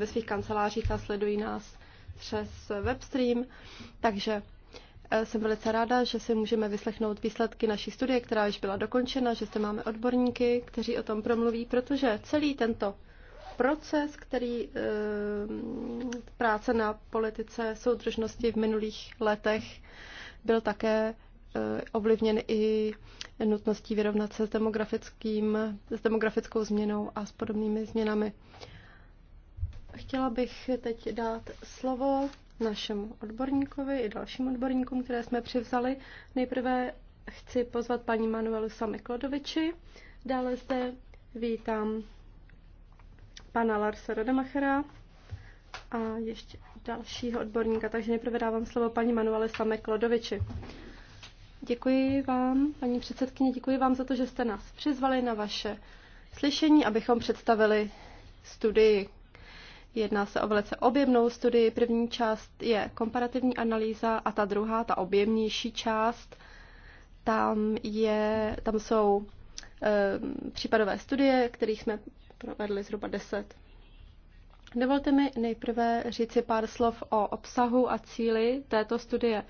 ve svých kancelářích a sledují nás přes webstream. Takže eh, jsem velice ráda, že si můžeme vyslechnout výsledky naší studie, která již byla dokončena, že zde máme odborníky, kteří o tom promluví, protože celý tento proces, který eh, práce na politice soudržnosti v minulých letech byl také eh, ovlivněn i nutností vyrovnat se s, demografickým, s demografickou změnou a s podobnými změnami. Chtěla bych teď dát slovo našemu odborníkovi i dalším odborníkům, které jsme přivzali. Nejprve chci pozvat paní Manuelu Samiklodoviči, dále zde vítám pana Larsa Rodemachera a ještě dalšího odborníka, takže nejprve dávám slovo paní Manuele Samiklodoviči. Děkuji vám, paní předsedkyně, děkuji vám za to, že jste nás přizvali na vaše slyšení, abychom představili studii Jedná se o velice objemnou studii. První část je komparativní analýza a ta druhá, ta objemnější část, tam, je, tam jsou e, případové studie, kterých jsme provedli zhruba deset. Dovolte mi nejprve říci pár slov o obsahu a cíli této studie.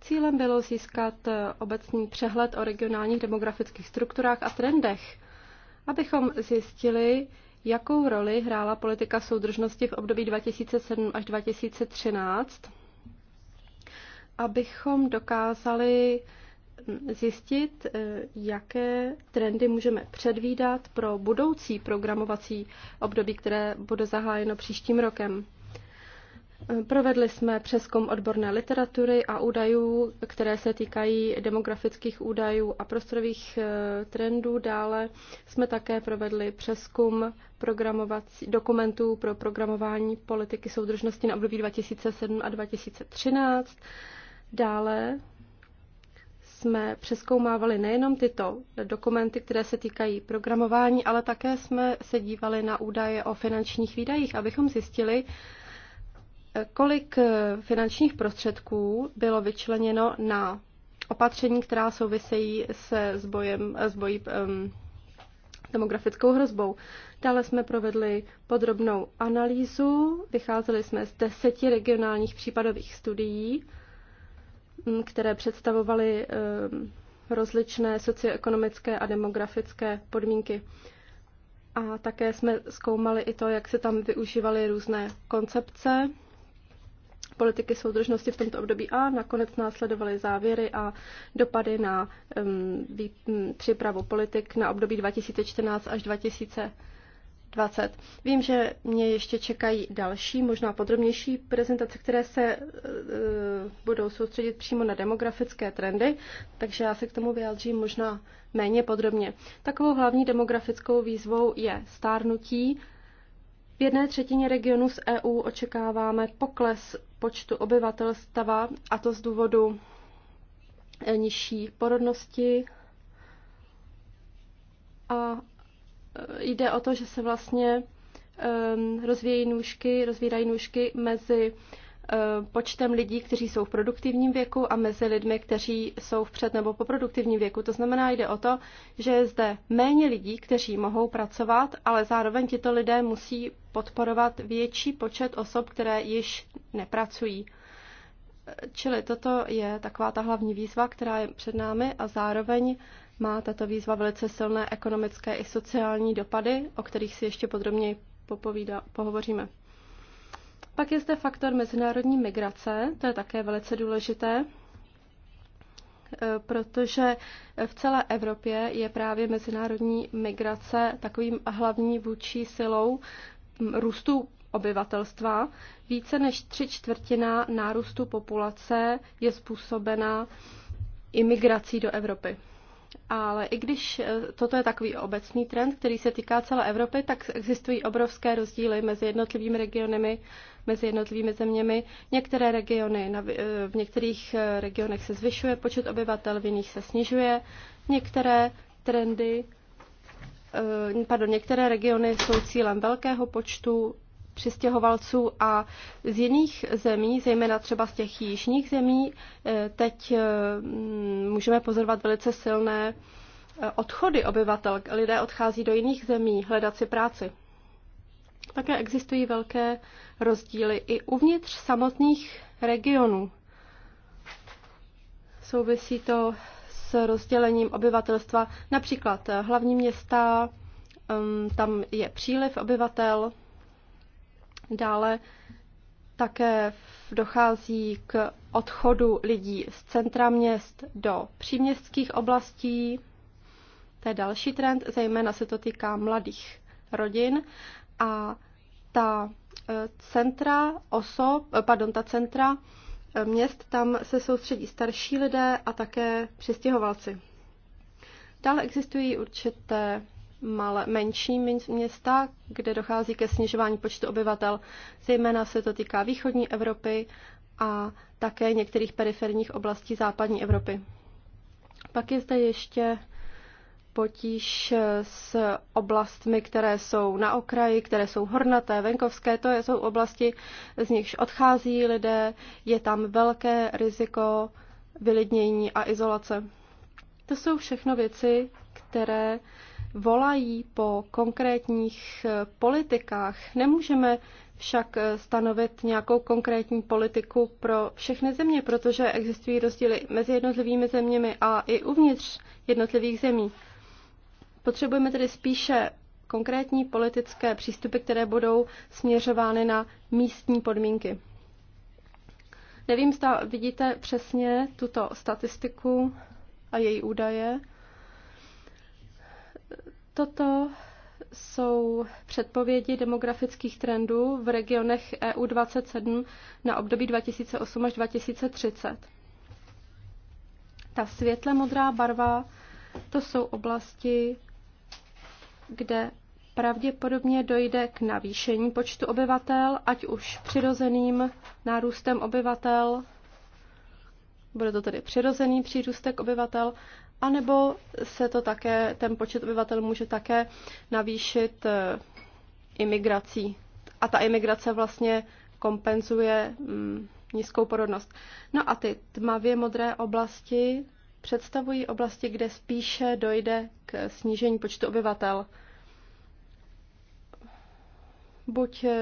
Cílem bylo získat eh, obecný přehled o regionálních demografických strukturách a trendech, abychom zjistili, Jakou roli hrála politika soudržnosti v období 2007 až 2013, abychom dokázali zjistit, eh, jaké trendy můžeme předvídat pro budoucí programovací období, které bude zahájeno příštím rokem. Provedli jsme přeskum odborné literatury a údajů, které se týkají demografických údajů a prostorových eh, trendů. Dále jsme také provedli přeskum programovací, dokumentů pro programování politiky soudržnosti na období 2007 a 2013. Dále jsme přeskoumávali nejenom tyto dokumenty, které se týkají programování, ale také jsme se dívali na údaje o finančních výdajích, abychom zjistili, kolik eh, finančních prostředků bylo vyčleněno na opatření, která souvisejí se zbojem sbojí eh, um, demografickou hrozbou. Dále jsme provedli podrobnou analýzu, vycházeli jsme z deseti regionálních případových studií, mm, které představovaly um, rozličné socioekonomické a demografické podmínky. A také jsme zkoumali i to, jak se tam využívaly různé koncepce politiky soudržnosti v tomto období a nakonec následovaly závěry a dopady na um, vý, um, přípravu politik na období 2014 až 2020. Vím, že mě ještě čekají další, možná podrobnější prezentace, které se uh, budou soustředit přímo na demografické trendy, takže já se k tomu vyjádřím možná méně podrobně. Takovou hlavní demografickou výzvou je stárnutí. V jedné třetině regionů z EU očekáváme pokles počtu obyvatelstva, a to z důvodu eh, nižší porodnosti. A eh, jde o to, že se vlastně ehm, rozvíjí nůžky, rozvírají nůžky mezi Eh, počtem lidí, kteří jsou v produktivním věku a mezi lidmi, kteří jsou v před nebo po produktivním věku. To znamená, jde o to, že je zde méně lidí, kteří mohou pracovat, ale zároveň tito lidé musí podporovat větší počet osob, které již nepracují. Čili toto je taková ta hlavní výzva, která je před námi a zároveň má tato výzva velice silné ekonomické i sociální dopady, o kterých si ještě podrobněji popovídá pohovoříme. Pak je zde faktor mezinárodní migrace, to je také velice důležité, e, protože v celé Evropě je právě mezinárodní migrace takovým hlavní vůči silou růstu obyvatelstva. Více než tři čtvrtina nárůstu populace je způsobena imigrací do Evropy. Ale i když e, toto je takový obecný trend, který se týká celé Evropy, tak existují obrovské rozdíly mezi jednotlivými regiony mezi jednotlivými zeměmi. Některé regiony, eh, v některých eh, regionech se zvyšuje počet obyvatel, v jiných se snižuje. Některé trendy, eh, pardon, některé regiony jsou cílem velkého počtu přistěhovalců a z jiných zemí, zejména třeba z těch jižních zemí, teď můžeme pozorovat velice silné odchody obyvatel. Lidé odchází do jiných zemí hledat si práci. Také existují velké rozdíly i uvnitř samotných regionů. Souvisí to s rozdělením obyvatelstva. Například eh, hlavní města, mm, tam je příliv obyvatel, dále také dochází k odchodu lidí z centra měst do příměstských oblastí. To je další trend, zejména se to týká mladých rodin a ta e, centra osob, e, pardon, ta centra e, měst, tam se soustředí starší lidé a také přistěhovalci. Dále existují určité malé, menší města, kde dochází ke snižování počtu obyvatel. Zejména se to týká východní Evropy a také některých periferních oblastí západní Evropy. Pak je zde ještě potíž eh, s oblastmi, které jsou na okraji, které jsou hornaté, venkovské. To jsou oblasti, z nichž odchází lidé, je tam velké riziko vylidnění a izolace. To jsou všechno věci, které volají po konkrétních eh, politikách. Nemůžeme však eh, stanovit nějakou konkrétní politiku pro všechny země, protože existují rozdíly mezi jednotlivými zeměmi a i uvnitř jednotlivých zemí. Potřebujeme tedy spíše konkrétní politické přístupy, které budou směřovány na místní podmínky. Nevím, zda vidíte přesně tuto statistiku a její údaje. Toto jsou předpovědi demografických trendů v regionech EU 27 na období 2008 až 2030. Ta světle modrá barva to jsou oblasti, kde pravděpodobně dojde k navýšení počtu obyvatel, ať už přirozeným nárůstem obyvatel, bude to tedy přirozený přírůstek obyvatel, anebo se to také, ten počet obyvatel může také navýšit eh, imigrací. A ta imigrace vlastně kompenzuje mm, nízkou porodnost. No a ty tmavě modré oblasti, představují oblasti, kde spíše dojde k snížení počtu obyvatel. Buď eh,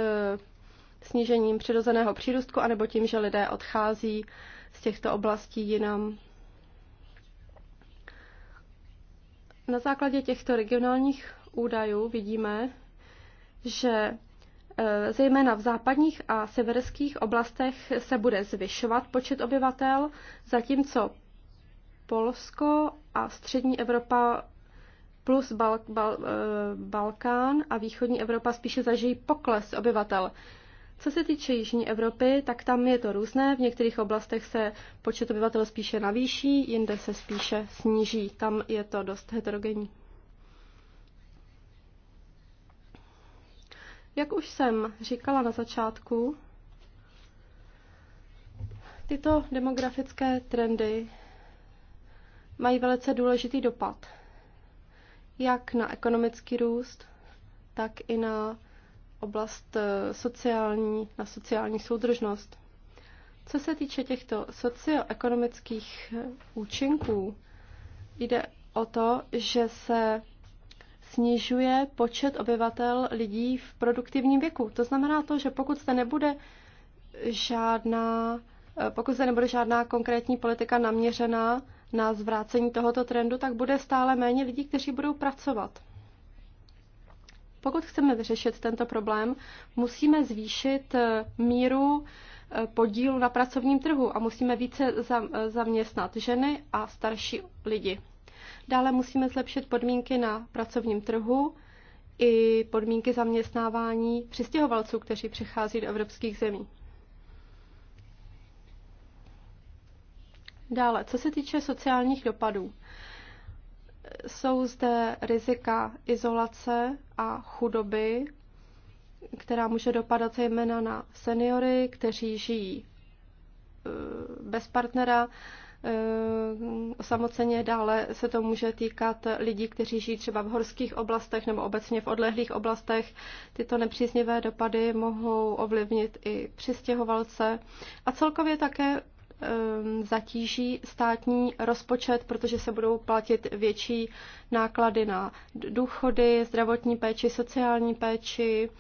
snížením přirozeného přírůstku, anebo tím, že lidé odchází z těchto oblastí jinam. Na základě těchto regionálních údajů vidíme, že eh, zejména v západních a severských oblastech se bude zvyšovat počet obyvatel, zatímco Polsko a střední Evropa plus Bal- Bal- eh, Balkán a východní Evropa spíše zažijí pokles obyvatel. Co se týče Jižní Evropy, tak tam je to různé. V některých oblastech se počet obyvatel spíše navýší, jinde se spíše sníží. Tam je to dost heterogenní. Jak už jsem říkala na začátku, tyto demografické trendy mají velice důležitý dopad jak na ekonomický růst, tak i na oblast eh, sociální, na sociální soudržnost. Co se týče těchto socioekonomických eh, účinků, jde o to, že se snižuje počet obyvatel lidí v produktivním věku. To znamená to, že pokud se nebude žádná, eh, pokud se nebude žádná konkrétní politika naměřená na zvrácení tohoto trendu, tak bude stále méně lidí, kteří budou pracovat. Pokud chceme vyřešit tento problém, musíme zvýšit eh, míru eh, podílu na pracovním trhu a musíme více eh, zaměstnat ženy a starší lidi. Dále musíme zlepšit podmínky na pracovním trhu i podmínky zaměstnávání přistěhovalců, kteří přichází do evropských zemí. Dále, co se týče sociálních dopadů, jsou zde rizika izolace a chudoby, která může dopadat zejména na seniory, kteří žijí eh, bez partnera. Eh, samoceně dále se to může týkat lidí, kteří žijí třeba v horských oblastech nebo obecně v odlehlých oblastech. Tyto nepříznivé dopady mohou ovlivnit i přistěhovalce a celkově také Ehm, zatíží státní rozpočet, protože se budou platit větší náklady na důchody, zdravotní péči, sociální péči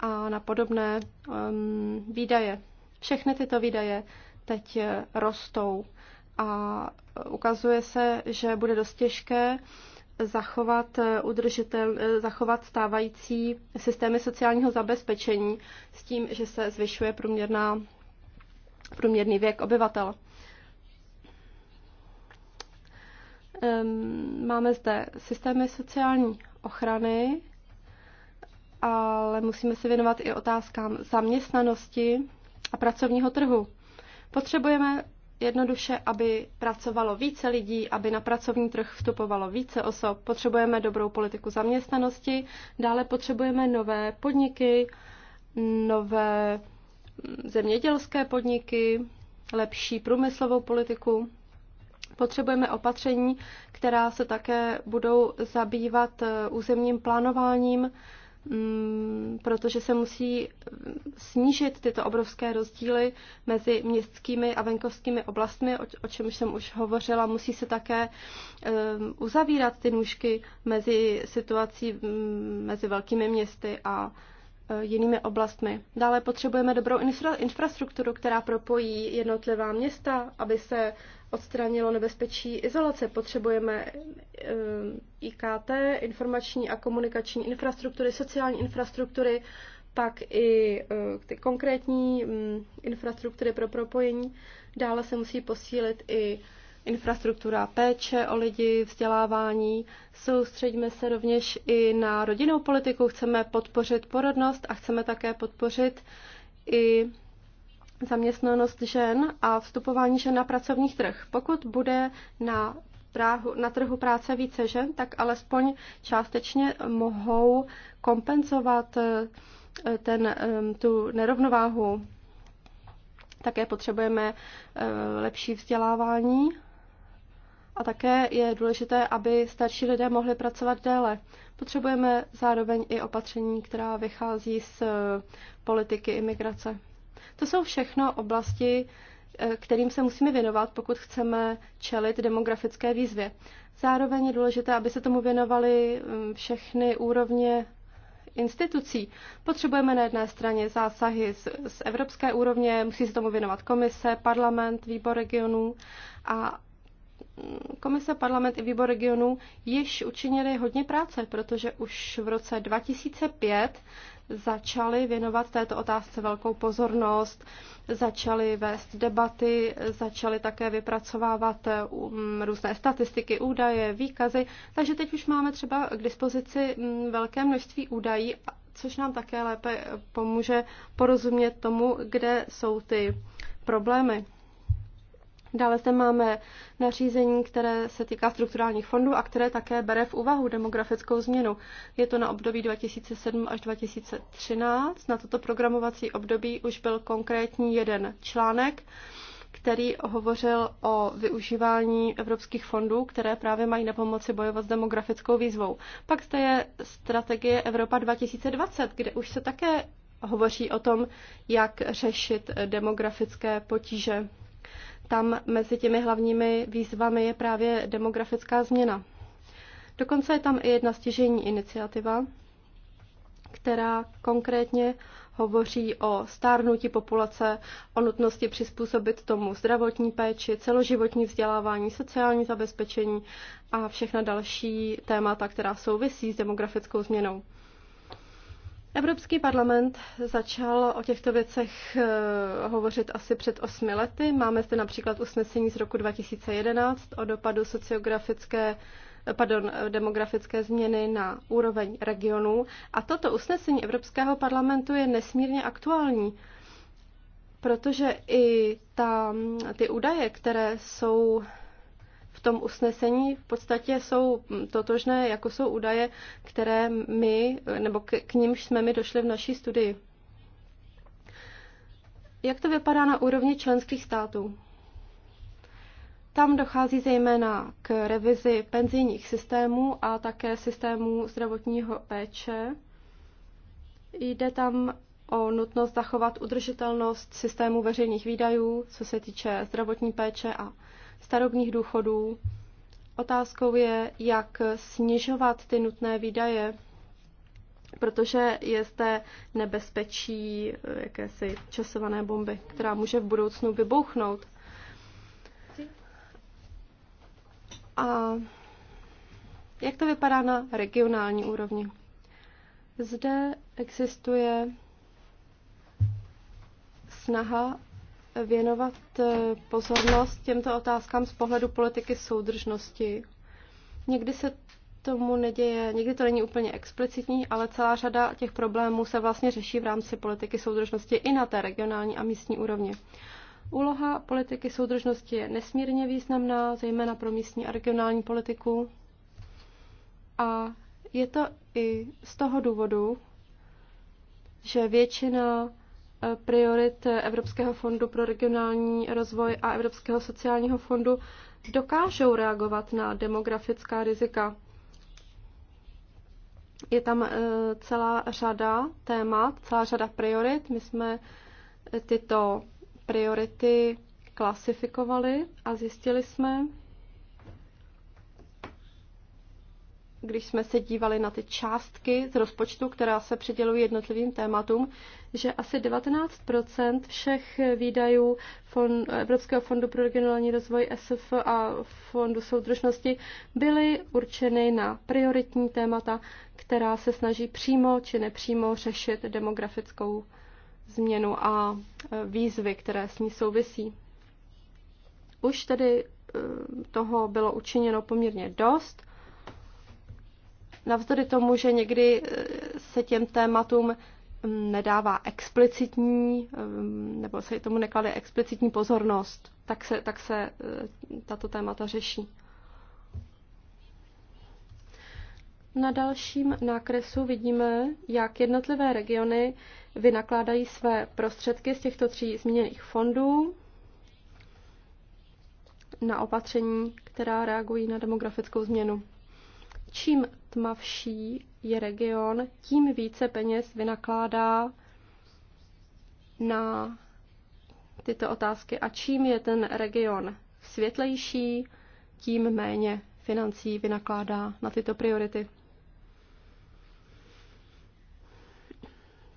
a na podobné ehm, výdaje. Všechny tyto výdaje teď eh, rostou a eh, ukazuje se, že bude dost těžké zachovat, eh, udržitel, zachovat stávající systémy sociálního zabezpečení s tím, že se zvyšuje průměrná průměrný věk obyvatel. Máme zde systémy sociální ochrany, ale musíme se věnovat i otázkám zaměstnanosti a pracovního trhu. Potřebujeme jednoduše, aby pracovalo více lidí, aby na pracovní trh vstupovalo více osob. Potřebujeme dobrou politiku zaměstnanosti, dále potřebujeme nové podniky, nové zemědělské podniky, lepší průmyslovou politiku. Potřebujeme opatření, která se také budou zabývat eh, územním plánováním, mm, protože se musí mm, snížit tyto obrovské rozdíly mezi městskými a venkovskými oblastmi, o čem jsem už hovořila. Musí se také eh, uzavírat ty nůžky mezi situací mm, mezi velkými městy a Eh, jinými oblastmi. Dále potřebujeme dobrou infra- infrastrukturu, která propojí jednotlivá města, aby se odstranilo nebezpečí izolace. Potřebujeme eh, IKT, informační a komunikační infrastruktury, sociální infrastruktury, pak i eh, ty konkrétní mm, infrastruktury pro propojení. Dále se musí posílit i infrastruktura péče o lidi, vzdělávání. Soustředíme se rovněž i na rodinnou politiku. Chceme podpořit porodnost a chceme také podpořit i zaměstnanost žen a vstupování žen na pracovních trh. Pokud bude na, práhu, na trhu práce více žen, tak alespoň částečně mohou kompenzovat eh, ten, eh, tu nerovnováhu. Také potřebujeme eh, lepší vzdělávání a také je důležité, aby starší lidé mohli pracovat déle. Potřebujeme zároveň i opatření, která vychází z eh, politiky imigrace. To jsou všechno oblasti, eh, kterým se musíme věnovat, pokud chceme čelit demografické výzvě. Zároveň je důležité, aby se tomu věnovaly mm, všechny úrovně institucí. Potřebujeme na jedné straně zásahy z, z evropské úrovně, musí se tomu věnovat komise, parlament, výbor regionů a komise, parlament i výbor regionů již učinili hodně práce, protože už v roce 2005 začali věnovat této otázce velkou pozornost, začali vést debaty, začali také vypracovávat um, různé statistiky, údaje, výkazy. Takže teď už máme třeba k dispozici mm, velké množství údají, což nám také lépe pomůže porozumět tomu, kde jsou ty problémy. Dále zde máme nařízení, které se týká strukturálních fondů a které také bere v úvahu demografickou změnu. Je to na období 2007 až 2013. Na toto programovací období už byl konkrétní jeden článek, který hovořil o využívání evropských fondů, které právě mají na pomoci bojovat s demografickou výzvou. Pak zde je strategie Evropa 2020, kde už se také hovoří o tom, jak řešit demografické potíže tam mezi těmi hlavními výzvami je právě demografická změna. Dokonce je tam i jedna stěžení iniciativa, která konkrétně hovoří o stárnutí populace, o nutnosti přizpůsobit tomu zdravotní péči, celoživotní vzdělávání, sociální zabezpečení a všechna další témata, která souvisí s demografickou změnou. Evropský parlament začal o těchto věcech eh, hovořit asi před osmi lety. Máme zde například usnesení z roku 2011 o dopadu sociografické eh, pardon, eh, demografické změny na úroveň regionů. A toto usnesení Evropského parlamentu je nesmírně aktuální, protože i ta, ty údaje, které jsou v tom usnesení v podstatě jsou totožné, jako jsou údaje, které my, nebo k, k nímž jsme my došli v naší studii. Jak to vypadá na úrovni členských států? Tam dochází zejména k revizi penzijních systémů a také systémů zdravotního péče. Jde tam o nutnost zachovat udržitelnost systému veřejných výdajů, co se týče zdravotní péče a starobních důchodů. Otázkou je, jak snižovat ty nutné výdaje, protože je zde nebezpečí eh, jakési časované bomby, která může v budoucnu vybouchnout. A jak to vypadá na regionální úrovni? Zde existuje snaha věnovat eh, pozornost těmto otázkám z pohledu politiky soudržnosti. Někdy se tomu neděje, někdy to není úplně explicitní, ale celá řada těch problémů se vlastně řeší v rámci politiky soudržnosti i na té regionální a místní úrovni. Úloha politiky soudržnosti je nesmírně významná, zejména pro místní a regionální politiku. A je to i z toho důvodu, že většina priorit Evropského fondu pro regionální rozvoj a Evropského sociálního fondu dokážou reagovat na demografická rizika. Je tam eh, celá řada témat, celá řada priorit. My jsme eh, tyto priority klasifikovali a zjistili jsme, když jsme se dívali na ty částky z rozpočtu, která se přidělují jednotlivým tématům, že asi 19 všech výdajů fond, Evropského fondu pro regionální rozvoj SF a Fondu soudržnosti byly určeny na prioritní témata, která se snaží přímo či nepřímo řešit demografickou změnu a e, výzvy, které s ní souvisí. Už tedy e, toho bylo učiněno poměrně dost Navzdory tomu, že někdy eh, se těm tématům mm, nedává explicitní, mm, nebo se tomu neklade explicitní pozornost, tak se, tak se eh, tato témata řeší. Na dalším nákresu vidíme, jak jednotlivé regiony vynakládají své prostředky z těchto tří zmíněných fondů na opatření, která reagují na demografickou změnu. Čím tmavší je region, tím více peněz vynakládá na tyto otázky. A čím je ten region světlejší, tím méně financí vynakládá na tyto priority.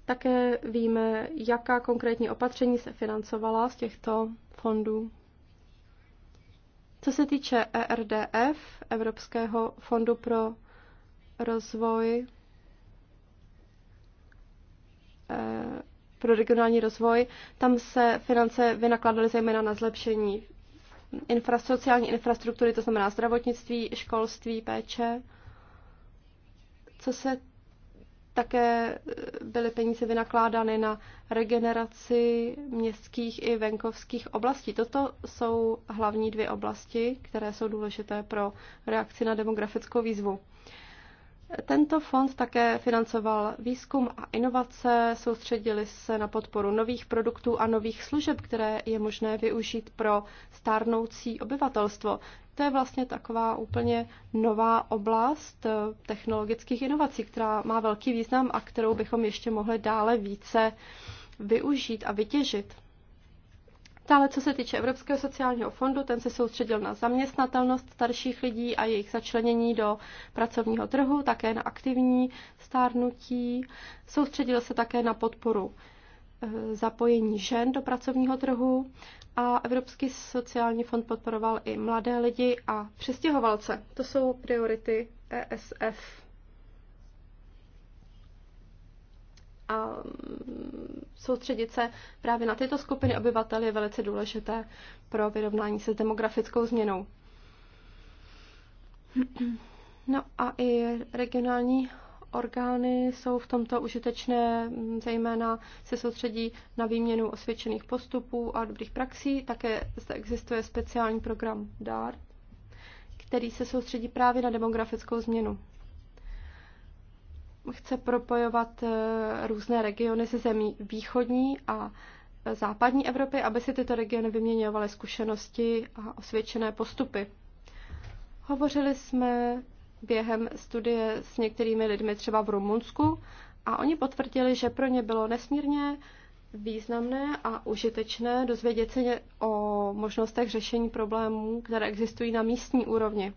Také víme, jaká konkrétní opatření se financovala z těchto fondů. Co se týče ERDF, Evropského fondu pro rozvoj, eh, pro regionální rozvoj, tam se finance vynakládaly zejména na zlepšení infra, sociální infrastruktury, to znamená zdravotnictví, školství, péče. Co se také eh, byly peníze vynakládány na regeneraci městských i venkovských oblastí. Toto jsou hlavní dvě oblasti, které jsou důležité pro reakci na demografickou výzvu. Tento fond také financoval výzkum a inovace, soustředili se na podporu nových produktů a nových služeb, které je možné využít pro stárnoucí obyvatelstvo. To je vlastně taková úplně nová oblast eh, technologických inovací, která má velký význam a kterou bychom ještě mohli dále více využít a vytěžit. Dále, co se týče Evropského sociálního fondu, ten se soustředil na zaměstnatelnost starších lidí a jejich začlenění do pracovního trhu, také na aktivní stárnutí. Soustředil se také na podporu Eh, zapojení žen do pracovního trhu a Evropský sociální fond podporoval i mladé lidi a přestěhovalce. To jsou priority ESF. A mm, soustředit se právě na tyto skupiny obyvatel je velice důležité pro vyrovnání se s demografickou změnou. No a i regionální orgány jsou v tomto užitečné, mm, zejména se soustředí na výměnu osvědčených postupů a dobrých praxí. Také zde existuje speciální program DART, který se soustředí právě na demografickou změnu. Chce propojovat e, různé regiony ze zemí východní a západní Evropy, aby si tyto regiony vyměňovaly zkušenosti a osvědčené postupy. Hovořili jsme během studie s některými lidmi třeba v Rumunsku a oni potvrdili, že pro ně bylo nesmírně významné a užitečné dozvědět se o možnostech řešení problémů, které existují na místní úrovni.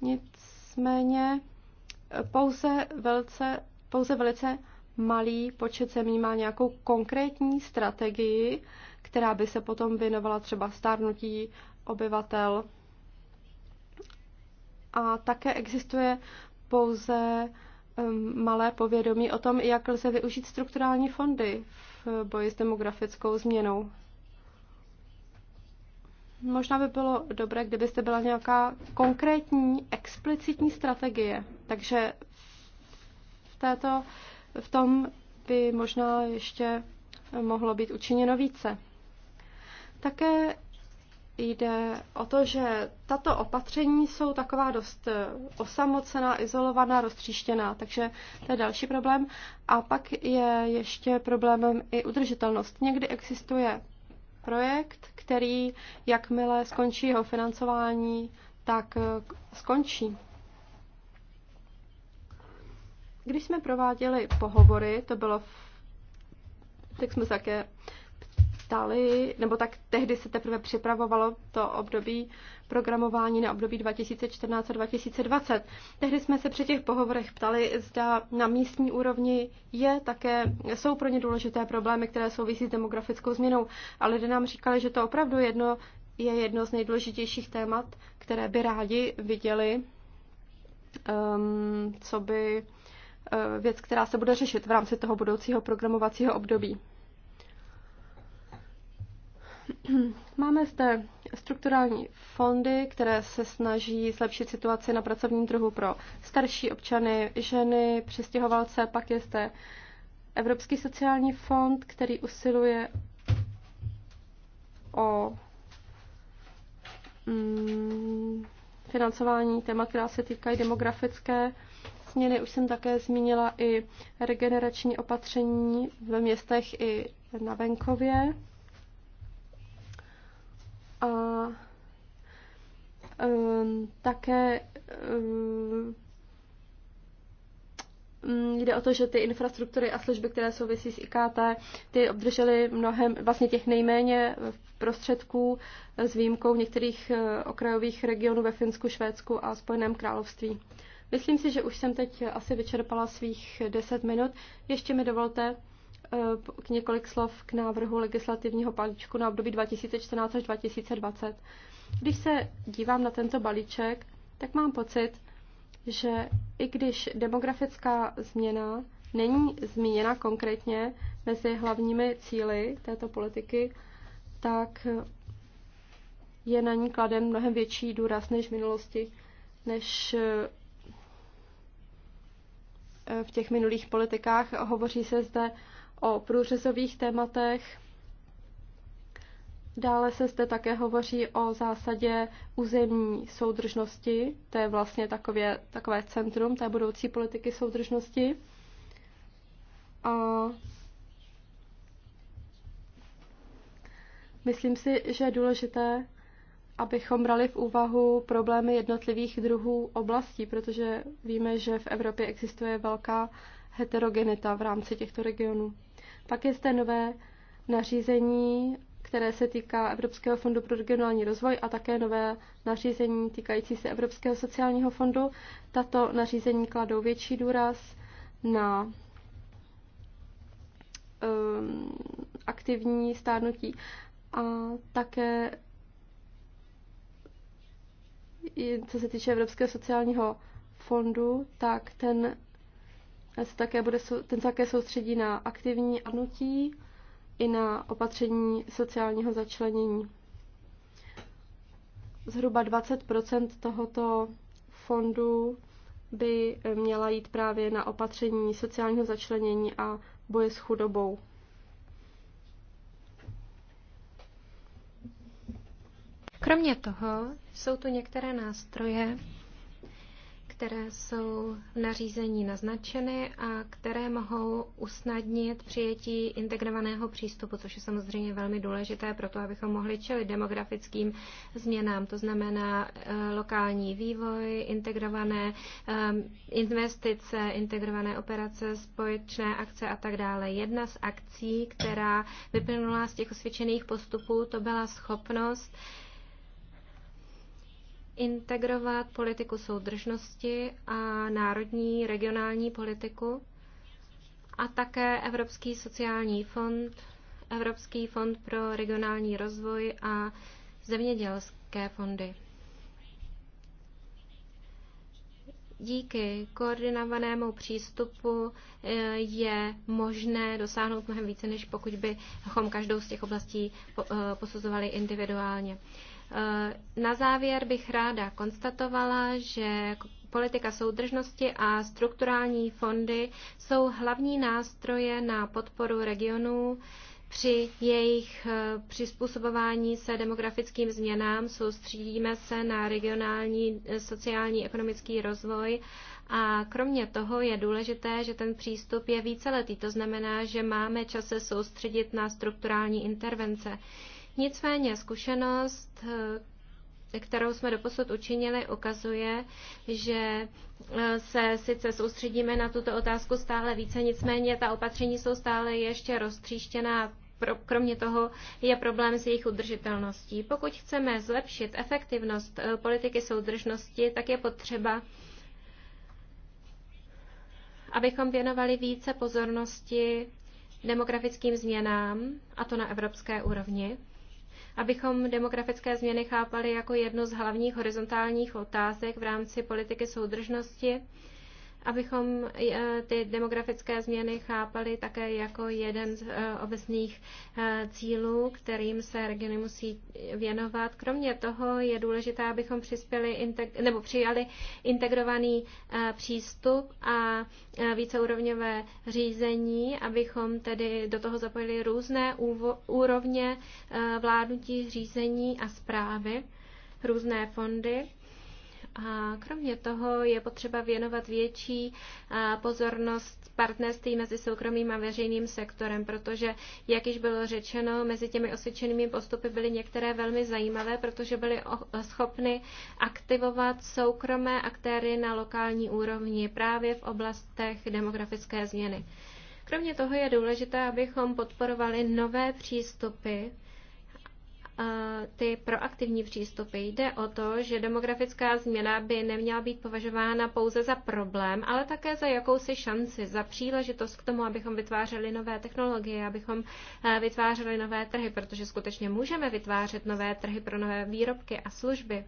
Nicméně eh, pouze velice, pouze velice malý počet zemí má nějakou konkrétní strategii, která by se potom věnovala třeba stárnutí obyvatel a také existuje pouze um, malé povědomí o tom, jak lze využít strukturální fondy v boji s demografickou změnou. Možná by bylo dobré, kdybyste byla nějaká konkrétní, explicitní strategie. Takže v, této, v tom by možná ještě mohlo být učiněno více. Také jde o to, že tato opatření jsou taková dost eh, osamocená, izolovaná, roztříštěná, takže to je další problém. A pak je ještě problémem i udržitelnost. Někdy existuje projekt, který jakmile skončí jeho financování, tak eh, skončí. Když jsme prováděli pohovory, to bylo v, tak jsme také staly, nebo tak tehdy se teprve připravovalo to období programování na období 2014 a 2020. Tehdy jsme se při těch pohovorech ptali, zda na místní úrovni je také, jsou pro ně důležité problémy, které souvisí s demografickou změnou. A lidé nám říkali, že to opravdu jedno, je jedno z nejdůležitějších témat, které by rádi viděli, um, co by uh, věc, která se bude řešit v rámci toho budoucího programovacího období. Máme zde strukturální fondy, které se snaží zlepšit situaci na pracovním trhu pro starší občany, ženy, přestěhovalce. Pak je zde Evropský sociální fond, který usiluje o mm, financování témat, která se týkají demografické změny. Už jsem také zmínila i regenerační opatření ve městech i na venkově a um, také um, jde o to, že ty infrastruktury a služby, které souvisí s IKT, ty obdržely mnohem vlastně těch nejméně prostředků s výjimkou některých eh, okrajových regionů ve Finsku, Švédsku a Spojeném království. Myslím si, že už jsem teď asi vyčerpala svých 10 minut. Ještě mi dovolte Eh, k několik slov k návrhu legislativního balíčku na období 2014 až 2020. Když se dívám na tento balíček, tak mám pocit, že i když demografická změna není zmíněna konkrétně mezi hlavními cíly této politiky, tak je na ní kladen mnohem větší důraz než v minulosti, než eh, v těch minulých politikách. Hovoří se zde o průřezových tématech. Dále se zde také hovoří o zásadě územní soudržnosti, to je vlastně takové, takové centrum té budoucí politiky soudržnosti. A myslím si, že je důležité, abychom brali v úvahu problémy jednotlivých druhů oblastí, protože víme, že v Evropě existuje velká heterogenita v rámci těchto regionů. Pak je zde nové nařízení, které se týká Evropského fondu pro regionální rozvoj a také nové nařízení týkající se Evropského sociálního fondu. Tato nařízení kladou větší důraz na um, aktivní stárnutí a také co se týče Evropského sociálního fondu, tak ten se také bude, ten se také soustředí na aktivní hnutí i na opatření sociálního začlenění. Zhruba 20 tohoto fondu by eh, měla jít právě na opatření sociálního začlenění a boje s chudobou. Kromě toho jsou tu některé nástroje, které jsou v nařízení naznačeny a které mohou usnadnit přijetí integrovaného přístupu, což je samozřejmě velmi důležité pro to, abychom mohli čelit demografickým změnám. To znamená eh, lokální vývoj, integrované eh, investice, integrované operace, společné akce a tak dále. Jedna z akcí, která vyplynula z těch osvědčených postupů, to byla schopnost integrovat politiku soudržnosti a národní regionální politiku a také Evropský sociální fond, Evropský fond pro regionální rozvoj a zemědělské fondy. Díky koordinovanému přístupu eh, je možné dosáhnout mnohem více, než pokud bychom každou z těch oblastí eh, posuzovali individuálně. Eh, na závěr bych ráda konstatovala, že politika soudržnosti a strukturální fondy jsou hlavní nástroje na podporu regionů při jejich eh, přizpůsobování se demografickým změnám. Soustředíme se na regionální eh, sociální ekonomický rozvoj a kromě toho je důležité, že ten přístup je víceletý. To znamená, že máme čas se soustředit na strukturální intervence. Nicméně zkušenost, eh, kterou jsme doposud učinili, ukazuje, že eh, se sice soustředíme na tuto otázku stále více, nicméně ta opatření jsou stále ještě roztříštěná kromě toho je problém s jejich udržitelností. Pokud chceme zlepšit efektivnost eh, politiky soudržnosti, tak je potřeba, abychom věnovali více pozornosti demografickým změnám, a to na evropské úrovni abychom demografické změny chápali jako jednu z hlavních horizontálních otázek v rámci politiky soudržnosti abychom eh, ty demografické změny chápali také jako jeden z eh, obecných eh, cílů, kterým se regiony musí věnovat. Kromě toho je důležité, abychom přispěli nebo přijali integrovaný přístup a víceúrovňové řízení, abychom tedy do toho zapojili různé úrovně vládnutí řízení a zprávy, různé fondy a kromě toho je potřeba věnovat větší pozornost partnerství mezi soukromým a veřejným sektorem, protože, jak již bylo řečeno, mezi těmi osvědčenými postupy byly některé velmi zajímavé, protože byly schopny aktivovat soukromé aktéry na lokální úrovni právě v oblastech demografické změny. Kromě toho je důležité, abychom podporovali nové přístupy ty proaktivní přístupy. Jde o to, že demografická změna by neměla být považována pouze za problém, ale také za jakousi šanci, za příležitost k tomu, abychom vytvářeli nové technologie, abychom eh, vytvářeli nové trhy, protože skutečně můžeme vytvářet nové trhy pro nové výrobky a služby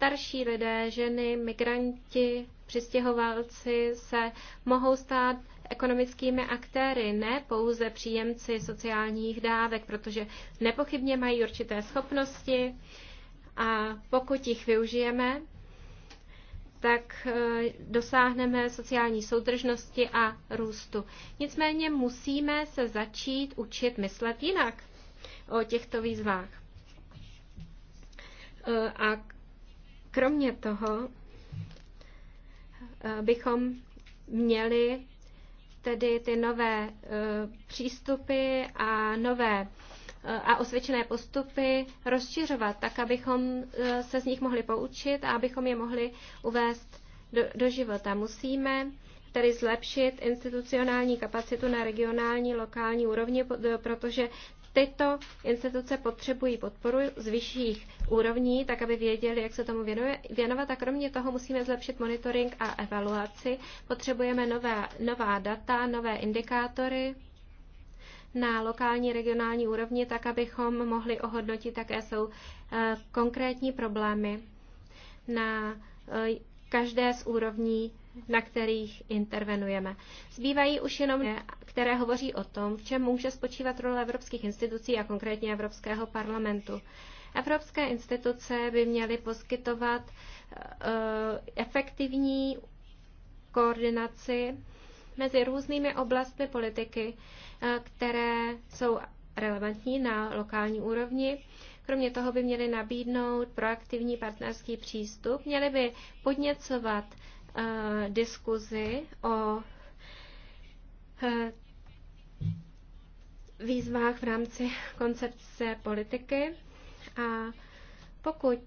starší lidé, ženy, migranti, přistěhovalci se mohou stát ekonomickými aktéry, ne pouze příjemci sociálních dávek, protože nepochybně mají určité schopnosti a pokud jich využijeme, tak e, dosáhneme sociální soudržnosti a růstu. Nicméně musíme se začít učit myslet jinak o těchto výzvách. E, a Kromě toho eh, bychom měli tedy ty nové eh, přístupy a nové eh, a osvědčené postupy rozšiřovat, tak abychom se z nich mohli poučit a abychom je mohli uvést do, do života. Musíme tedy zlepšit institucionální kapacitu na regionální, lokální úrovni, protože tyto instituce potřebují podporu z vyšších úrovní, tak aby věděli, jak se tomu věnuje, věnovat. A kromě toho musíme zlepšit monitoring a evaluaci. Potřebujeme nové, nová data, nové indikátory na lokální, regionální úrovni, tak abychom mohli ohodnotit, jaké jsou eh, konkrétní problémy na eh, každé z úrovní na kterých intervenujeme. Zbývají už jenom, které hovoří o tom, v čem může spočívat role evropských institucí a konkrétně Evropského parlamentu. Evropské instituce by měly poskytovat eh, efektivní koordinaci mezi různými oblastmi politiky, eh, které jsou relevantní na lokální úrovni. Kromě toho by měly nabídnout proaktivní partnerský přístup, měly by podněcovat diskuzi o výzvách v rámci koncepce politiky. A pokud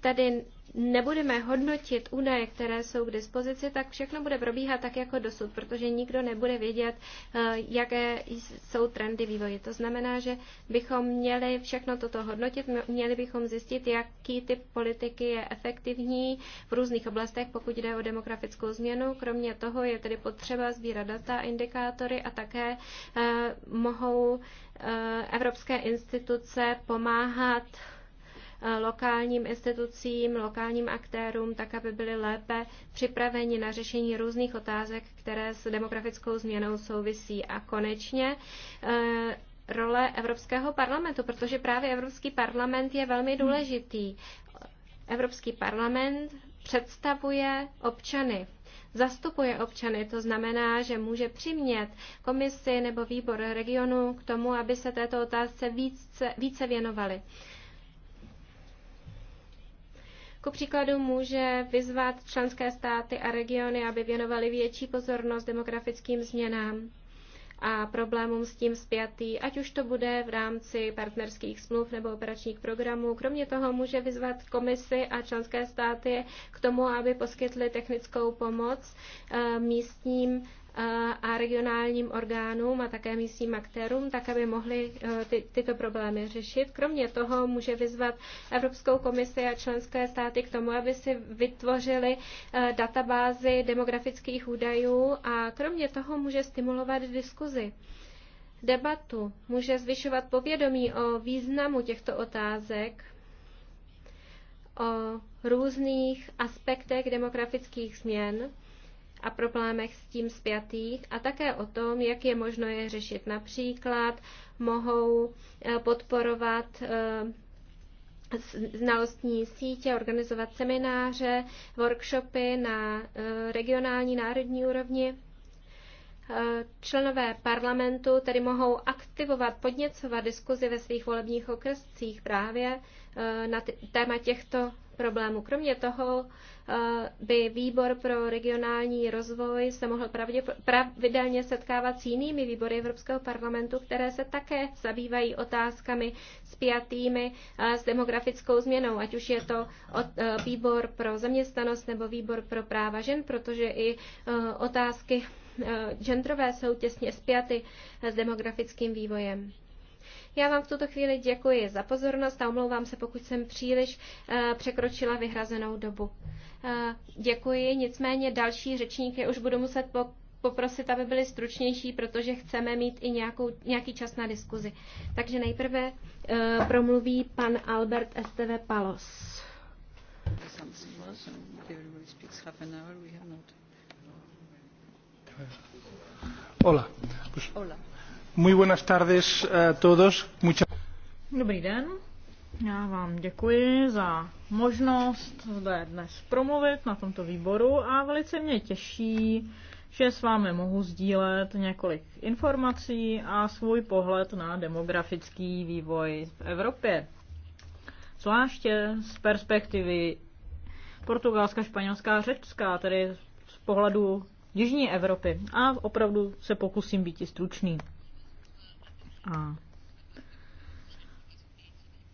tady nebudeme hodnotit údaje, které jsou k dispozici, tak všechno bude probíhat tak jako dosud, protože nikdo nebude vědět, eh, jaké jsou trendy vývoje. To znamená, že bychom měli všechno toto hodnotit, měli bychom zjistit, jaký typ politiky je efektivní v různých oblastech, pokud jde o demografickou změnu. Kromě toho je tedy potřeba sbírat data, indikátory a také eh, mohou eh, evropské instituce pomáhat Eh, lokálním institucím, lokálním aktérům, tak aby byli lépe připraveni na řešení různých otázek, které s demografickou změnou souvisí. A konečně eh, role Evropského parlamentu, protože právě Evropský parlament je velmi hmm. důležitý. Evropský parlament představuje občany zastupuje občany. To znamená, že může přimět komisi nebo výbor regionu k tomu, aby se této otázce více, více věnovali. Ku příkladu může vyzvat členské státy a regiony, aby věnovali větší pozornost demografickým změnám a problémům s tím zpětý, ať už to bude v rámci partnerských smluv nebo operačních programů. Kromě toho může vyzvat komisy a členské státy k tomu, aby poskytly technickou pomoc eh, místním a regionálním orgánům a také místním aktérům, tak aby mohli e, ty, tyto problémy řešit. Kromě toho může vyzvat Evropskou komisi a členské státy k tomu, aby si vytvořili e, databázy demografických údajů a kromě toho může stimulovat diskuzi debatu, může zvyšovat povědomí o významu těchto otázek, o různých aspektech demografických změn a problémech s tím spjatých a také o tom, jak je možno je řešit. Například mohou eh, podporovat eh, znalostní sítě, organizovat semináře, workshopy na eh, regionální, národní úrovni. Členové parlamentu tedy mohou aktivovat, podněcovat diskuzi ve svých volebních okrescích právě na téma těchto problému. Kromě toho eh, by výbor pro regionální rozvoj se mohl pravidelně setkávat s jinými výbory Evropského parlamentu, které se také zabývají otázkami spjatými eh, s demografickou změnou, ať už je to eh, výbor pro zaměstnanost nebo výbor pro práva žen, protože i otázky genderové jsou těsně spjaty s demografickým vývojem. Já vám v tuto chvíli děkuji za pozornost a omlouvám se, pokud jsem příliš eh, překročila vyhrazenou dobu. Eh, děkuji, nicméně další řečníky už budu muset po poprosit, aby byly stručnější, protože chceme mít i nějakou, nějaký čas na diskuzi. Takže nejprve eh, promluví pan Albert Esteve Palos. Hola. Hola. Dobrý den. Já vám děkuji za možnost zde dnes promluvit na tomto výboru a velice mě těší, že s vámi mohu sdílet několik informací a svůj pohled na demografický vývoj v Evropě. Zvláště z perspektivy Portugalska, Španělská Řecká, tedy z pohledu Jižní Evropy. A opravdu se pokusím být i stručný. A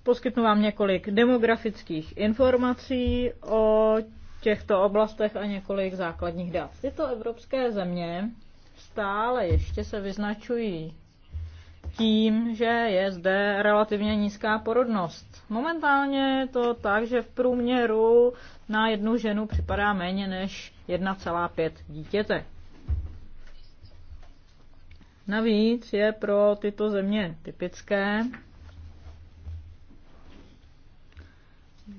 poskytnu vám několik demografických informací o těchto oblastech a několik základních dat. Tyto evropské země stále ještě se vyznačují tím, že je zde relativně nízká porodnost. Momentálně je to tak, že v průměru na jednu ženu připadá méně než 1,5 dítěte. Navíc je pro tyto země typické,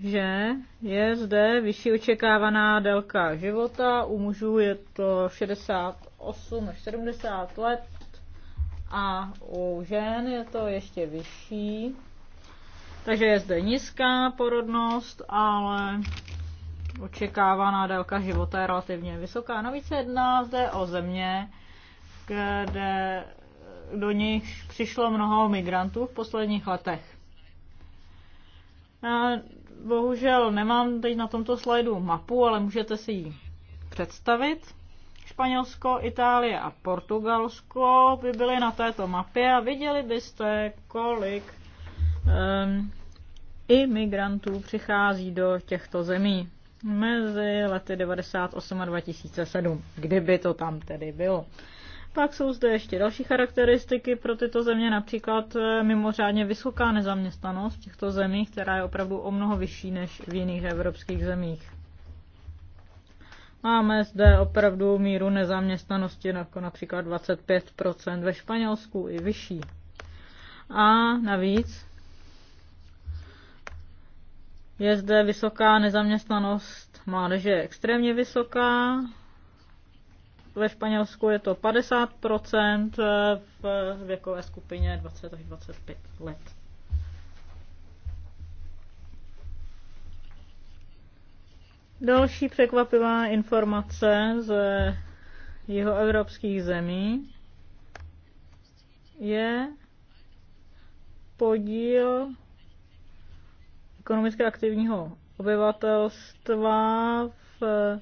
že je zde vyšší očekávaná délka života. U mužů je to 68 až 70 let a u žen je to ještě vyšší. Takže je zde nízká porodnost, ale očekávaná délka života je relativně vysoká. Navíc jedná zde o země, kde do nich přišlo mnoho migrantů v posledních letech. A bohužel nemám teď na tomto slajdu mapu, ale můžete si ji představit. Španělsko, Itálie a Portugalsko by byly na této mapě a viděli byste, kolik um, imigrantů přichází do těchto zemí mezi lety 1998 a 2007, kdyby to tam tedy bylo. Pak jsou zde ještě další charakteristiky pro tyto země, například eh, mimořádně vysoká nezaměstnanost v těchto zemích, která je opravdu o mnoho vyšší než v jiných evropských zemích. Máme zde opravdu míru nezaměstnanosti jako například 25% ve Španělsku i vyšší. A navíc je zde vysoká nezaměstnanost mládeže, extrémně vysoká, ve Španělsku je to 50% eh, v věkové skupině 20 až 25 let. Další překvapivá informace jeho evropských zemí je podíl ekonomicky aktivního obyvatelstva v, eh,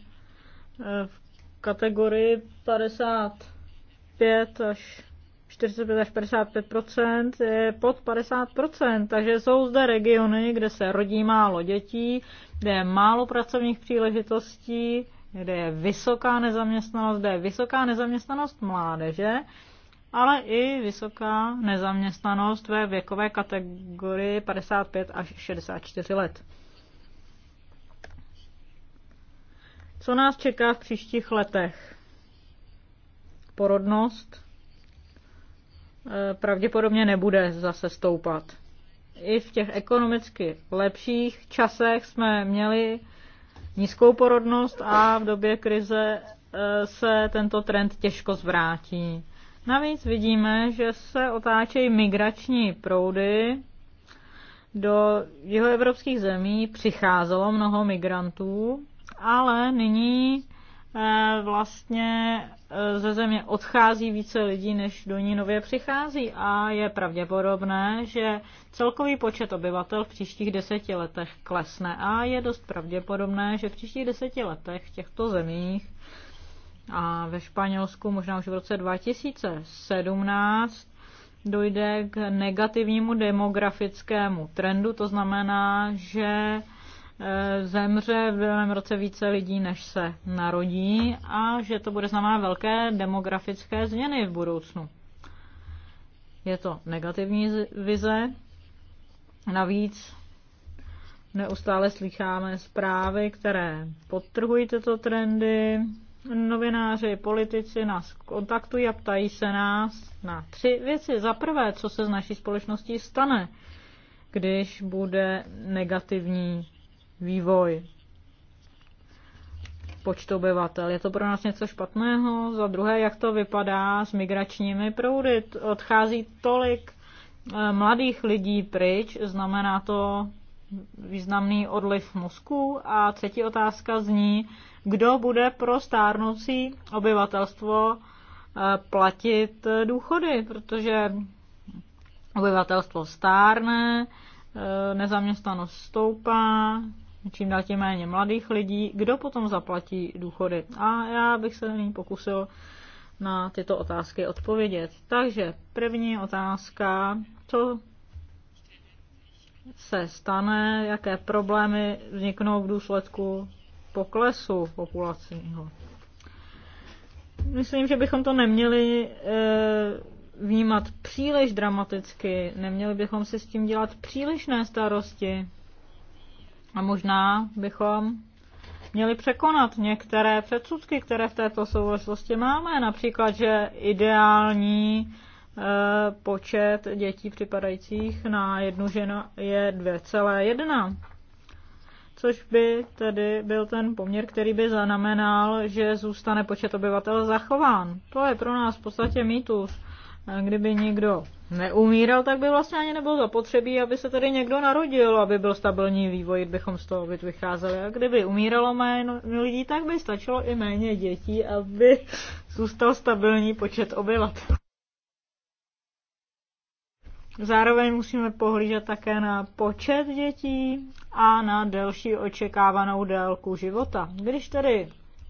v kategorii 55 až 45 až 55 je pod 50 takže jsou zde regiony, kde se rodí málo dětí, kde je málo pracovních příležitostí, kde je vysoká nezaměstnanost, kde je vysoká nezaměstnanost mládeže, ale i vysoká nezaměstnanost ve věkové kategorii 55 až 64 let. Co nás čeká v příštích letech? Porodnost eh, pravděpodobně nebude zase stoupat. I v těch ekonomicky lepších časech jsme měli nízkou porodnost a v době krize eh, se tento trend těžko zvrátí. Navíc vidíme, že se otáčejí migrační proudy. Do jihoevropských zemí přicházelo mnoho migrantů ale nyní eh, vlastně eh, ze země odchází více lidí, než do ní nově přichází a je pravděpodobné, že celkový počet obyvatel v příštích deseti letech klesne a je dost pravděpodobné, že v příštích deseti letech v těchto zemích a ve Španělsku možná už v roce 2017 dojde k negativnímu demografickému trendu, to znamená, že Eh, zemře v daném roce více lidí, než se narodí a že to bude znamenat velké demografické změny v budoucnu. Je to negativní vize. Navíc neustále slycháme zprávy, které podtrhují tyto trendy. Novináři, politici nás kontaktují a ptají se nás na tři věci. Za prvé, co se z naší společností stane, když bude negativní vývoj počtu obyvatel. Je to pro nás něco špatného? Za druhé, jak to vypadá s migračními proudy? Odchází tolik eh, mladých lidí pryč, znamená to významný odliv mozku. A třetí otázka zní, kdo bude pro stárnoucí obyvatelstvo eh, platit eh, důchody, protože obyvatelstvo stárne, nezaměstnanost stoupá, čím dál tím méně mladých lidí, kdo potom zaplatí důchody. A já bych se nyní pokusil na tyto otázky odpovědět. Takže první otázka, co se stane, jaké problémy vzniknou v důsledku poklesu populacního. Myslím, že bychom to neměli e, vnímat příliš dramaticky, neměli bychom si s tím dělat přílišné starosti, a možná bychom měli překonat některé předsudky, které v této souvislosti máme. Například, že ideální eh, počet dětí připadajících na jednu ženu je 2,1. Což by tedy byl ten poměr, který by znamenal, že zůstane počet obyvatel zachován. To je pro nás v podstatě mýtus. A kdyby někdo neumíral, tak by vlastně ani nebylo zapotřebí, aby se tady někdo narodil, aby byl stabilní vývoj, bychom z toho byt vycházeli. A kdyby umíralo méně lidí, tak by stačilo i méně dětí, aby zůstal stabilní počet obyvatel. Zároveň musíme pohlížet také na počet dětí a na delší očekávanou délku života. Když tedy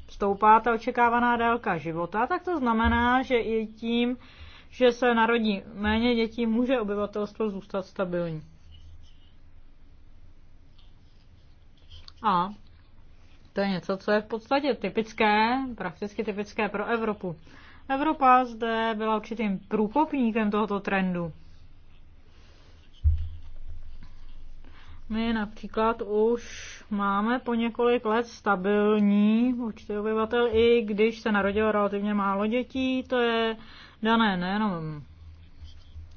stoupá ta očekávaná délka života, tak to znamená, že i tím že se narodí méně dětí, může obyvatelstvo zůstat stabilní. A to je něco, co je v podstatě typické, prakticky typické pro Evropu. Evropa zde byla určitým průkopníkem tohoto trendu. My například už máme po několik let stabilní určitý obyvatel, i když se narodilo relativně málo dětí, to je dané nejenom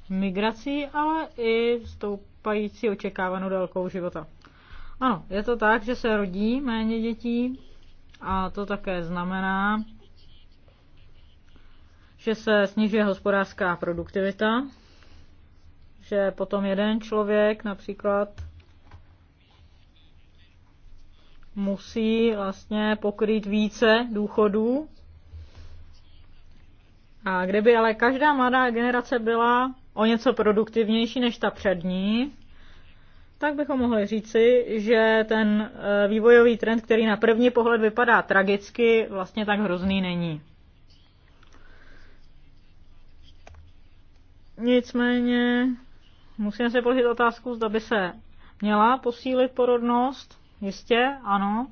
migrací, ale i stoupající očekávanou délkou života. Ano, je to tak, že se rodí méně dětí a to také znamená, že se snižuje hospodářská produktivita, že potom jeden člověk například musí vlastně pokrýt více důchodů a kdyby ale každá mladá generace byla o něco produktivnější než ta přední, tak bychom mohli říci, že ten eh, vývojový trend, který na první pohled vypadá tragicky, vlastně tak hrozný není. Nicméně musíme se položit otázku, zda by se měla posílit porodnost. Jistě, ano.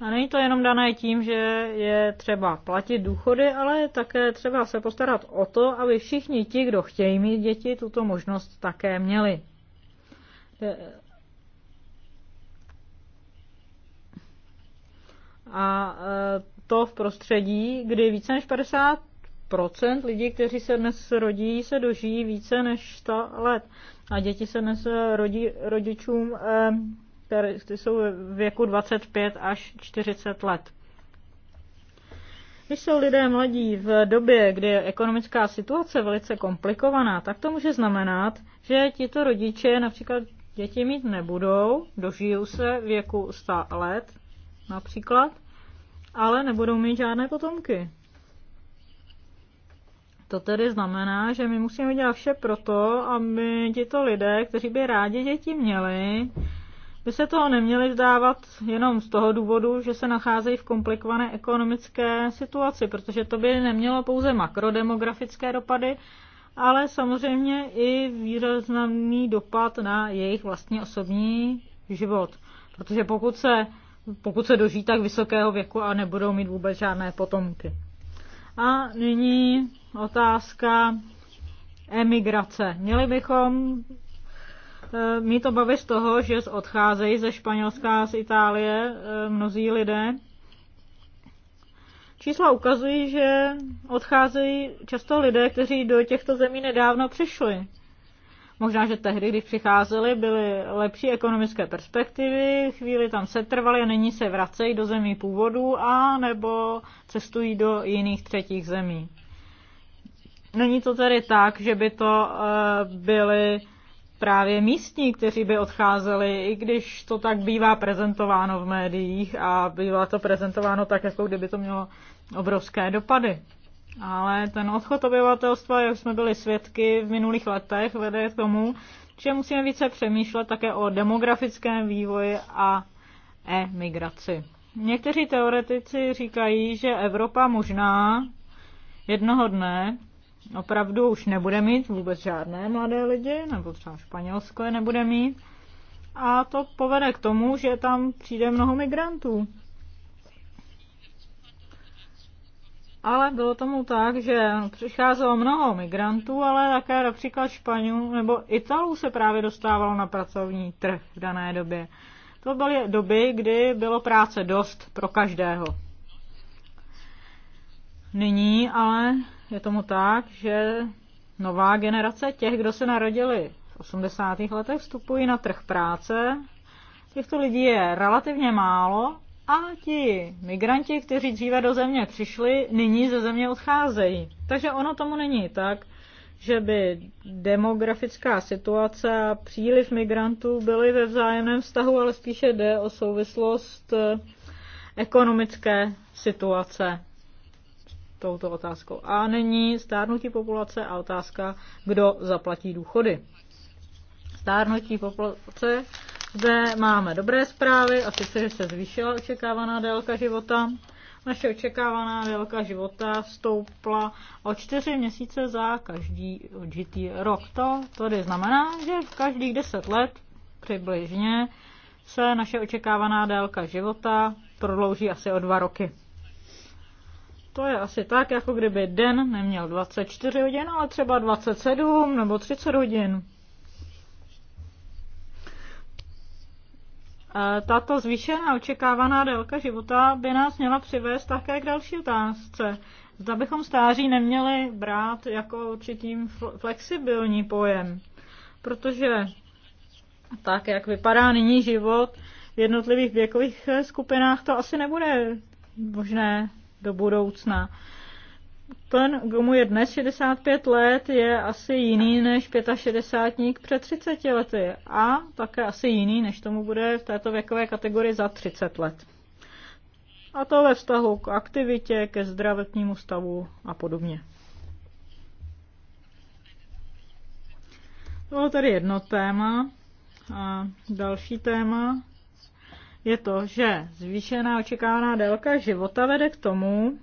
A není to jenom dané tím, že je třeba platit důchody, ale také třeba se postarat o to, aby všichni ti, kdo chtějí mít děti, tuto možnost také měli. A e, to v prostředí, kdy více než 50 lidí, kteří se dnes rodí, se dožijí více než 100 let. A děti se dnes rodí rodičům eh, které jsou v věku 25 až 40 let. Když jsou lidé mladí v době, kdy je ekonomická situace velice komplikovaná, tak to může znamenat, že tito rodiče například děti mít nebudou, dožijou se věku 100 let například, ale nebudou mít žádné potomky. To tedy znamená, že my musíme dělat vše proto, aby tito lidé, kteří by rádi děti měli, by se toho neměli vzdávat jenom z toho důvodu, že se nacházejí v komplikované ekonomické situaci, protože to by nemělo pouze makrodemografické dopady, ale samozřejmě i výrazný dopad na jejich vlastní osobní život. Protože pokud se, pokud se dožijí tak vysokého věku a nebudou mít vůbec žádné potomky. A nyní otázka emigrace. Měli bychom Eh, to baví z toho, že odcházejí ze Španělska a z Itálie eh, mnozí lidé. Čísla ukazují, že odcházejí často lidé, kteří do těchto zemí nedávno přišli. Možná, že tehdy, když přicházeli, byly lepší ekonomické perspektivy, chvíli tam setrvali a nyní se vracejí do zemí původu a nebo cestují do jiných třetích zemí. Není to tedy tak, že by to eh, byly právě místní, kteří by odcházeli, i když to tak bývá prezentováno v médiích a bývá to prezentováno tak, jako kdyby to mělo obrovské dopady. Ale ten odchod obyvatelstva, jak jsme byli svědky v minulých letech, vede k tomu, že musíme více přemýšlet také o demografickém vývoji a emigraci. Někteří teoretici říkají, že Evropa možná jednoho dne opravdu už nebude mít vůbec žádné mladé lidi, nebo třeba Španělsko je nebude mít. A to povede k tomu, že tam přijde mnoho migrantů. Ale bylo tomu tak, že přicházelo mnoho migrantů, ale také například Španělů nebo Italů se právě dostávalo na pracovní trh v dané době. To byly doby, kdy bylo práce dost pro každého. Nyní ale je tomu tak, že nová generace těch, kdo se narodili v 80. letech, vstupují na trh práce. Těchto lidí je relativně málo a ti migranti, kteří dříve do země přišli, nyní ze země odcházejí. Takže ono tomu není tak, že by demografická situace a příliv migrantů byly ve vzájemném vztahu, ale spíše jde o souvislost eh, ekonomické situace touto otázkou. A není stárnutí populace a otázka, kdo zaplatí důchody. Stárnutí populace, zde máme dobré zprávy, a sice, že se zvýšila očekávaná délka života. Naše očekávaná délka života stoupla o čtyři měsíce za každý odžitý rok. To tedy znamená, že v každých deset let přibližně se naše očekávaná délka života prodlouží asi o dva roky. To je asi tak, jako kdyby den neměl 24 hodin, ale třeba 27 nebo 30 hodin. E, tato zvýšená očekávaná délka života by nás měla přivést také k další otázce. Zda bychom stáří neměli brát jako určitým flexibilní pojem, protože tak, jak vypadá nyní život v jednotlivých věkových e, skupinách, to asi nebude možné do budoucna. Ten, komu je dnes 65 let, je asi jiný než 65 před 30 lety a také asi jiný, než tomu bude v této věkové kategorii za 30 let. A to ve vztahu k aktivitě, ke zdravotnímu stavu a podobně. To bylo tady jedno téma. A další téma je to, že zvýšená očekávaná délka života vede k tomu,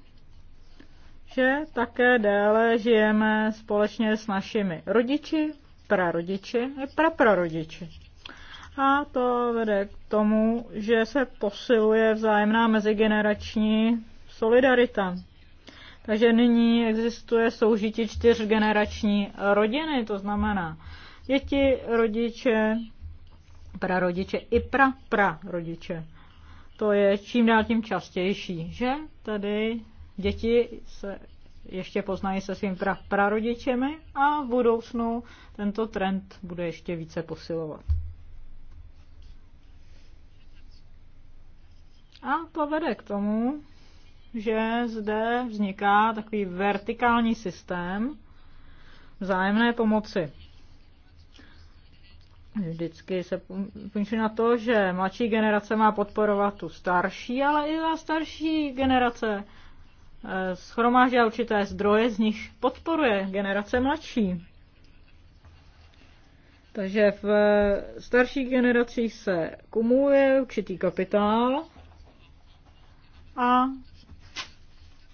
že také déle žijeme společně s našimi rodiči, prarodiči i praprarodiči. A to vede k tomu, že se posiluje vzájemná mezigenerační solidarita. Takže nyní existuje soužití čtyřgenerační rodiny, to znamená děti, rodiče, prarodiče i pra, pra rodiče. To je čím dál tím častější, že tady děti se ještě poznají se svým pra, prarodičemi a v budoucnu tento trend bude ještě více posilovat. A to vede k tomu, že zde vzniká takový vertikální systém vzájemné pomoci. Vždycky se půjčí na to, že mladší generace má podporovat tu starší, ale i ta starší generace eh, schromáždí určité zdroje, z nich podporuje generace mladší. Takže v eh, starších generacích se kumuluje určitý kapitál a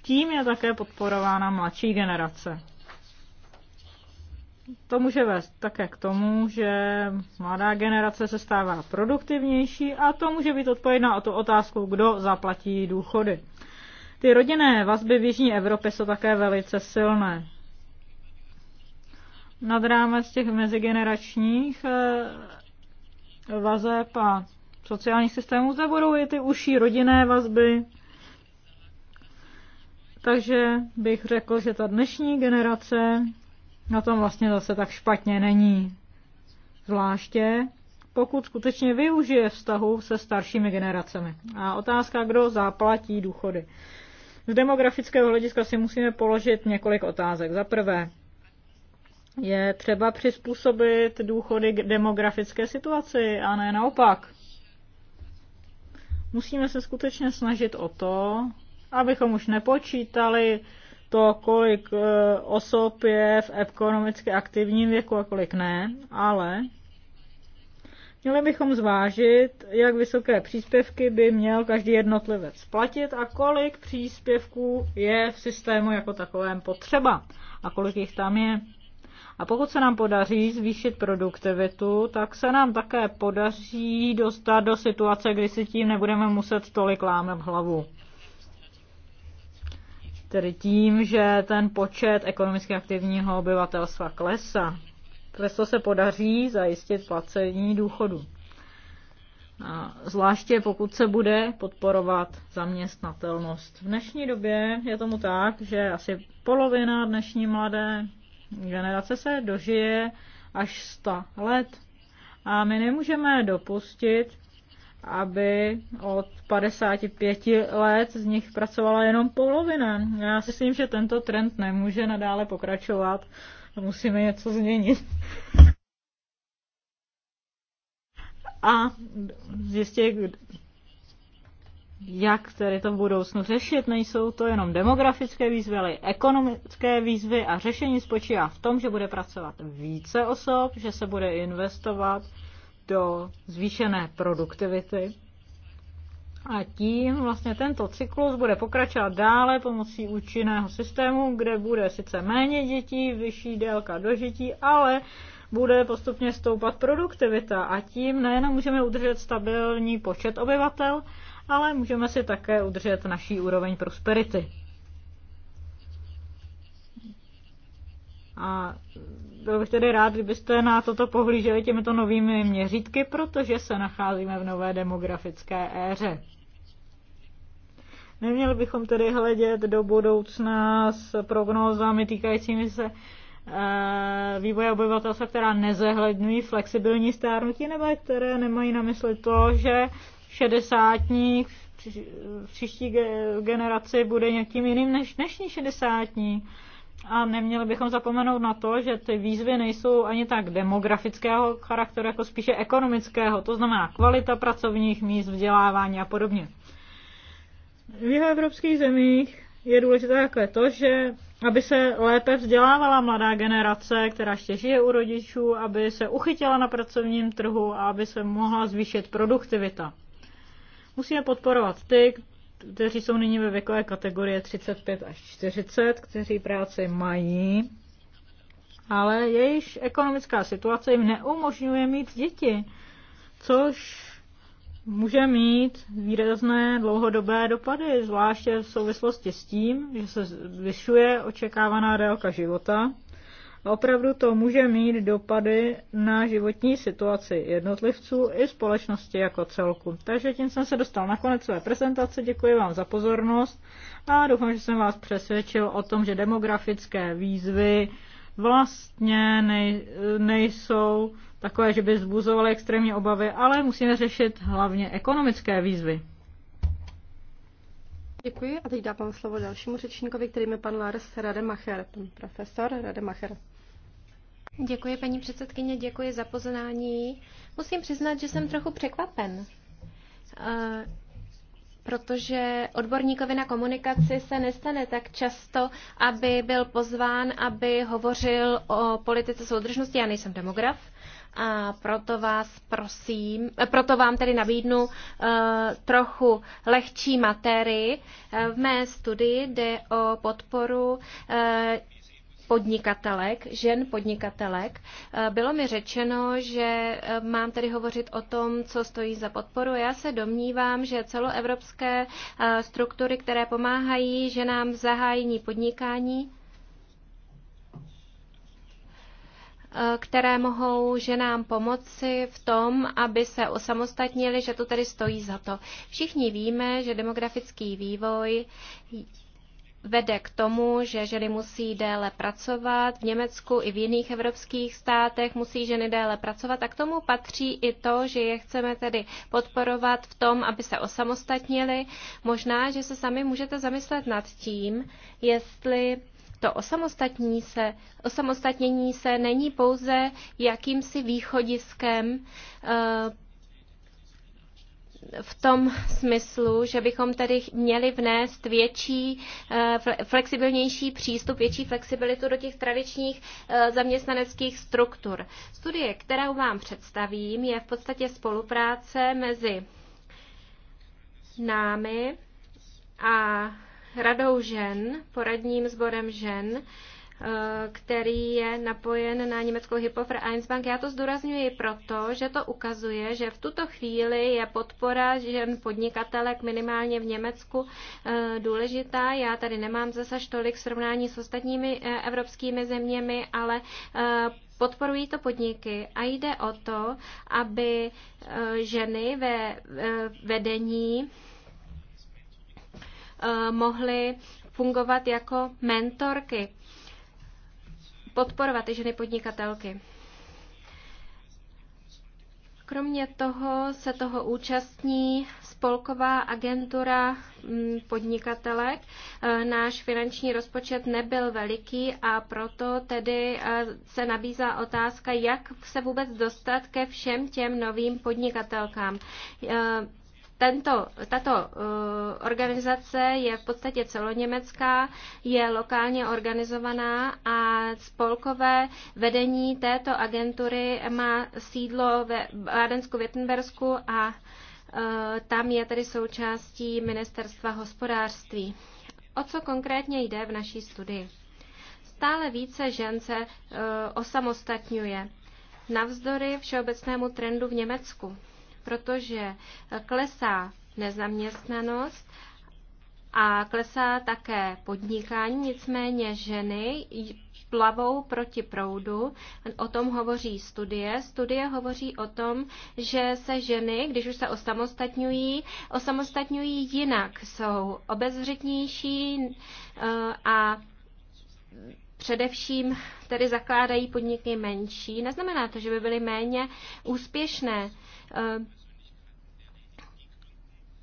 tím je také podporována mladší generace to může vést také k tomu, že mladá generace se stává produktivnější a to může být odpovědná o tu otázku, kdo zaplatí důchody. Ty rodinné vazby v Jižní Evropě jsou také velice silné. Nad rámec těch mezigeneračních eh, vazeb a sociálních systémů zde budou i ty užší rodinné vazby. Takže bych řekl, že ta dnešní generace na tom vlastně zase tak špatně není. Zvláště pokud skutečně využije vztahu se staršími generacemi. A otázka, kdo zaplatí důchody. Z demografického hlediska si musíme položit několik otázek. Za prvé, je třeba přizpůsobit důchody k demografické situaci a ne naopak. Musíme se skutečně snažit o to, abychom už nepočítali to, kolik eh, osob je v ekonomicky aktivním věku a kolik ne, ale měli bychom zvážit, jak vysoké příspěvky by měl každý jednotlivec platit a kolik příspěvků je v systému jako takovém potřeba a kolik jich tam je. A pokud se nám podaří zvýšit produktivitu, tak se nám také podaří dostat do situace, kdy si tím nebudeme muset tolik lámat hlavu. Tedy tím, že ten počet ekonomicky aktivního obyvatelstva klesá. Přesto se podaří zajistit placení důchodu. Zvláště pokud se bude podporovat zaměstnatelnost. V dnešní době je tomu tak, že asi polovina dnešní mladé generace se dožije až 100 let. A my nemůžeme dopustit, aby od 55 let z nich pracovala jenom polovina. Já si myslím, že tento trend nemůže nadále pokračovat. Musíme něco změnit. A zjistě, jak tedy to v budoucnu řešit. Nejsou to jenom demografické výzvy, ale i ekonomické výzvy a řešení spočívá v tom, že bude pracovat více osob, že se bude investovat do zvýšené produktivity. A tím vlastně tento cyklus bude pokračovat dále pomocí účinného systému, kde bude sice méně dětí, vyšší délka dožití, ale bude postupně stoupat produktivita a tím nejenom můžeme udržet stabilní počet obyvatel, ale můžeme si také udržet naší úroveň prosperity. A byl bych tedy rád, kdybyste na toto pohlíželi těmito novými měřítky, protože se nacházíme v nové demografické éře. Neměli bychom tedy hledět do budoucna s prognózami týkajícími se eh, vývoje obyvatelstva, která nezehledňují flexibilní stárnutí, nebo které nemají na mysli to, že šedesátník v příští generaci bude nějakým jiným než dnešní šedesátník a neměli bychom zapomenout na to, že ty výzvy nejsou ani tak demografického charakteru, jako spíše ekonomického, to znamená kvalita pracovních míst, vzdělávání a podobně. V jeho evropských zemích je důležité také to, že aby se lépe vzdělávala mladá generace, která ještě žije u rodičů, aby se uchytila na pracovním trhu a aby se mohla zvýšit produktivita. Musíme podporovat ty, kteří jsou nyní ve věkové kategorie 35 až 40, kteří práci mají, ale jejich ekonomická situace jim neumožňuje mít děti, což může mít výrazné dlouhodobé dopady, zvláště v souvislosti s tím, že se zvyšuje očekávaná délka života Opravdu to může mít dopady na životní situaci jednotlivců i společnosti jako celku. Takže tím jsem se dostal na konec své prezentace. Děkuji vám za pozornost a doufám, že jsem vás přesvědčil o tom, že demografické výzvy vlastně nej, nejsou takové, že by zbuzovaly extrémní obavy, ale musíme řešit hlavně ekonomické výzvy. Děkuji a teď dávám slovo dalšímu řečníkovi, kterým je pan Lars Rademacher, pan profesor Rademacher. Děkuji, paní předsedkyně, děkuji za poznání. Musím přiznat, že jsem trochu překvapen, eh, protože odborníkovi na komunikaci se nestane tak často, aby byl pozván, aby hovořil o politice soudržnosti. Já nejsem demograf, a proto vás prosím, eh, proto vám tedy nabídnu uh, trochu lehčí materii. V mé studii jde o podporu uh, podnikatelek, žen podnikatelek. Eh, bylo mi řečeno, že eh, mám tedy hovořit o tom, co stojí za podporu. Já se domnívám, že celoevropské eh, struktury, které pomáhají ženám v zahájení podnikání, které mohou ženám pomoci v tom, aby se osamostatnili, že to tedy stojí za to. Všichni víme, že demografický vývoj vede k tomu, že ženy musí déle pracovat, v Německu i v jiných evropských státech musí ženy déle pracovat a k tomu patří i to, že je chceme tedy podporovat v tom, aby se osamostatnili. Možná, že se sami můžete zamyslet nad tím, jestli to osamostatní se, osamostatnění se není pouze jakýmsi východiskem eh, v tom smyslu, že bychom tedy měli vnést větší, eh, flexibilnější přístup, větší flexibilitu do těch tradičních eh, zaměstnaneckých struktur. Studie, kterou vám představím, je v podstatě spolupráce mezi námi a radou žen, poradním sborem žen, Eh, který je napojen na německou Hypofer Einsbank. Já to zdůrazňuji proto, že to ukazuje, že v tuto chvíli je podpora žen podnikatelek minimálně v Německu eh, důležitá. Já tady nemám zase tolik srovnání s ostatními eh, evropskými zeměmi, ale podporují to podniky a jde o to, aby ženy ve vedení mohly fungovat jako mentorky podporovat ty ženy podnikatelky. Kromě toho se toho účastní spolková agentura mm, podnikatelek. E, náš finanční rozpočet nebyl veliký a proto tedy e, se nabízá otázka, jak se vůbec dostat ke všem těm novým podnikatelkám. E, tento, tato uh, organizace je v podstatě celoněmecká, je lokálně organizovaná a spolkové vedení této agentury má sídlo ve Bádensku-Věttenbersku a uh, tam je tedy součástí Ministerstva hospodářství. O co konkrétně jde v naší studii? Stále více žen se uh, osamostatňuje navzdory všeobecnému trendu v Německu protože klesá nezaměstnanost a klesá také podnikání, nicméně ženy plavou proti proudu. O tom hovoří studie. Studie hovoří o tom, že se ženy, když už se osamostatňují, osamostatňují jinak. Jsou obezřetnější eh, a především tedy zakládají podniky menší. Neznamená to, že by byly méně úspěšné. Eh,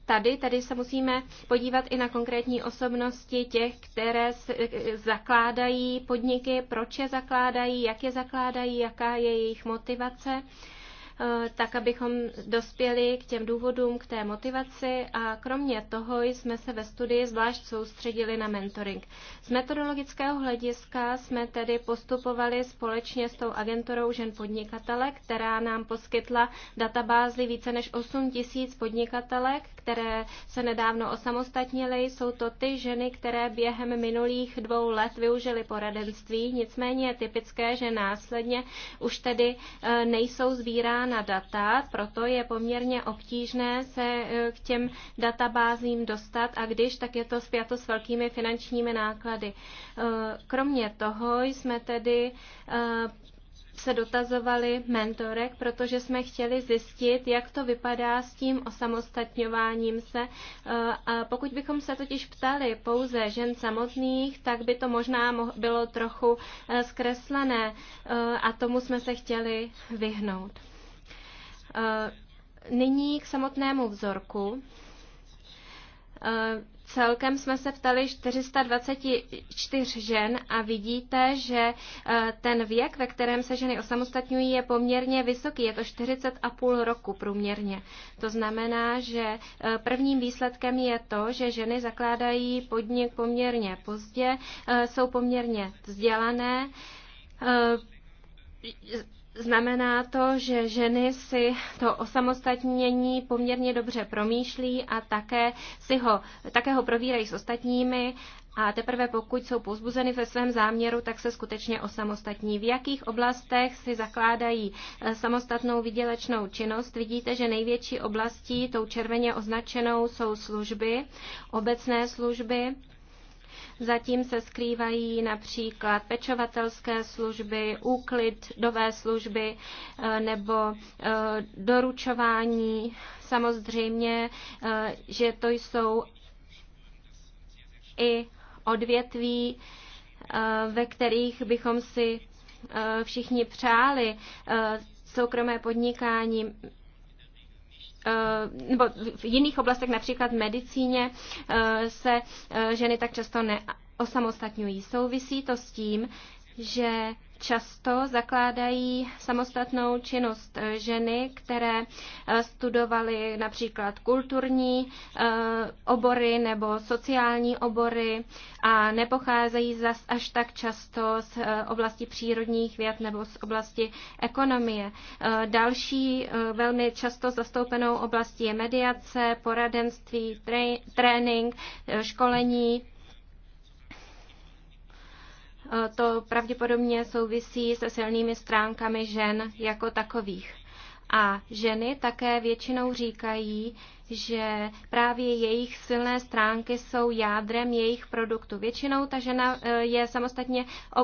tady, tady se musíme podívat i na konkrétní osobnosti těch, které eh, zakládají podniky, proč je zakládají, jak je zakládají, jaká je jejich motivace. Eh, tak abychom dospěli k těm důvodům, k té motivaci a kromě toho jsme se ve studii zvlášť soustředili na mentoring. Z metodologického hlediska jsme tedy postupovali společně s tou agenturou žen podnikatele, která nám poskytla databázy více než 8 tisíc podnikatelek, které se nedávno osamostatnily. Jsou to ty ženy, které během minulých dvou let využily poradenství. Nicméně je typické, že následně už tedy eh, nejsou zbírány na data, proto je poměrně obtížné se e, k těm databázím dostat a když, tak je to spjato s velkými finančními náklady. E, kromě toho jsme tedy e, se dotazovali mentorek, protože jsme chtěli zjistit, jak to vypadá s tím osamostatňováním se. A pokud bychom se totiž ptali pouze žen samotných, tak by to možná bylo trochu zkreslené a tomu jsme se chtěli vyhnout. Eh, nyní k samotnému vzorku. Eh, celkem jsme se ptali 424 žen a vidíte, že eh, ten věk, ve kterém se ženy osamostatňují, je poměrně vysoký. Je to 40,5 roku průměrně. To znamená, že prvním výsledkem je to, že ženy zakládají podnik poměrně pozdě, jsou poměrně vzdělané Znamená to, že ženy si to osamostatnění poměrně dobře promýšlí a také, si ho, také ho provírají s ostatními a teprve pokud jsou pozbuzeny ve svém záměru, tak se skutečně osamostatní. V jakých oblastech si zakládají eh, samostatnou vydělečnou činnost? Vidíte, že největší oblastí, tou červeně označenou, jsou služby, obecné služby, Zatím se skrývají například pečovatelské služby, úklidové služby eh, nebo eh, doručování. Samozřejmě, eh, že to jsou i odvětví, ve kterých bychom si všichni přáli soukromé podnikání. Eh, nebo v jiných oblastech, například v medicíně, eh, se eh, ženy tak často neosamostatňují. Souvisí to s tím, že často zakládají samostatnou činnost eh, ženy, které eh, studovaly například kulturní eh, obory nebo sociální obory a nepocházejí zas až tak často z oblasti přírodních věd nebo z oblasti ekonomie. Další velmi často zastoupenou oblastí je mediace, poradenství, trénink, školení, to pravděpodobně souvisí se silnými stránkami žen jako takových. A ženy také většinou říkají, že právě jejich silné stránky jsou jádrem jejich produktu. Většinou ta žena eh, je samostatně eh,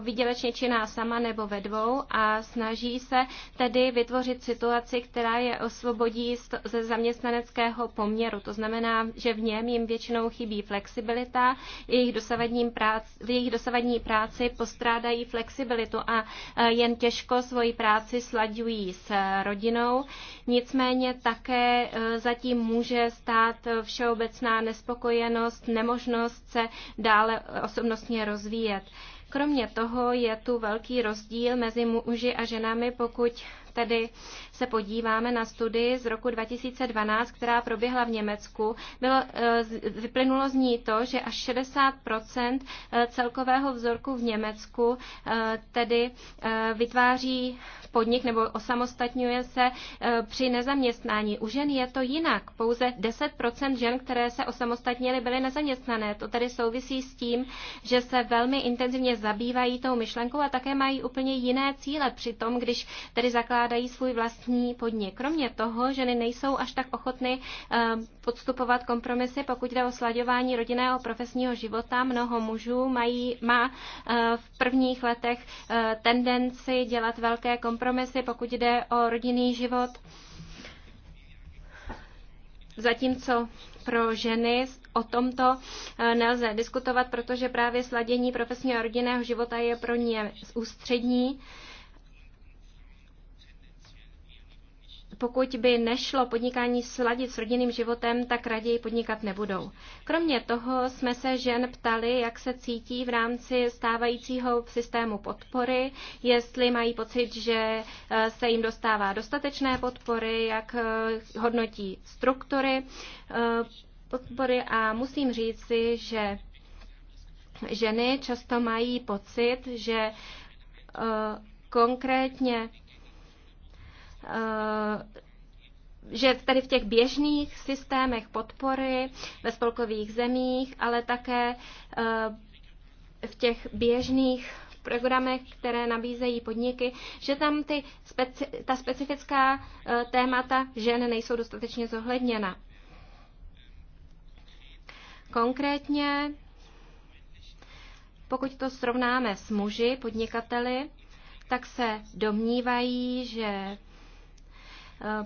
vydělečně činná sama nebo ve dvou a snaží se tedy vytvořit situaci, která je osvobodí ze zaměstnaneckého poměru. To znamená, že v něm jim většinou chybí flexibilita, jejich dosavadní práci, v jejich dosavadní práci postrádají flexibilitu a eh, jen těžko svoji práci slaďují s rodinou. Nicméně také zatím tím může stát všeobecná nespokojenost, nemožnost se dále osobnostně rozvíjet. Kromě toho je tu velký rozdíl mezi muži a ženami, pokud tedy se podíváme na studii z roku 2012, která proběhla v Německu, bylo, eh, vyplynulo z ní to, že až 60 eh, celkového vzorku v Německu eh, tedy vytváří podnik nebo osamostatňuje se při nezaměstnání. U žen je to jinak. Pouze 10 žen, které se osamostatnily, byly nezaměstnané. To tedy souvisí s tím, že se velmi intenzivně zabývají tou myšlenkou a také mají úplně jiné cíle. Přitom, když tedy zakládají zakládají svůj vlastní podnik. Kromě toho, ženy nejsou až tak ochotny eh, podstupovat kompromisy, pokud jde o sladěvání rodinného profesního života. Mnoho mužů mají, má eh, v prvních letech eh, tendenci dělat velké kompromisy, pokud jde o rodinný život. Zatímco pro ženy o tomto nelze diskutovat, protože právě sladění profesního a rodinného života je pro ně ústřední. pokud by nešlo podnikání sladit s rodinným životem, tak raději podnikat nebudou. Kromě toho jsme se žen ptali, jak se cítí v rámci stávajícího systému podpory, jestli mají pocit, že eh, se jim dostává dostatečné podpory, jak eh, hodnotí struktury eh, podpory a musím říct si, že ženy často mají pocit, že konkrétně Eh, že tady v těch běžných systémech podpory ve spolkových zemích, ale také eh, v těch běžných programech, které nabízejí podniky, že tam ty speci- ta specifická eh, témata žen nejsou dostatečně zohledněna. Konkrétně, pokud to srovnáme s muži, podnikateli, tak se domnívají, že Eh,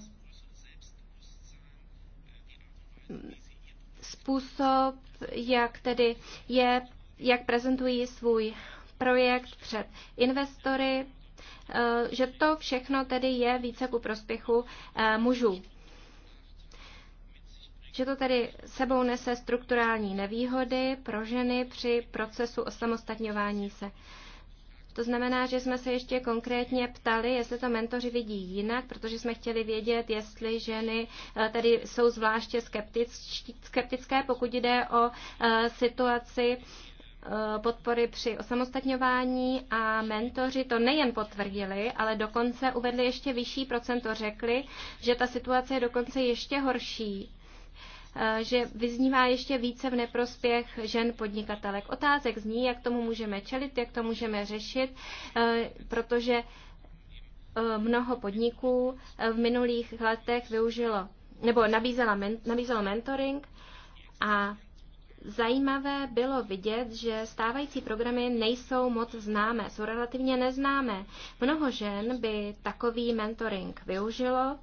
způsob, jak tedy je, jak prezentují svůj projekt před investory, eh, že to všechno tedy je více ku prospěchu eh, mužů. Že to tedy sebou nese strukturální nevýhody pro ženy při procesu osamostatňování se. To znamená, že jsme se ještě konkrétně ptali, jestli to mentoři vidí jinak, protože jsme chtěli vědět, jestli ženy eh, tedy jsou zvláště skeptické, pokud jde o eh, situaci eh, podpory při osamostatňování a mentoři to nejen potvrdili, ale dokonce uvedli ještě vyšší procento, řekli, že ta situace je dokonce ještě horší Eh, že vyznívá ještě více v neprospěch žen podnikatelek. Otázek zní, jak tomu můžeme čelit, jak to můžeme řešit, eh, protože eh, mnoho podniků v minulých letech využilo nebo nabízela, nabízelo mentoring a zajímavé bylo vidět, že stávající programy nejsou moc známé, jsou relativně neznámé. Mnoho žen by takový mentoring využilo,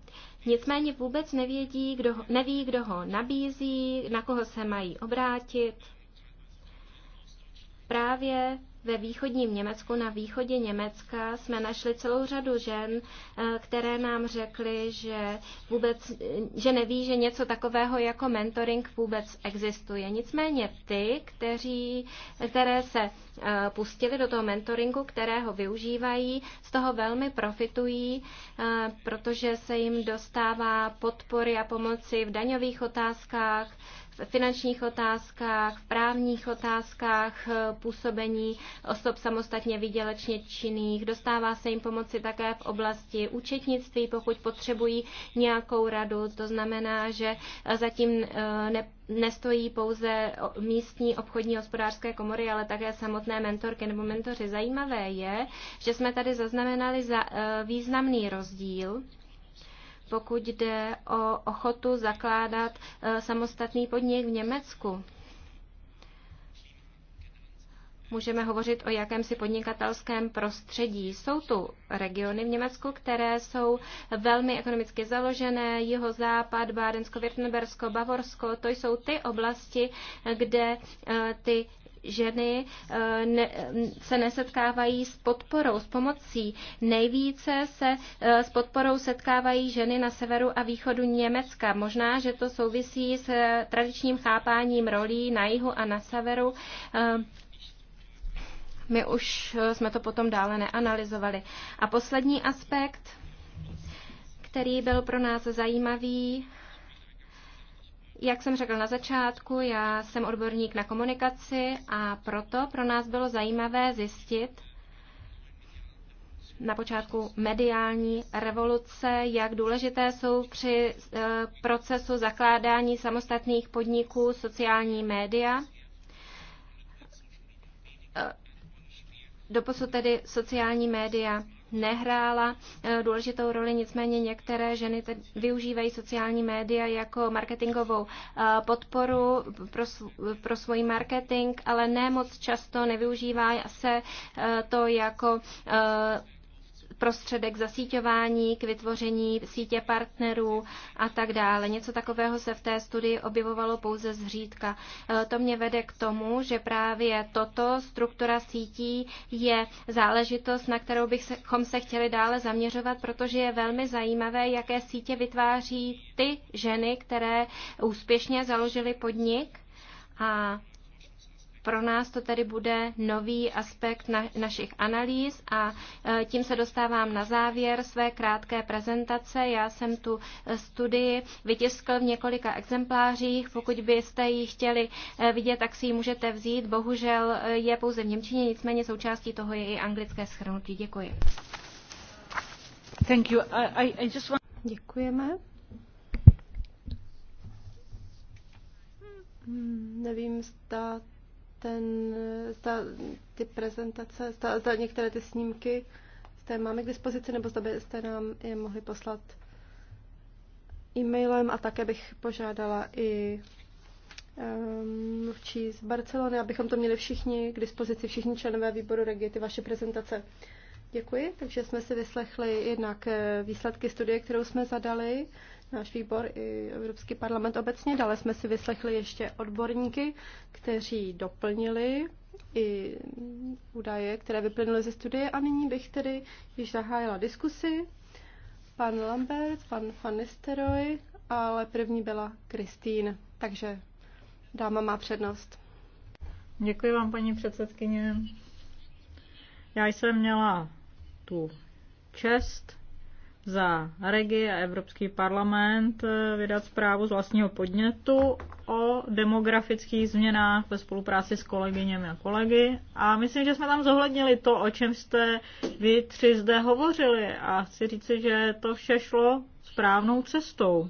Nicméně vůbec nevědí, kdo, neví, kdo ho nabízí, na koho se mají obrátit. Právě ve východním Německu, na východě Německa, jsme našli celou řadu žen, eh, které nám řekly, že, vůbec, eh, že neví, že něco takového jako mentoring vůbec existuje. Nicméně ty, kteří, které se eh, pustili do toho mentoringu, kterého využívají, z toho velmi profitují, protože se jim dostává podpory a pomoci v daňových otázkách, finančních otázkách, v právních otázkách eh, působení osob samostatně výdělečně činných. Dostává se jim pomoci také v oblasti účetnictví, pokud potřebují nějakou radu. To znamená, že eh, zatím eh, ne, nestojí pouze místní obchodní hospodářské komory, ale také samotné mentorky nebo mentoři. Zajímavé je, že jsme tady zaznamenali za, významný rozdíl pokud jde o ochotu zakládat eh, samostatný podnik v Německu. Můžeme hovořit o jakémsi podnikatelském prostředí. Jsou tu regiony v Německu, které jsou velmi ekonomicky založené, jihozápad, Bádensko, Württembersko, Bavorsko, to jsou ty oblasti, eh, kde eh, ty ženy eh, ne, se nesetkávají s podporou, s pomocí. Nejvíce se eh, s podporou setkávají ženy na severu a východu Německa. Možná, že to souvisí s eh, tradičním chápáním rolí na jihu a na severu. My už jsme to potom dále neanalyzovali. A poslední aspekt, který byl pro nás zajímavý, jak jsem řekl na začátku, já jsem odborník na komunikaci a proto pro nás bylo zajímavé zjistit na počátku mediální revoluce, jak důležité jsou při eh, procesu zakládání samostatných podniků sociální média. Eh, doposud tedy sociální média nehrála eh, důležitou roli, nicméně některé ženy využívají sociální média jako marketingovou eh, podporu pro, pro svůj marketing, ale ne moc často nevyužívá se eh, to jako prostředek zasíťování k vytvoření sítě partnerů a tak dále. Něco takového se v té studii objevovalo pouze zřídka. E, to mě vede k tomu, že právě toto struktura sítí je záležitost, na kterou bychom se chtěli dále zaměřovat, protože je velmi zajímavé, jaké sítě vytváří ty ženy, které úspěšně založily podnik a pro nás to tedy bude nový aspekt na, našich analýz a e, tím se dostávám na závěr své krátké prezentace. Já jsem tu e, studii vytiskl v několika exemplářích. Pokud byste ji chtěli e, vidět, tak si ji můžete vzít. Bohužel je pouze v Němčině, nicméně součástí toho je i anglické schrnutí. Děkuji. Thank you. I, I just want... Děkujeme. Hmm, nevím, zda ten, ta, ty prezentace, ta, ta, některé ty snímky zda máme k dispozici, nebo zda byste nám je mohli poslat e-mailem a také bych požádala i ehm, mluvčí um, z Barcelony, abychom to měli všichni k dispozici, všichni členové výboru regie, ty vaše prezentace. Děkuji, takže jsme si vyslechli jednak eh, výsledky studie, kterou jsme zadali, náš výbor i Evropský parlament obecně. Dále jsme si vyslechli ještě odborníky, kteří doplnili i údaje, které vyplynuly ze studie. A nyní bych tedy již zahájila diskusi. Pan Lambert, pan Fanisteroy, ale první byla Kristýn. Takže dáma má přednost. Děkuji vám, paní předsedkyně. Já jsem měla tu čest za Regi a Evropský parlament eh, vydat zprávu z vlastního podnětu o demografických změnách ve spolupráci s kolegyněmi a kolegy. A myslím, že jsme tam zohlednili to, o čem jste vy tři zde hovořili. A chci říci, že to vše šlo správnou cestou.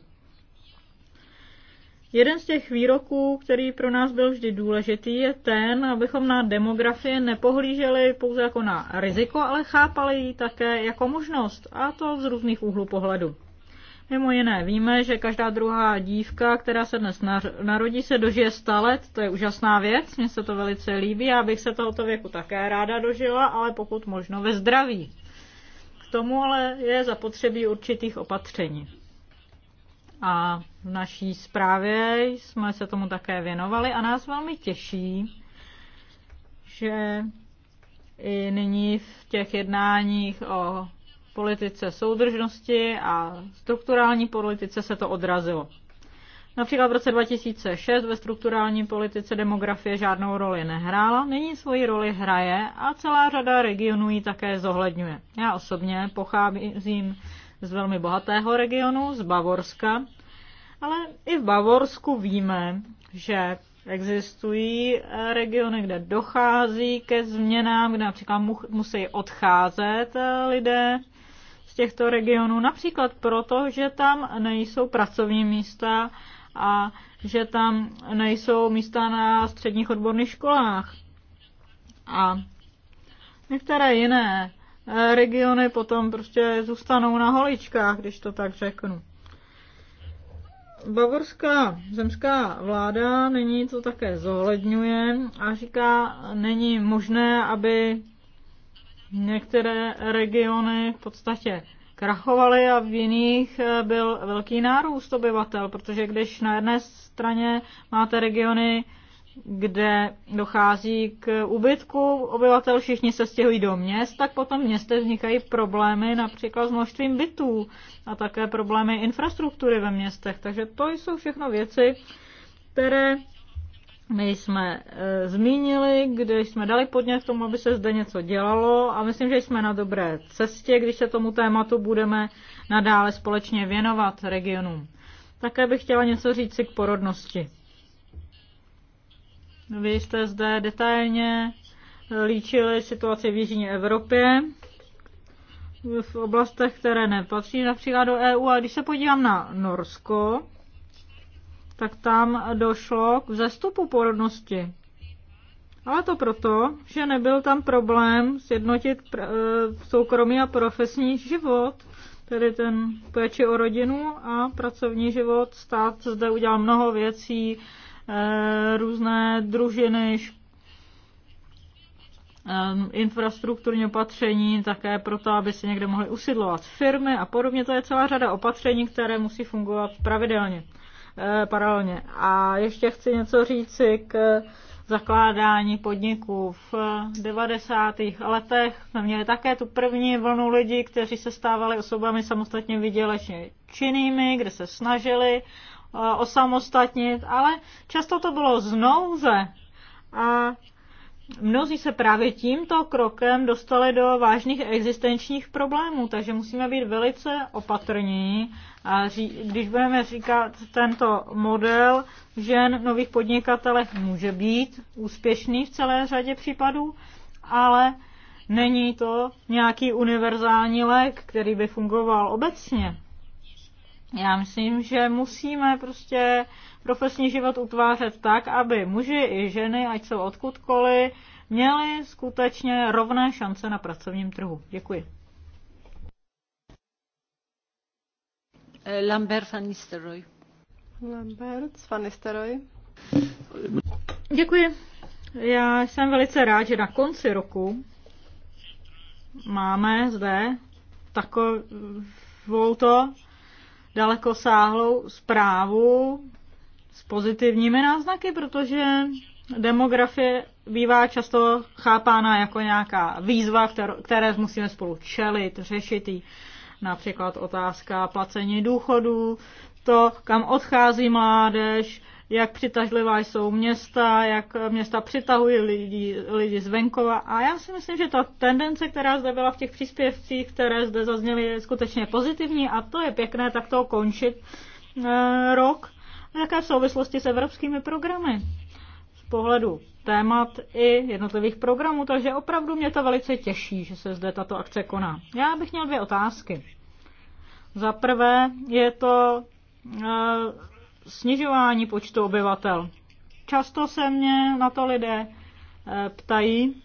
Jeden z těch výroků, který pro nás byl vždy důležitý, je ten, abychom na demografii nepohlíželi pouze jako na riziko, ale chápali ji také jako možnost, a to z různých úhlů pohledu. Mimo jiné víme, že každá druhá dívka, která se dnes narodí, se dožije 100 let. To je úžasná věc, mně se to velice líbí, já bych se tohoto věku také ráda dožila, ale pokud možno ve zdraví. K tomu ale je zapotřebí určitých opatření. A v naší zprávě jsme se tomu také věnovali a nás velmi těší, že i nyní v těch jednáních o politice soudržnosti a strukturální politice se to odrazilo. Například v roce 2006 ve strukturální politice demografie žádnou roli nehrála, nyní svoji roli hraje a celá řada regionů ji také zohledňuje. Já osobně pocházím z velmi bohatého regionu, z Bavorska. Ale i v Bavorsku víme, že existují eh, regiony, kde dochází ke změnám, kde například musí odcházet eh, lidé z těchto regionů, například proto, že tam nejsou pracovní místa a že tam nejsou místa na středních odborných školách. A některé jiné Eh, regiony potom prostě zůstanou na holičkách, když to tak řeknu. Bavorská zemská vláda není to také zohledňuje a říká, není možné, aby některé regiony v podstatě krachovaly a v jiných eh, byl velký nárůst obyvatel, protože když na jedné straně máte regiony kde dochází k ubytku obyvatel, všichni se stěhují do měst, tak potom v městě vznikají problémy například s množstvím bytů a také problémy infrastruktury ve městech. Takže to jsou všechno věci, které my jsme e, zmínili, kde jsme dali podnět k tomu, aby se zde něco dělalo a myslím, že jsme na dobré cestě, když se tomu tématu budeme nadále společně věnovat regionům. Také bych chtěla něco říct si k porodnosti. Vy jste zde detailně líčili situaci v Jižní Evropě, v oblastech, které nepatří například do EU. A když se podívám na Norsko, tak tam došlo k vzestupu porodnosti. Ale to proto, že nebyl tam problém sjednotit eh, soukromý a profesní život, tedy ten péči o rodinu a pracovní život. Stát zde udělal mnoho věcí, Eh, různé družiny, eh, infrastrukturní opatření také proto, aby se někde mohly usidlovat firmy a podobně. To je celá řada opatření, které musí fungovat pravidelně, eh, paralelně. A ještě chci něco říci k zakládání podniků. V 90. letech jsme měli také tu první vlnu lidí, kteří se stávali osobami samostatně vydělečně činnými, kde se snažili osamostatnit, ale často to bylo z nouze a mnozí se právě tímto krokem dostali do vážných existenčních problémů, takže musíme být velice opatrní. A když budeme říkat tento model žen v nových podnikatelech může být úspěšný v celé řadě případů, ale není to nějaký univerzální lék, který by fungoval obecně. Já myslím, že musíme prostě profesní život utvářet tak, aby muži i ženy, ať jsou odkudkoliv, měli skutečně rovné šance na pracovním trhu. Děkuji. Lambert van Nistelrooy. Lambert van Nistelrooy. Děkuji. Já jsem velice rád, že na konci roku máme zde takovou to dalekosáhlou zprávu s pozitivními náznaky, protože demografie bývá často chápána jako nějaká výzva, které musíme spolu čelit, řešit ji. Například otázka placení důchodů, to, kam odchází mládež, jak přitažlivá jsou města, jak města přitahují lidi, lidi z venkova. A já si myslím, že ta tendence, která zde byla v těch příspěvcích, které zde zazněly, je skutečně pozitivní a to je pěkné takto končit e, rok. Jaké v souvislosti s evropskými programy? Z pohledu témat i jednotlivých programů, takže opravdu mě to velice těší, že se zde tato akce koná. Já bych měl dvě otázky. Za prvé je to e, snižování počtu obyvatel. Často se mě na to lidé eh, ptají,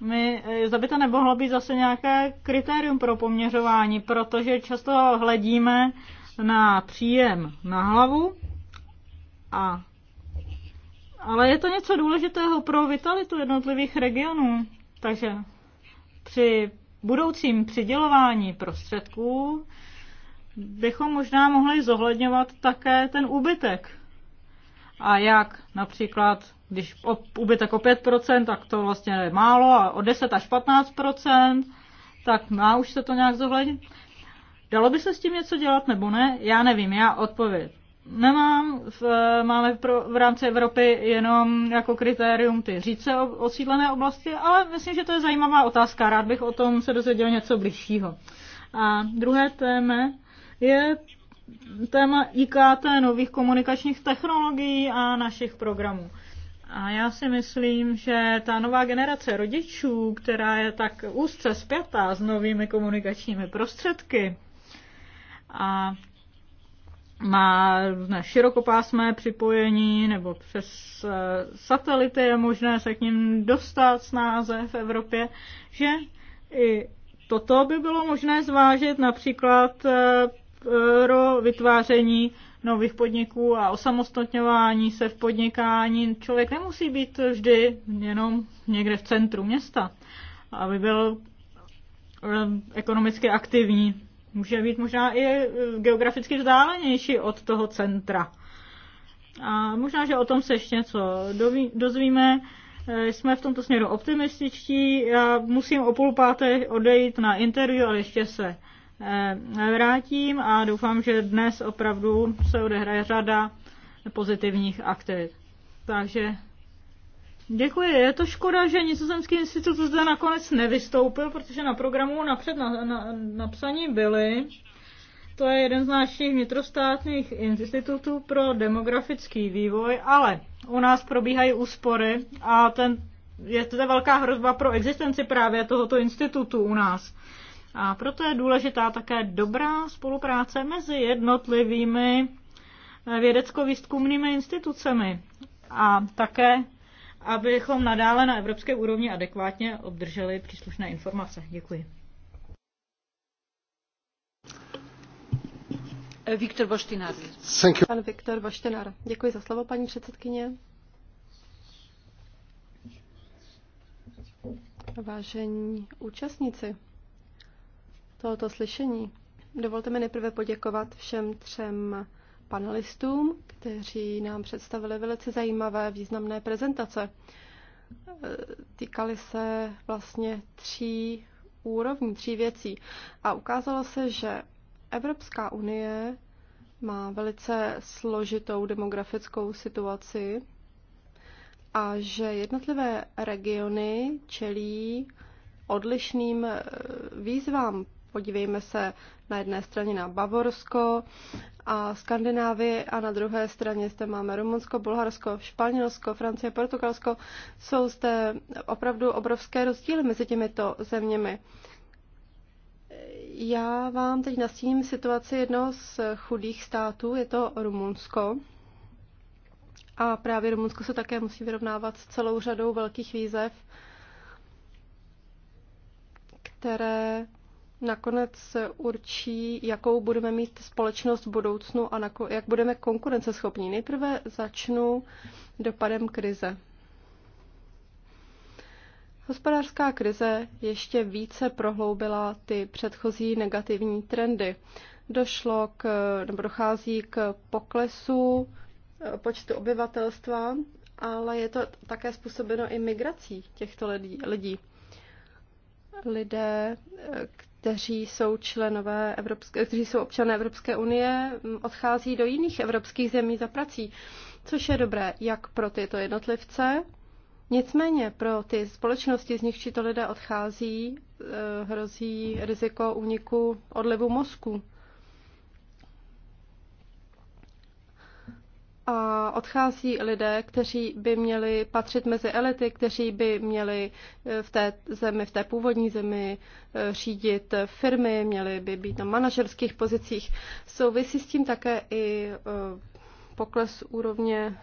my, eh, zda by to nemohlo být zase nějaké kritérium pro poměřování, protože často hledíme na příjem na hlavu, a, ale je to něco důležitého pro vitalitu jednotlivých regionů. Takže při budoucím přidělování prostředků bychom možná mohli zohledňovat také ten úbytek. A jak například, když úbytek o 5%, tak to vlastně je málo, a o 10 až 15%, tak má už se to nějak zohlednit. Dalo by se s tím něco dělat nebo ne? Já nevím, já odpověď nemám. V, máme pro, v rámci Evropy jenom jako kritérium ty říce osídlené oblasti, ale myslím, že to je zajímavá otázka. Rád bych o tom se dozvěděl něco bližšího. A druhé téma je téma IKT, nových komunikačních technologií a našich programů. A já si myslím, že ta nová generace rodičů, která je tak úzce spjatá s novými komunikačními prostředky a má na širokopásmé připojení nebo přes eh, satelity je možné se k ním dostat snáze v Evropě, že i toto by bylo možné zvážit například eh, pro vytváření nových podniků a osamostatňování se v podnikání. Člověk nemusí být vždy jenom někde v centru města, aby byl eh, ekonomicky aktivní. Může být možná i eh, geograficky vzdálenější od toho centra. A možná, že o tom se ještě něco dozvíme. Eh, jsme v tomto směru optimističtí. Já musím o půl páté odejít na interview, ale ještě se Eh, vrátím a doufám, že dnes opravdu se odehraje řada pozitivních aktivit. Takže děkuji. Je to škoda, že Nizozemský institut zde nakonec nevystoupil, protože na programu napřed na, na, napsaní byly. To je jeden z našich vnitrostátních institutů pro demografický vývoj, ale u nás probíhají úspory a ten, je to velká hrozba pro existenci právě tohoto institutu u nás. A proto je důležitá také dobrá spolupráce mezi jednotlivými eh, vědecko-výzkumnými institucemi a také, abychom nadále na evropské úrovni adekvátně obdrželi příslušné informace. Děkuji. Viktor Boštinár. Pan Viktor Boštinár. Děkuji za slovo, paní předsedkyně. Vážení účastníci, tohoto slyšení. Dovolte mi nejprve poděkovat všem třem panelistům, kteří nám představili velice zajímavé, významné prezentace. E, Týkali se vlastně tří úrovní, tří věcí. A ukázalo se, že Evropská unie má velice složitou demografickou situaci a že jednotlivé regiony čelí odlišným e, výzvám Podívejme se na jedné straně na Bavorsko a Skandinávii a na druhé straně zde máme Rumunsko, Bulharsko, Španělsko, Francie, Portugalsko. Jsou zde opravdu obrovské rozdíly mezi těmito zeměmi. Já vám teď nastíním situaci jednoho z chudých států, je to Rumunsko. A právě Rumunsko se také musí vyrovnávat s celou řadou velkých výzev, které nakonec určí, jakou budeme mít společnost v budoucnu a jak budeme konkurenceschopní. Nejprve začnu dopadem krize. Hospodářská krize ještě více prohloubila ty předchozí negativní trendy. Došlo k, nebo dochází k poklesu eh, počtu obyvatelstva, ale je to také způsobeno i migrací těchto lidí. Lidé, eh, kteří jsou členové Evropské, kteří jsou občané Evropské unie, odchází do jiných evropských zemí za prací, což je dobré jak pro tyto jednotlivce, Nicméně pro ty společnosti, z nichž to lidé odchází, eh, hrozí riziko úniku odlivu mozku. a odchází lidé, kteří by měli patřit mezi elity, kteří by měli eh, v té zemi, v té původní zemi eh, řídit firmy, měli by být na manažerských pozicích. Souvisí s tím také i eh, pokles úrovně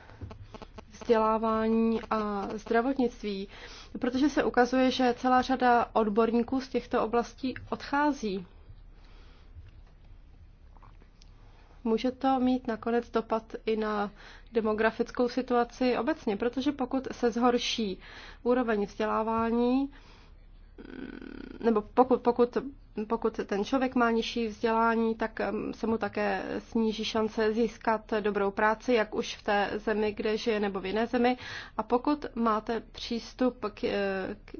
vzdělávání a zdravotnictví, protože se ukazuje, že celá řada odborníků z těchto oblastí odchází může to mít nakonec dopad i na demografickou situaci obecně, protože pokud se zhorší úroveň vzdělávání, nebo pokud, pokud, pokud ten člověk má nižší vzdělání, tak se mu také sníží šance získat dobrou práci, jak už v té zemi, kde žije, nebo v jiné zemi. A pokud máte přístup k, eh, k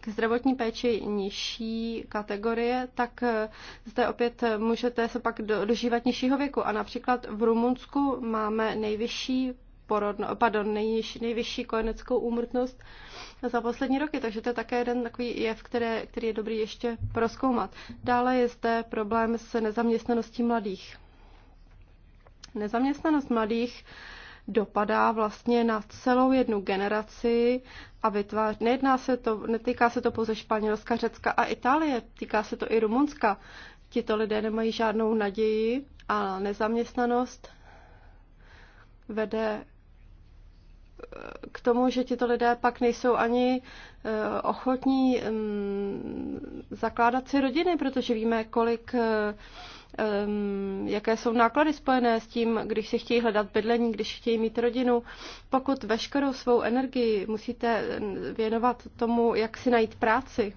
k zdravotní péči nižší kategorie, tak eh, zde opět můžete se pak dožívat nižšího věku. A například v Rumunsku máme nejvyšší porodno, pardon, nejniž, nejvyšší kojeneckou úmrtnost za poslední roky, takže to je také jeden takový jev, které, který je dobrý ještě proskoumat. Dále je zde problém s nezaměstnaností mladých. Nezaměstnanost mladých dopadá vlastně na celou jednu generaci a vytváří. Nejedná se to, netýká se to pouze Španělska, Řecka a Itálie, týká se to i Rumunska. Tito lidé nemají žádnou naději a nezaměstnanost vede eh, k tomu, že tito lidé pak nejsou ani eh, ochotní mm, zakládat si rodiny, protože víme, kolik eh, Ehm, jaké jsou náklady spojené s tím, když si chtějí hledat bydlení, když chtějí mít rodinu. Pokud veškerou svou energii musíte ehm, věnovat tomu, jak si najít práci,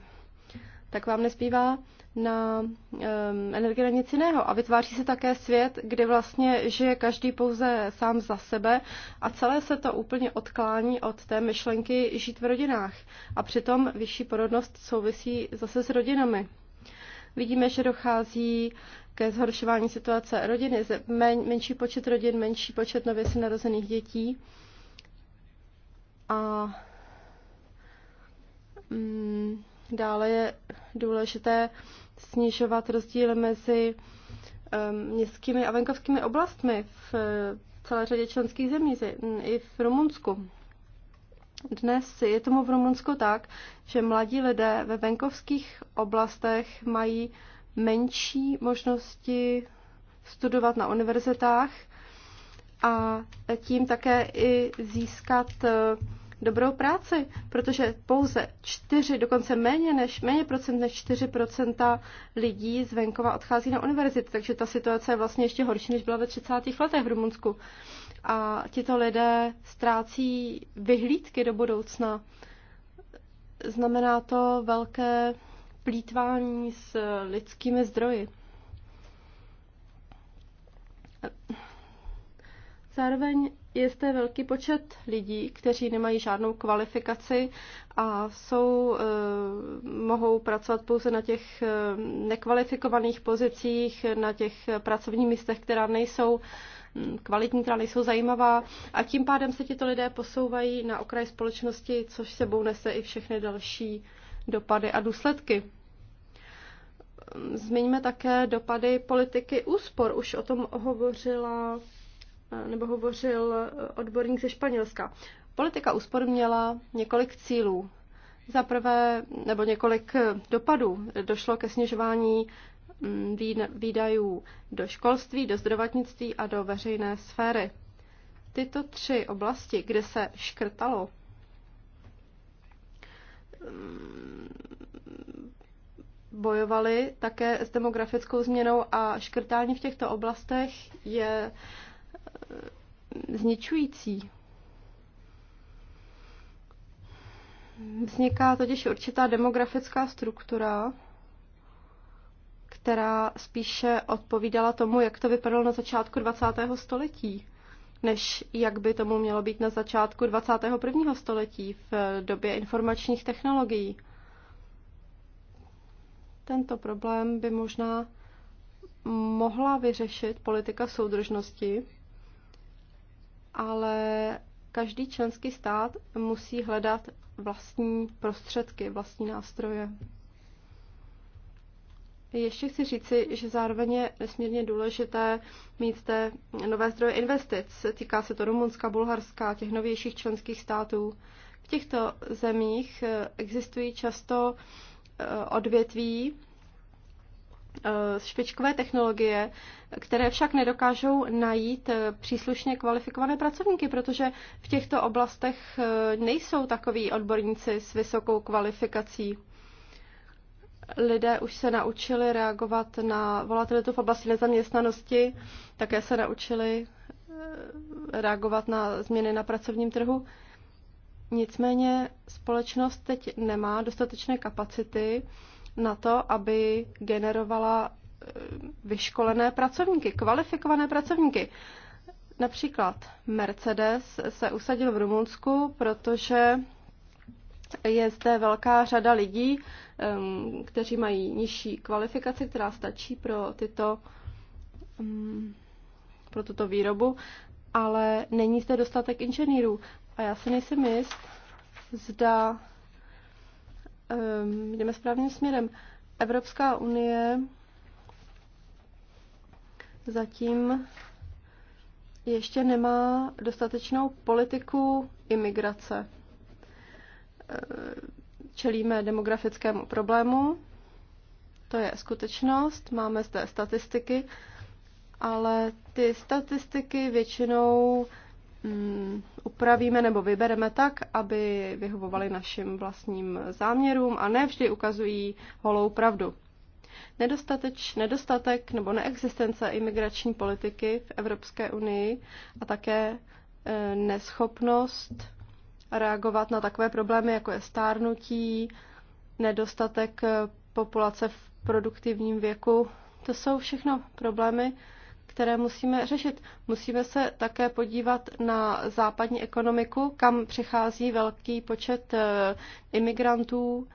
tak vám nezbývá na um, ehm, energii na nic jiného. A vytváří se také svět, kde vlastně žije každý pouze sám za sebe a celé se to úplně odklání od té myšlenky žít v rodinách. A přitom vyšší porodnost souvisí zase s rodinami. Vidíme, že dochází ke zhoršování situace rodiny, men, menší počet rodin, menší počet nově si narozených dětí. A mm, dále je důležité snižovat rozdíly mezi um, městskými a venkovskými oblastmi v eh, celé řadě členských zemí, i v Rumunsku. Dnes je tomu v Rumunsku tak, že mladí lidé ve venkovských oblastech mají menší možnosti studovat na univerzitách a tím také i získat eh, dobrou práci, protože pouze 4, dokonce méně než méně procent než 4 lidí z venkova odchází na univerzity, takže ta situace je vlastně ještě horší, než byla ve 30. letech v Rumunsku a tito lidé ztrácí vyhlídky do budoucna. Znamená to velké plítvání s lidskými zdroji. Zároveň je zde velký počet lidí, kteří nemají žádnou kvalifikaci a jsou, eh, mohou pracovat pouze na těch eh, nekvalifikovaných pozicích, na těch pracovních místech, která nejsou Mm, kvalitní, která nejsou zajímavá a tím pádem se tito lidé posouvají na okraj společnosti, což sebou nese i všechny další dopady a důsledky. Mm, zmiňme také dopady politiky úspor. Už o tom hovořila eh, nebo hovořil eh, odborník ze Španělska. Politika úspor měla několik cílů. Za prvé, nebo několik eh, dopadů, došlo ke snižování Mm, výdajů do školství, do zdravotnictví a do veřejné sféry. Tyto tři oblasti, kde se škrtalo, mm, bojovali také s demografickou změnou a škrtání v těchto oblastech je mm, zničující. Vzniká totiž určitá demografická struktura, která spíše odpovídala tomu, jak to vypadalo na začátku 20. století, než jak by tomu mělo být na začátku 21. století v době informačních technologií. Tento problém by možná mohla vyřešit politika soudržnosti, ale každý členský stát musí hledat vlastní prostředky, vlastní nástroje. Ještě chci říci, že zároveň je nesmírně důležité mít té nové zdroje investic. Týká se to Rumunska, Bulharska, těch novějších členských států. V těchto zemích eh, existují často eh, odvětví eh, špičkové technologie, které však nedokážou najít příslušně kvalifikované pracovníky, protože v těchto oblastech nejsou takoví odborníci s vysokou kvalifikací lidé už se naučili reagovat na volatilitu v oblasti nezaměstnanosti, také se naučili eh, reagovat na změny na pracovním trhu. Nicméně společnost teď nemá dostatečné kapacity na to, aby generovala eh, vyškolené pracovníky, kvalifikované pracovníky. Například Mercedes se usadil v Rumunsku, protože je zde velká řada lidí, kteří mají nižší kvalifikaci, která stačí pro, tyto, pro tuto výrobu, ale není zde dostatek inženýrů. A já si nejsem jist, zda jdeme správným směrem. Evropská unie zatím ještě nemá dostatečnou politiku imigrace. Eh, čelíme demografickému problému, to je skutečnost, máme zde statistiky, ale ty statistiky většinou mm, upravíme nebo vybereme tak, aby vyhovovaly našim vlastním záměrům a ne vždy ukazují holou pravdu. Nedostateč, nedostatek nebo neexistence imigrační politiky v Evropské unii a také e, neschopnost reagovat na takové problémy, jako je stárnutí, nedostatek eh, populace v produktivním věku. To jsou všechno problémy, které musíme řešit. Musíme se také podívat na západní ekonomiku, kam přichází velký počet eh, imigrantů,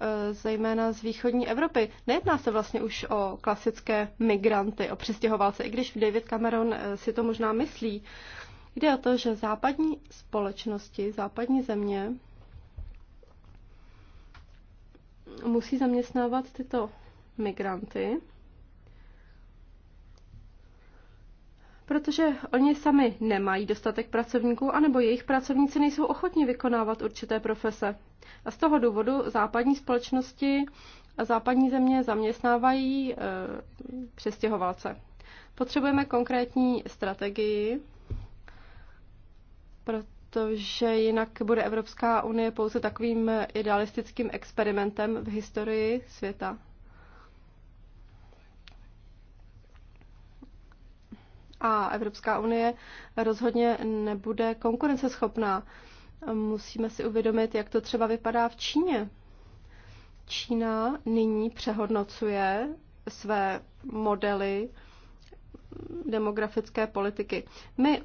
eh, zejména z východní Evropy. Nejedná se vlastně už o klasické migranty, o přistěhovalce, i když David Cameron si to možná myslí. Jde o to, že západní společnosti, západní země musí zaměstnávat tyto migranty, protože oni sami nemají dostatek pracovníků, anebo jejich pracovníci nejsou ochotní vykonávat určité profese. A z toho důvodu západní společnosti a západní země zaměstnávají e, přestěhovalce. Potřebujeme konkrétní strategii protože jinak bude Evropská unie pouze takovým idealistickým experimentem v historii světa. A Evropská unie rozhodně nebude konkurenceschopná. Musíme si uvědomit, jak to třeba vypadá v Číně. Čína nyní přehodnocuje své modely demografické politiky. My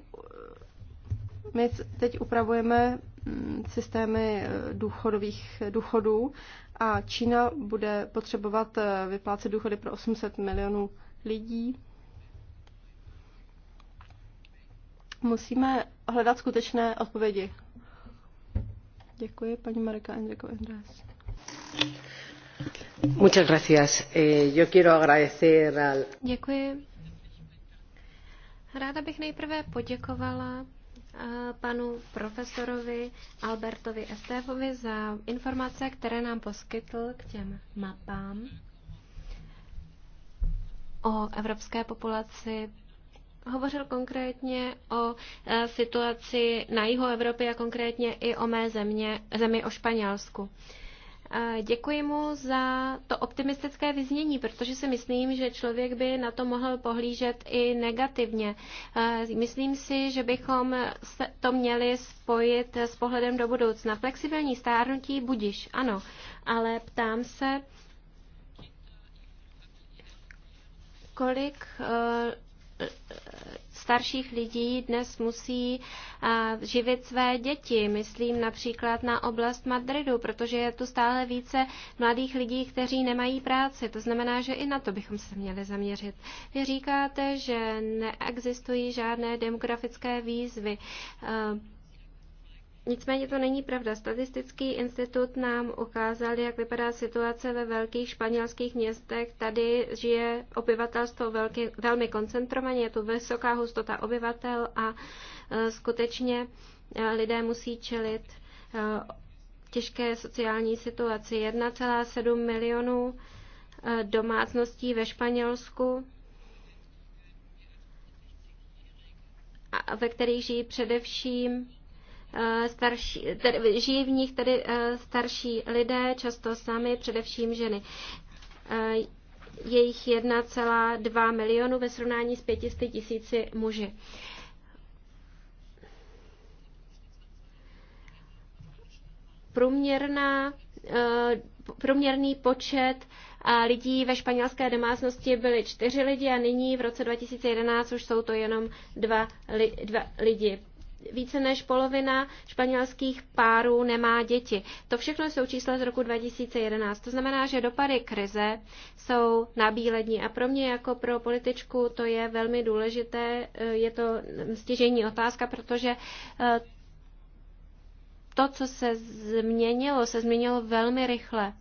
my teď upravujeme mm, systémy eh, důchodových eh, důchodů a Čína bude potřebovat eh, vyplácet důchody pro 800 milionů lidí. Musíme hledat skutečné odpovědi. Děkuji, paní Marika Enrico András. Muchas gracias. Yo quiero agradecer al... Děkuji. Ráda bych nejprve poděkovala panu profesorovi Albertovi Estéfovi za informace, které nám poskytl k těm mapám o evropské populaci. Hovořil konkrétně o e, situaci na jihu Evropy a konkrétně i o mé země, zemi o Španělsku. Eh, děkuji mu za to optimistické vyznění, protože si myslím, že člověk by na to mohl pohlížet i negativně. Eh, myslím si, že bychom to měli spojit s pohledem do budoucna. Flexibilní stárnutí budiš, ano, ale ptám se, kolik eh, starších lidí dnes musí živit své děti. Myslím například na oblast Madridu, protože je tu stále více mladých lidí, kteří nemají práci. To znamená, že i na to bychom se měli zaměřit. Vy říkáte, že neexistují žádné demografické výzvy. Nicméně to není pravda. Statistický institut nám ukázal, jak vypadá situace ve velkých španělských městech. Tady žije obyvatelstvo velký, velmi koncentrovaně, je tu vysoká hustota obyvatel a e, skutečně e, lidé musí čelit e, těžké sociální situaci. 1,7 milionů domácností ve Španělsku, ve kterých žijí především Eh, starší, tedy, žijí v nich tedy eh, starší lidé, často sami, především ženy. Eh, jejich 1,2 milionu ve srovnání s 500 tisíci muži. Průměrná, průměrný počet lidí ve španělské domácnosti byly čtyři lidi a nyní v roce 2011 už jsou to jenom dva, li, dva lidi více než polovina španělských párů nemá děti. To všechno jsou čísla z roku 2011. To znamená, že dopady krize jsou nabílední a pro mě jako pro političku to je velmi důležité. Eh, je to stěžení otázka, protože eh, to, co se změnilo, se změnilo velmi rychle.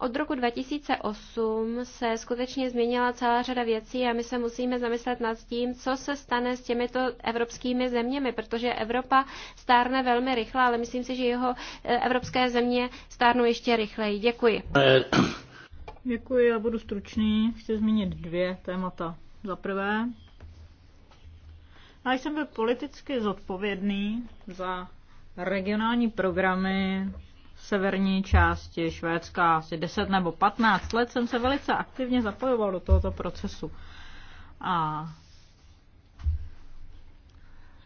Od roku 2008 se skutečně změnila celá řada věcí a my se musíme zamyslet nad tím, co se stane s těmito evropskými zeměmi, protože Evropa stárne velmi rychle, ale myslím si, že jeho eh, evropské země stárnou ještě rychleji. Děkuji. Eh. Děkuji, já budu stručný. Chci zmínit dvě témata. Za prvé, já jsem byl politicky zodpovědný za regionální programy severní části Švédska asi 10 nebo 15 let jsem se velice aktivně zapojoval do tohoto procesu. A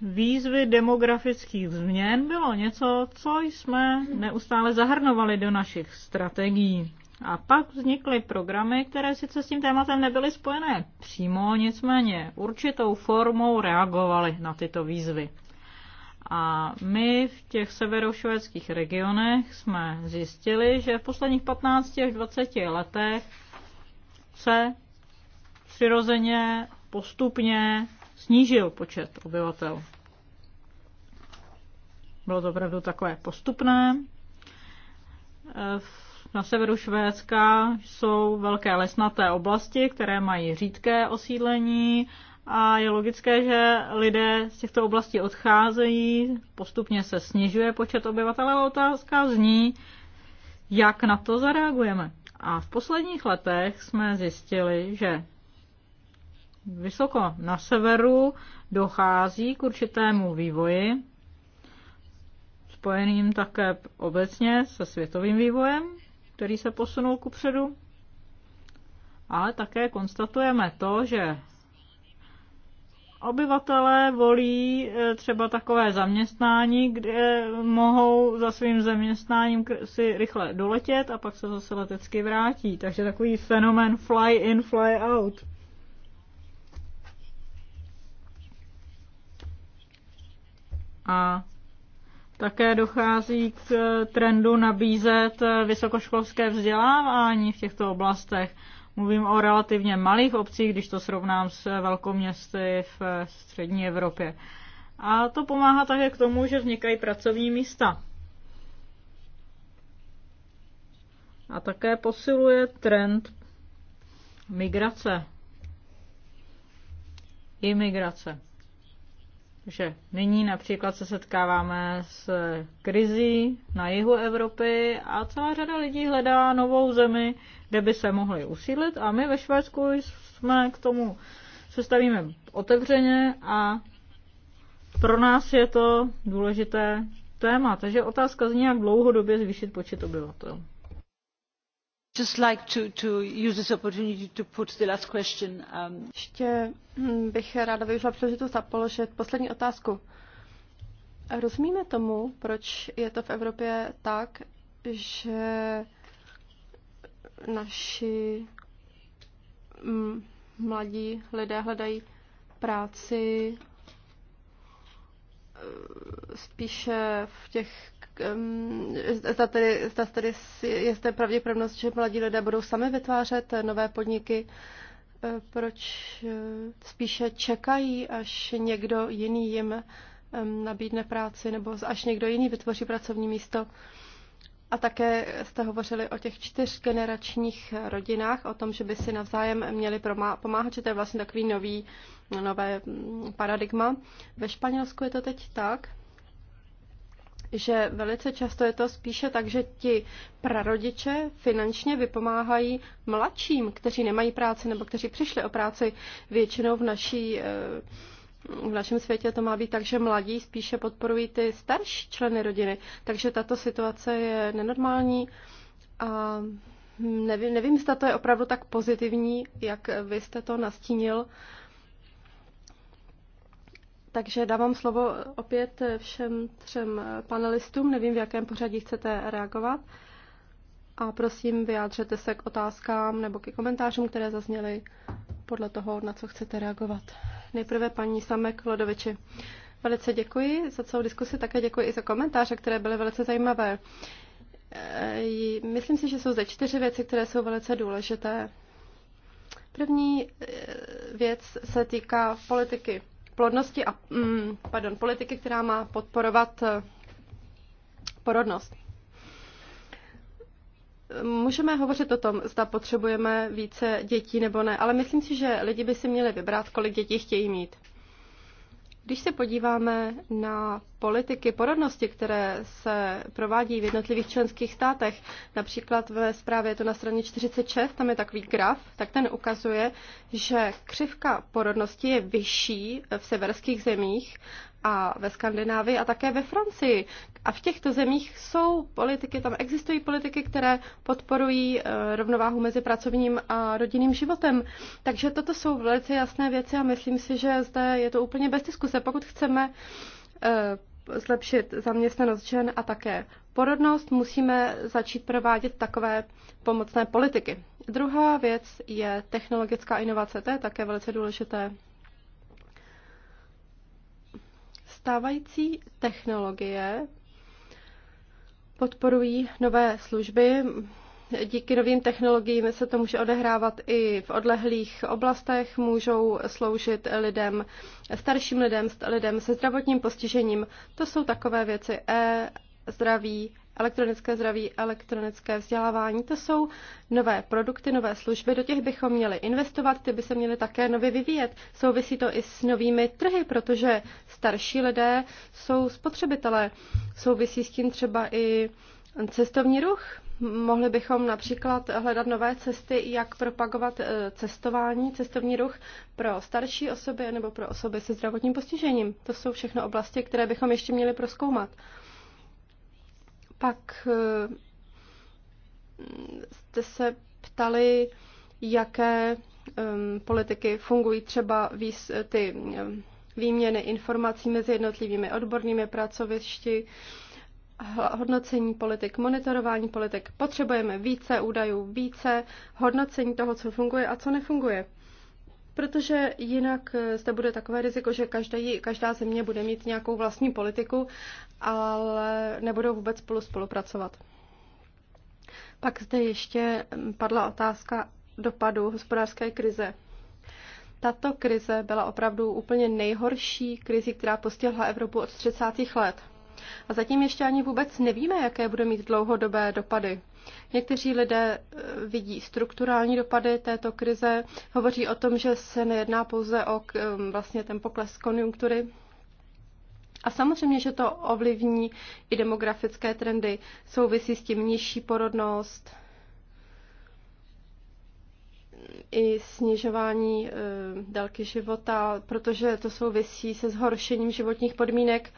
výzvy demografických změn bylo něco, co jsme neustále zahrnovali do našich strategií. A pak vznikly programy, které sice s tím tématem nebyly spojené přímo, nicméně určitou formou reagovaly na tyto výzvy. A my v těch severošvédských regionech jsme zjistili, že v posledních 15 až 20 letech se přirozeně postupně snížil počet obyvatel. Bylo to opravdu takové postupné. Na severu Švédska jsou velké lesnaté oblasti, které mají řídké osídlení a je logické, že lidé z těchto oblastí odcházejí, postupně se snižuje počet obyvatel, ale otázka zní, jak na to zareagujeme. A v posledních letech jsme zjistili, že vysoko na severu dochází k určitému vývoji, spojeným také obecně se světovým vývojem, který se posunul kupředu. Ale také konstatujeme to, že Obyvatelé volí eh, třeba takové zaměstnání, kde mohou za svým zaměstnáním si rychle doletět a pak se zase letecky vrátí. Takže takový fenomen fly in, fly out. A také dochází k eh, trendu nabízet eh, vysokoškolské vzdělávání v těchto oblastech. Mluvím o relativně malých obcích, když to srovnám s velkoměsty v střední Evropě. A to pomáhá také k tomu, že vznikají pracovní místa. A také posiluje trend migrace. Imigrace že nyní například se setkáváme s krizí na jihu Evropy a celá řada lidí hledá novou zemi, kde by se mohli usídlit a my ve Švédsku jsme k tomu se stavíme otevřeně a pro nás je to důležité téma. Takže otázka zní, jak dlouhodobě zvýšit počet obyvatel. Um, Ještě hm, bych ráda využila příležitost a položit poslední otázku. Rozumíme tomu, proč je to v Evropě tak, že naši hm, mladí lidé hledají práci eh, spíše v těch Ehm, zda tedy, zda tedy je zde pravděpodobnost, že mladí lidé budou sami vytvářet nové podniky, eh, proč eh, spíše čekají, až někdo jiný jim ehm, nabídne práci nebo až někdo jiný vytvoří pracovní místo. A také jste hovořili o těch čtyřgeneračních rodinách, o tom, že by si navzájem měli pomáhat, že to je vlastně takový nový, nové mm, paradigma. Ve Španělsku je to teď tak, že velice často je to spíše tak, že ti prarodiče finančně vypomáhají mladším, kteří nemají práci nebo kteří přišli o práci. Většinou v naší eh, v našem světě to má být tak, že mladí spíše podporují ty starší členy rodiny, takže tato situace je nenormální a nevím, nevím, zda to je opravdu tak pozitivní, jak vy jste to nastínil. Takže dávám slovo opět všem třem panelistům. Nevím, v jakém pořadí chcete reagovat. A prosím, vyjádřete se k otázkám nebo k komentářům, které zazněly podle toho, na co chcete reagovat. Nejprve paní Samek Lodoviči. Velice děkuji za celou diskusi, také děkuji i za komentáře, které byly velice zajímavé. E, myslím si, že jsou zde čtyři věci, které jsou velice důležité. První e, věc se týká politiky plodnosti a mm, pardon, politiky, která má podporovat eh, porodnost. Můžeme hovořit o tom, zda potřebujeme více dětí nebo ne, ale myslím si, že lidi by si měli vybrat, kolik dětí chtějí mít. Když se podíváme na politiky porodnosti, které se provádí v jednotlivých členských státech, například ve zprávě je to na straně 46, tam je takový graf, tak ten ukazuje, že křivka porodnosti je vyšší v severských zemích a ve Skandinávii a také ve Francii. A v těchto zemích jsou politiky, tam existují politiky, které podporují eh, rovnováhu mezi pracovním a rodinným životem. Takže toto jsou velice jasné věci a myslím si, že zde je to úplně bez diskuse. Pokud chceme eh, zlepšit zaměstnanost žen a také porodnost, musíme začít provádět takové pomocné politiky. Druhá věc je technologická inovace. To je také velice důležité Stávající technologie podporují nové služby. Díky novým technologiím se to může odehrávat i v odlehlých oblastech, můžou sloužit lidem, starším lidem, lidem se zdravotním postižením. To jsou takové věci e, zdraví, elektronické zdraví, elektronické vzdělávání. To jsou nové produkty, nové služby, do těch bychom měli investovat, ty by se měly také nově vyvíjet. Souvisí to i s novými trhy, protože starší lidé jsou spotřebitelé. Souvisí s tím třeba i cestovní ruch. Mohli bychom například hledat nové cesty, jak propagovat eh, cestování, cestovní ruch pro starší osoby nebo pro osoby se zdravotním postižením. To jsou všechno oblasti, které bychom ještě měli proskoumat. Pak eh, jste se ptali, jaké ehm, politiky fungují třeba ty ehm, výměny informací mezi jednotlivými odbornými pracovišti, hodnocení politik, monitorování politik. Potřebujeme více údajů, více hodnocení toho, co funguje a co nefunguje protože jinak eh, zde bude takové riziko, že každý, každá země bude mít nějakou vlastní politiku, ale nebudou vůbec spolu spolupracovat. Pak zde ještě hm, padla otázka dopadu hospodářské krize. Tato krize byla opravdu úplně nejhorší krizi, která postihla Evropu od 30. let. A zatím ještě ani vůbec nevíme, jaké bude mít dlouhodobé dopady. Někteří lidé eh, vidí strukturální dopady této krize, hovoří o tom, že se nejedná pouze o eh, vlastně ten pokles konjunktury. A samozřejmě, že to ovlivní i demografické trendy, souvisí s tím nižší porodnost, i snižování eh, délky života, protože to souvisí se zhoršením životních podmínek.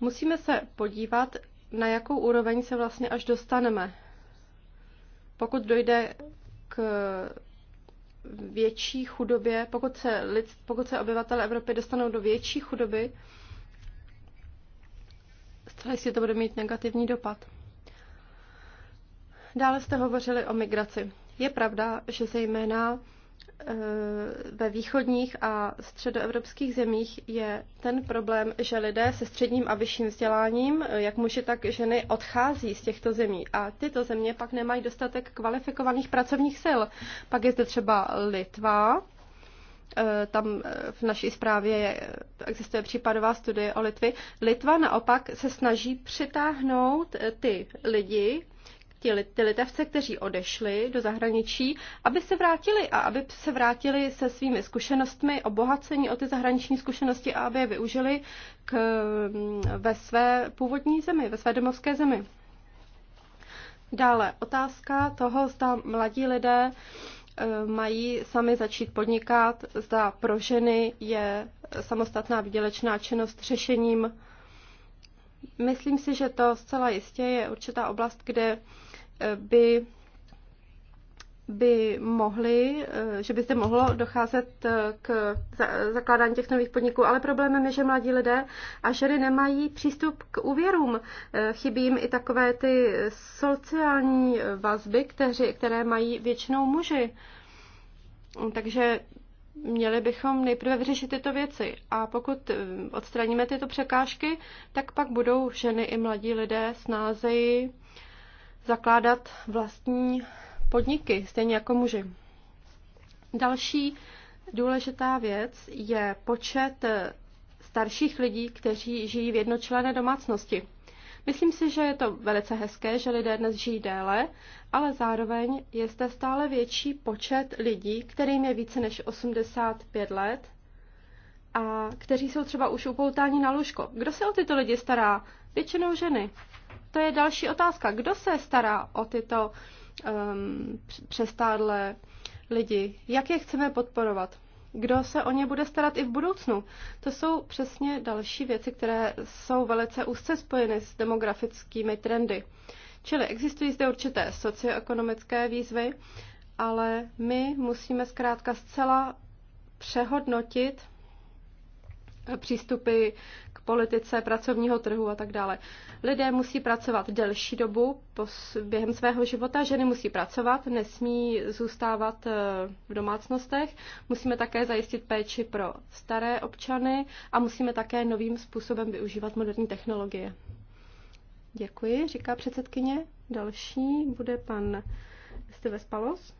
Musíme se podívat na jakou úroveň se vlastně až dostaneme. Pokud dojde k větší chudobě, pokud se, lid, pokud se obyvatele Evropy dostanou do větší chudoby, zcela si to bude mít negativní dopad. Dále jste hovořili o migraci. Je pravda, že zejména ve východních a středoevropských zemích je ten problém, že lidé se středním a vyšším vzděláním, jak muži, tak ženy, odchází z těchto zemí. A tyto země pak nemají dostatek kvalifikovaných pracovních sil. Pak je zde třeba Litva. Eh, tam eh, v naší zprávě existuje případová studie o Litvě. Litva naopak se snaží přitáhnout eh, ty lidi, ti, ty litevce, kteří odešli do zahraničí, aby se vrátili a aby se vrátili se svými zkušenostmi, obohacení o ty zahraniční zkušenosti a aby je využili k, mm, ve své původní zemi, ve své domovské zemi. Dále otázka toho, zda mladí lidé e, mají sami začít podnikat, zda pro ženy je samostatná výdělečná činnost řešením. Myslím si, že to zcela jistě je určitá oblast, kde by by mohly, eh, že by se mohlo docházet eh, k zakládání těch nových podniků, ale problémem je, že mladí lidé a ženy nemají přístup k úvěrům. Eh, chybí jim i takové ty sociální vazby, které mají většinou muži. Takže měli bychom nejprve vyřešit tyto věci. A pokud odstraníme tyto překážky, tak pak budou ženy i mladí lidé snázejí zakládat vlastní podniky, stejně jako muži. Další důležitá věc je počet starších lidí, kteří žijí v jednočlené domácnosti. Myslím si, že je to velice hezké, že lidé dnes žijí déle, ale zároveň je zde stále větší počet lidí, kterým je více než 85 let a kteří jsou třeba už upoutáni na lůžko. Kdo se o tyto lidi stará? Většinou ženy to je další otázka. Kdo se stará o tyto um, přestádlé lidi? Jak je chceme podporovat? Kdo se o ně bude starat i v budoucnu? To jsou přesně další věci, které jsou velice úzce spojeny s demografickými trendy. Čili existují zde určité socioekonomické výzvy, ale my musíme zkrátka zcela přehodnotit přístupy politice, pracovního trhu a tak dále. Lidé musí pracovat delší dobu během svého života, ženy musí pracovat, nesmí zůstávat eh, v domácnostech. Musíme také zajistit péči pro staré občany a musíme také novým způsobem využívat moderní technologie. Děkuji, říká předsedkyně. Další bude pan Steve Spalos.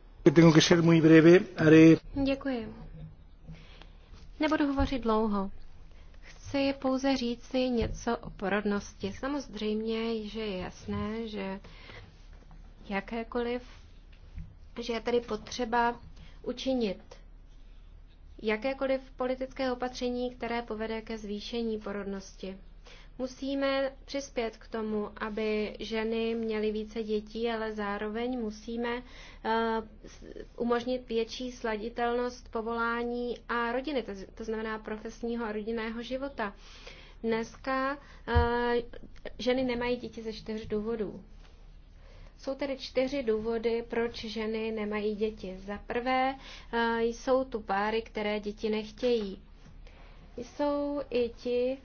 Děkuji. Nebudu hovořit dlouho chci pouze říci něco o porodnosti. Samozřejmě, že je jasné, že jakékoliv, že je tady potřeba učinit jakékoliv politické opatření, které povede ke zvýšení porodnosti. Musíme přispět k tomu, aby ženy měly více dětí, ale zároveň musíme eh, umožnit větší sladitelnost povolání a rodiny, to znamená profesního a rodinného života. Dneska eh, ženy nemají děti ze čtyř důvodů. Jsou tedy čtyři důvody, proč ženy nemají děti. Za prvé eh, jsou tu páry, které děti nechtějí. Jsou i ti,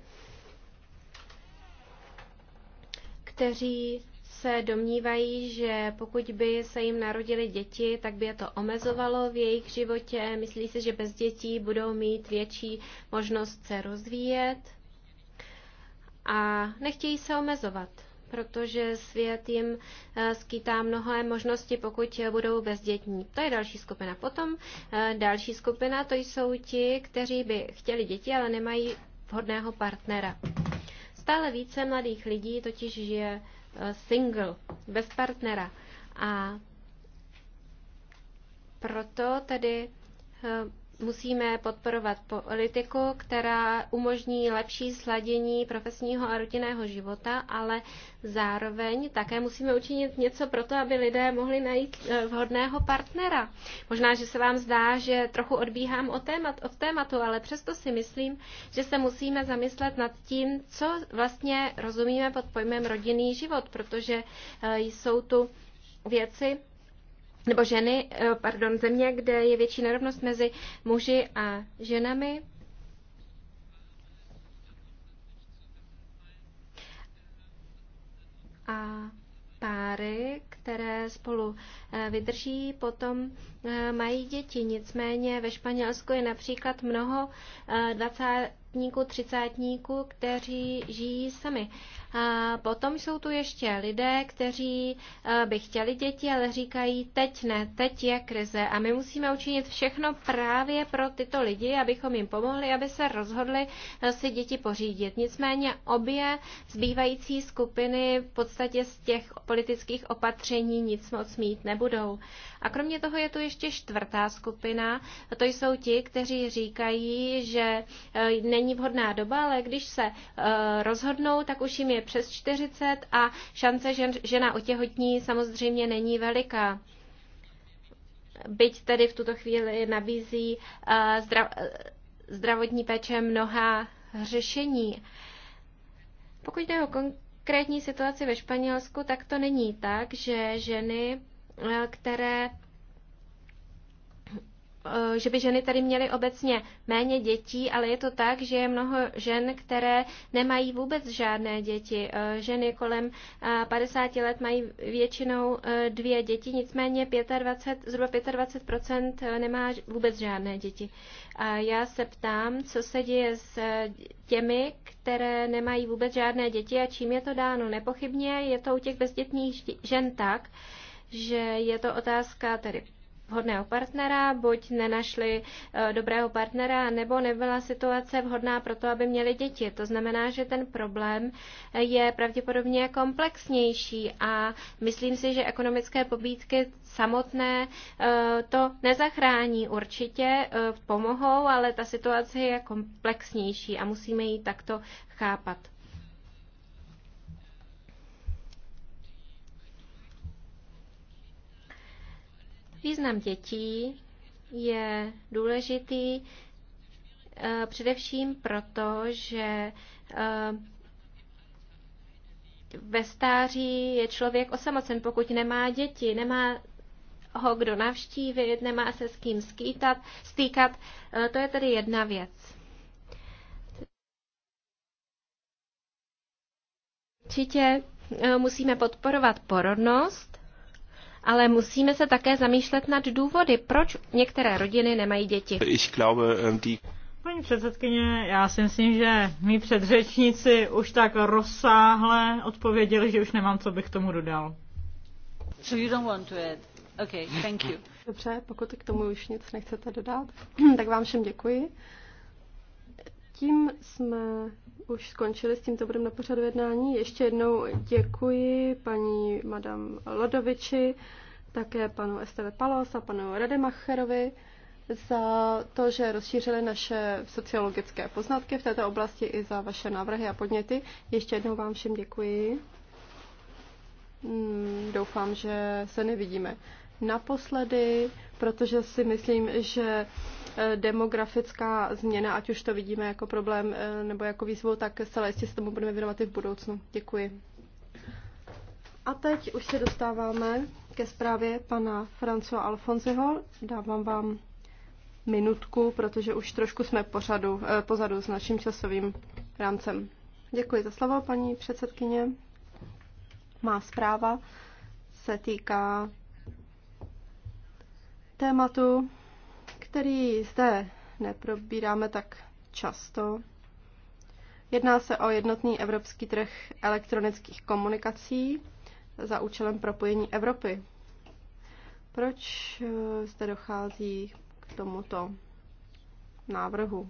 kteří se domnívají, že pokud by se jim narodily děti, tak by je to omezovalo v jejich životě. Myslí si, že bez dětí budou mít větší možnost se rozvíjet a nechtějí se omezovat, protože svět jim eh, skýtá mnohé možnosti, pokud budou bezdětní. To je další skupina. Potom eh, další skupina, to jsou ti, kteří by chtěli děti, ale nemají vhodného partnera. Stále více mladých lidí totiž žije eh, single, bez partnera. A proto tedy eh, musíme podporovat politiku, která umožní lepší sladění profesního a rodinného života, ale zároveň také musíme učinit něco pro to, aby lidé mohli najít eh, vhodného partnera. Možná, že se vám zdá, že trochu odbíhám od, témat, od tématu, ale přesto si myslím, že se musíme zamyslet nad tím, co vlastně rozumíme pod pojmem rodinný život, protože eh, jsou tu věci, nebo ženy, eh, pardon, země, kde je větší nerovnost mezi muži a ženami. A páry, které spolu eh, vydrží, potom eh, mají děti. Nicméně ve Španělsku je například mnoho dvacátníků, třicátníků, kteří žijí sami. A potom jsou tu ještě lidé, kteří eh, by chtěli děti, ale říkají, teď ne, teď je krize. A my musíme učinit všechno právě pro tyto lidi, abychom jim pomohli, aby se rozhodli eh, si děti pořídit. Nicméně obě zbývající skupiny v podstatě z těch politických opatření nic moc mít nebudou. A kromě toho je tu ještě čtvrtá skupina, to jsou ti, kteří říkají, že eh, není vhodná doba, ale když se rozhodnou, tak už jim je je přes 40 a šance, že žena otěhotní samozřejmě není veliká. Byť tedy v tuto chvíli nabízí eh, eh, zdravotní péče mnoha řešení. Pokud jde o konkrétní situaci ve Španělsku, tak to není tak, že ženy, eh, které Eh, že by ženy tady měly obecně méně dětí, ale je to tak, že je mnoho žen, které nemají vůbec žádné děti. Eh, ženy kolem 50 eh, let mají většinou dvě děti, nicméně 25, zhruba 25 nemá vůbec žádné děti. A já se ptám, co se děje s těmi, které nemají vůbec žádné děti a čím je to dáno. Nepochybně je to u těch bezdětných žen tak, že je to otázka tedy vhodného partnera, buď nenašli eh, dobrého partnera, nebo nebyla situace vhodná pro to, aby měli děti. To znamená, že ten problém eh, je pravděpodobně komplexnější a myslím si, že ekonomické pobídky samotné eh, to nezachrání určitě, pomohou, ale ta situace je komplexnější a musíme ji takto chápat. Význam dětí je důležitý eh, především proto, že eh, ve stáří je člověk osamocen, pokud nemá děti, nemá ho kdo navštívit, nemá se s kým skýtat, stýkat. Eh, to je tedy jedna věc. Určitě musíme podporovat porodnost, ale musíme se také zamýšlet nad důvody, proč některé rodiny nemají děti. Ich glaube, ähm, die... Paní předsedkyně, já si myslím, že mý předřečníci už tak rozsáhle odpověděli, že už nemám, co bych tomu dodal. So you don't want to add. Okay, thank you. Dobře, pokud k tomu už nic nechcete dodat, tak vám všem děkuji. Tím jsme už skončili s tímto bodem na pořadu jednání. Ještě jednou děkuji paní madam Lodoviči, také panu Esteve Palos a panu Rademacherovi za to, že rozšířili naše sociologické poznatky v této oblasti i za vaše návrhy a podněty. Ještě jednou vám všem děkuji. Hmm, doufám, že se nevidíme naposledy, protože si myslím, že Eh, demografická změna, ať už to vidíme jako problém eh, nebo jako výzvu, tak zcela jistě se tomu budeme věnovat i v budoucnu. Děkuji. A teď už se dostáváme ke zprávě pana Francoa Alfonseho. Dávám vám minutku, protože už trošku jsme pořadu, eh, pozadu s naším časovým rámcem. Děkuji za slovo, paní předsedkyně. Má zpráva se týká tématu který zde neprobíráme tak často. Jedná se o jednotný evropský trh elektronických komunikací za účelem propojení Evropy. Proč eh, zde dochází k tomuto návrhu?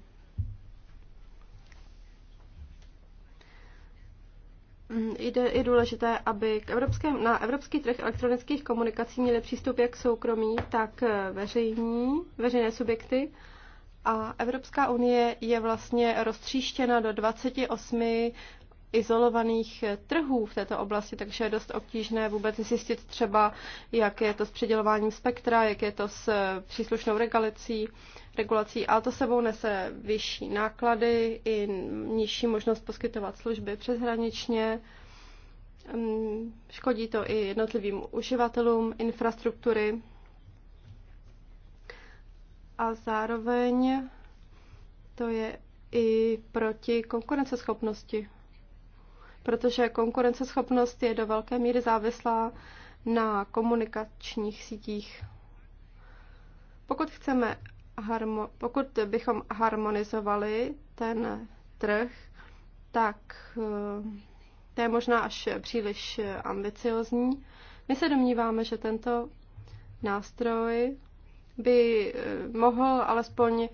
Mm, jde i důležité, aby k evropském, na evropský trh elektronických komunikací měli přístup jak soukromí, tak eh, veřejní, veřejné subjekty. A Evropská unie je vlastně roztříštěna do 28 izolovaných eh, trhů v této oblasti, takže je dost obtížné vůbec zjistit třeba, jak je to s předělováním spektra, jak je to s eh, příslušnou regulací, regulací a to sebou nese vyšší náklady i nižší možnost poskytovat služby přeshraničně. Mm, škodí to i jednotlivým uživatelům infrastruktury a zároveň to je i proti konkurenceschopnosti protože konkurenceschopnost je do velké míry závislá na komunikačních sítích. Pokud chceme harmo, pokud bychom harmonizovali ten trh, tak eh, to je možná až příliš ambiciozní. My se domníváme, že tento nástroj by eh, mohl alespoň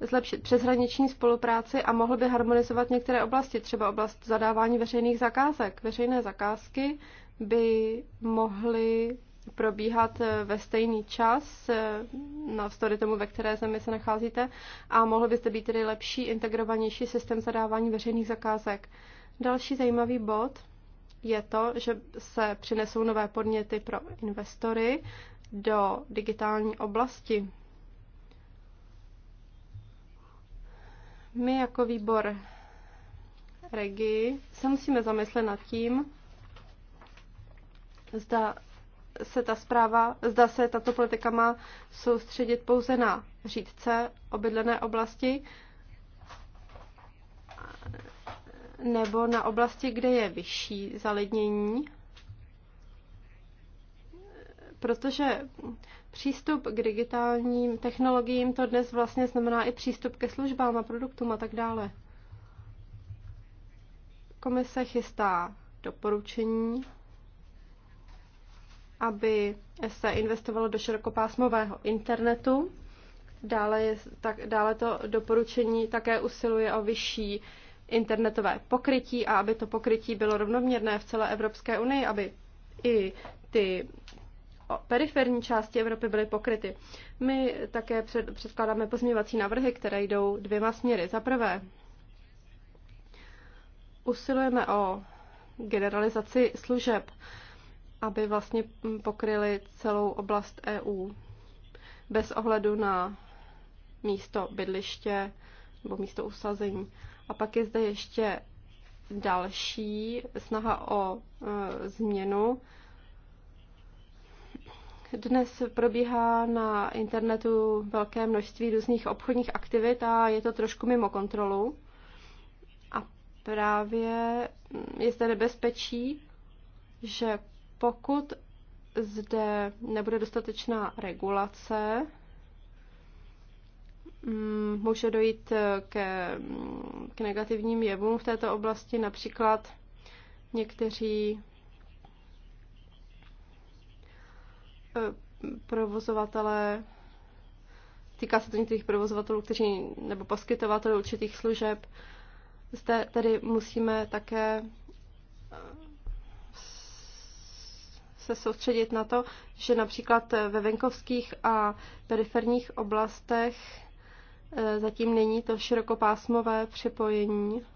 zlepšit přeshraniční spolupráci a mohl by harmonizovat některé oblasti, třeba oblast zadávání veřejných zakázek. Veřejné zakázky by mohly probíhat eh, ve stejný čas, eh, navzdory tomu, ve které zemi se nacházíte, a mohl byste být tedy lepší, integrovanější systém zadávání veřejných zakázek. Další zajímavý bod je to, že se přinesou nové podněty pro investory do digitální oblasti. My jako výbor Regi se musíme zamyslet nad tím, zda se ta zpráva, zda se tato politika má soustředit pouze na řídce obydlené oblasti, nebo na oblasti, kde je vyšší zalidnění, protože Přístup k digitálním technologiím to dnes vlastně znamená i přístup ke službám a produktům a tak dále. Komise chystá doporučení, aby se investovalo do širokopásmového internetu. Dále, je, tak, dále to doporučení také usiluje o vyšší internetové pokrytí a aby to pokrytí bylo rovnoměrné v celé Evropské unii, aby i ty periferní části Evropy byly pokryty. My také před, předkládáme pozměňovací návrhy, které jdou dvěma směry. Za prvé, usilujeme o generalizaci služeb, aby vlastně pokryly celou oblast EU bez ohledu na místo bydliště nebo místo usazení. A pak je zde ještě další snaha o e, změnu dnes probíhá na internetu velké množství různých obchodních aktivit a je to trošku mimo kontrolu. A právě je zde nebezpečí, že pokud zde nebude dostatečná regulace, mm, může dojít ke, k negativním jevům v této oblasti. Například někteří provozovatelé, týká se to některých provozovatelů, kteří, nebo poskytovatelů určitých služeb. Zde tedy musíme také eh, se soustředit na to, že například ve venkovských a periferních oblastech eh, zatím není to širokopásmové připojení.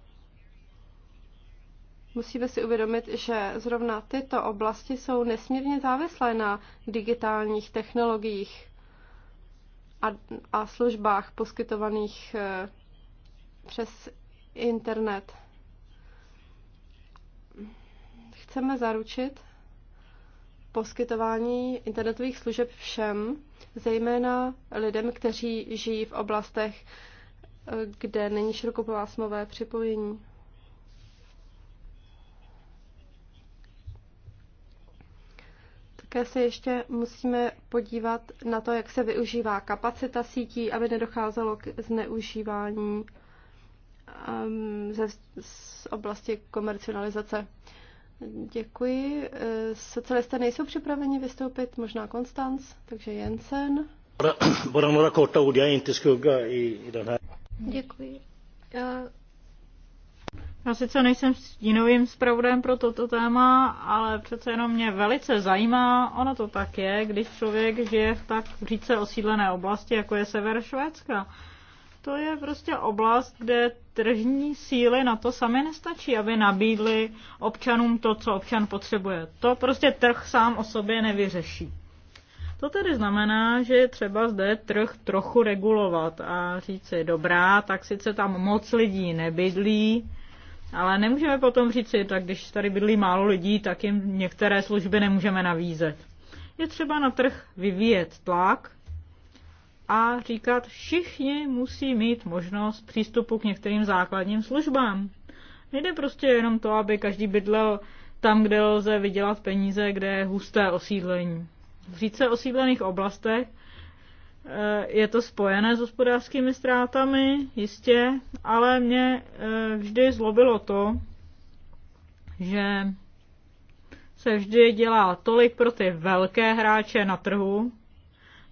Musíme si uvědomit, že zrovna tyto oblasti jsou nesmírně závislé na digitálních technologiích a, a službách poskytovaných eh, přes internet. Chceme zaručit poskytování internetových služeb všem, zejména lidem, kteří žijí v oblastech, eh, kde není širokopásmové připojení. Také se ještě musíme podívat na to, jak se využívá kapacita sítí, aby nedocházelo k zneužívání um, ze, z oblasti komercionalizace. Děkuji. Socialisté nejsou připraveni vystoupit, možná Konstanc, takže Jensen. Bara i, Děkuji. Já sice nejsem stínovým zpravodajem pro toto téma, ale přece jenom mě velice zajímá, ono to tak je, když člověk žije v tak říce osídlené oblasti, jako je sever Švédska. To je prostě oblast, kde tržní síly na to sami nestačí, aby nabídly občanům to, co občan potřebuje. To prostě trh sám o sobě nevyřeší. To tedy znamená, že je třeba zde trh trochu regulovat a si, dobrá, tak sice tam moc lidí nebydlí, ale nemůžeme potom říct si, tak když tady bydlí málo lidí, tak jim některé služby nemůžeme navízet. Je třeba na trh vyvíjet tlak a říkat, všichni musí mít možnost přístupu k některým základním službám. Nejde prostě jenom to, aby každý bydlel tam, kde lze vydělat peníze, kde je husté osídlení. V říce osídlených oblastech Eh, je to spojené s hospodářskými ztrátami, jistě, ale mě eh, vždy zlobilo to, že se vždy dělá tolik pro ty velké hráče na trhu,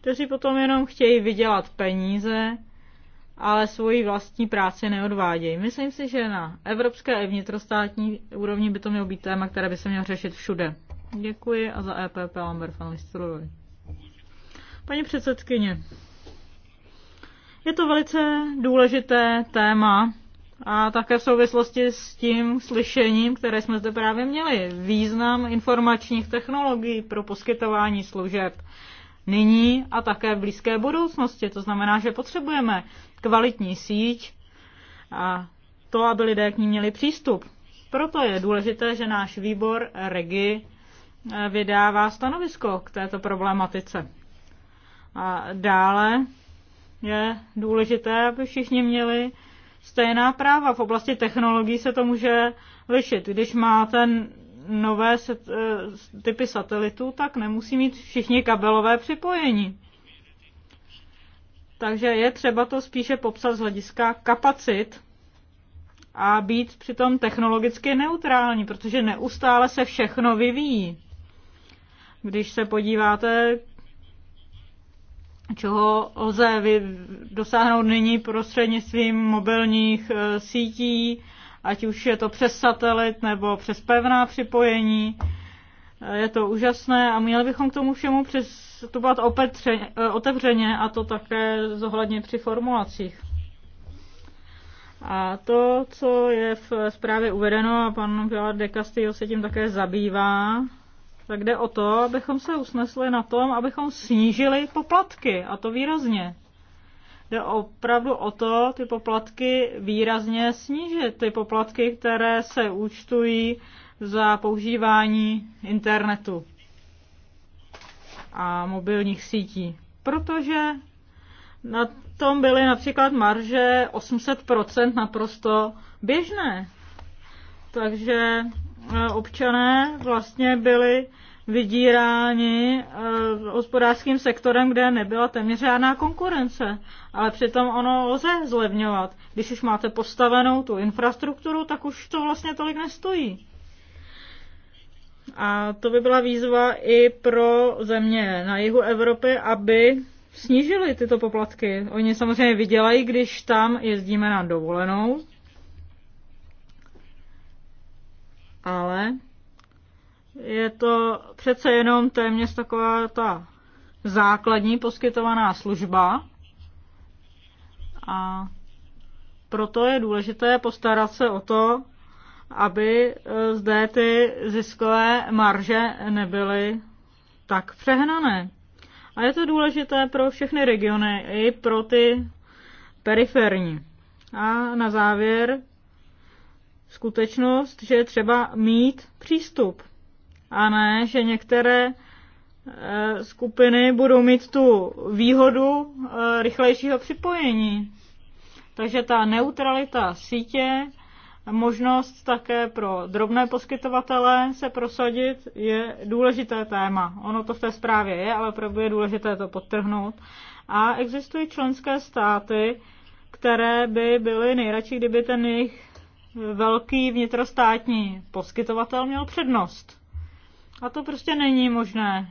kteří potom jenom chtějí vydělat peníze, ale svoji vlastní práci neodvádějí. Myslím si, že na evropské i vnitrostátní úrovni by to mělo být téma, které by se mělo řešit všude. Děkuji a za EPP Lambert van Listerovi. Paní předsedkyně, je to velice důležité téma a také v souvislosti s tím slyšením, které jsme zde právě měli. Význam informačních technologií pro poskytování služeb nyní a také v blízké budoucnosti. To znamená, že potřebujeme kvalitní síť a to, aby lidé k ní měli přístup. Proto je důležité, že náš výbor REGI eh, vydává stanovisko k této problematice. A dále je důležité, aby všichni měli stejná práva. V oblasti technologií se to může lišit. Když máte nové set, e, typy satelitů, tak nemusí mít všichni kabelové připojení. Takže je třeba to spíše popsat z hlediska kapacit a být přitom technologicky neutrální, protože neustále se všechno vyvíjí. Když se podíváte, čeho lze dosáhnout nyní prostřednictvím mobilních e, sítí, ať už je to přes satelit nebo přes pevná připojení. E, je to úžasné a měli bychom k tomu všemu přistupovat e, otevřeně a to také zohledně při formulacích. A to, co je v zprávě uvedeno, a pan Vila de Castillo se tím také zabývá, tak jde o to, abychom se usnesli na tom, abychom snížili poplatky, a to výrazně. Jde opravdu o to, ty poplatky výrazně snížit. Ty poplatky, které se účtují za používání internetu a mobilních sítí. Protože na tom byly například marže 800% naprosto běžné. Takže Eh, občané vlastně byli vydíráni eh, hospodářským sektorem, kde nebyla téměř žádná konkurence. Ale přitom ono lze zlevňovat. Když už máte postavenou tu infrastrukturu, tak už to vlastně tolik nestojí. A to by byla výzva i pro země na jihu Evropy, aby snížili tyto poplatky. Oni samozřejmě vydělají, když tam jezdíme na dovolenou, ale je to přece jenom téměř taková ta základní poskytovaná služba a proto je důležité postarat se o to, aby e, zde ty ziskové marže nebyly tak přehnané. A je to důležité pro všechny regiony, i pro ty periferní. A na závěr skutečnost, že je třeba mít přístup. A ne, že některé eh, skupiny budou mít tu výhodu eh, rychlejšího připojení. Takže ta neutralita sítě, možnost také pro drobné poskytovatele se prosadit je důležité téma. Ono to v té zprávě je, ale opravdu je důležité to podtrhnout. A existují členské státy, které by byly nejradši, kdyby ten jejich velký vnitrostátní poskytovatel měl přednost. A to prostě není možné.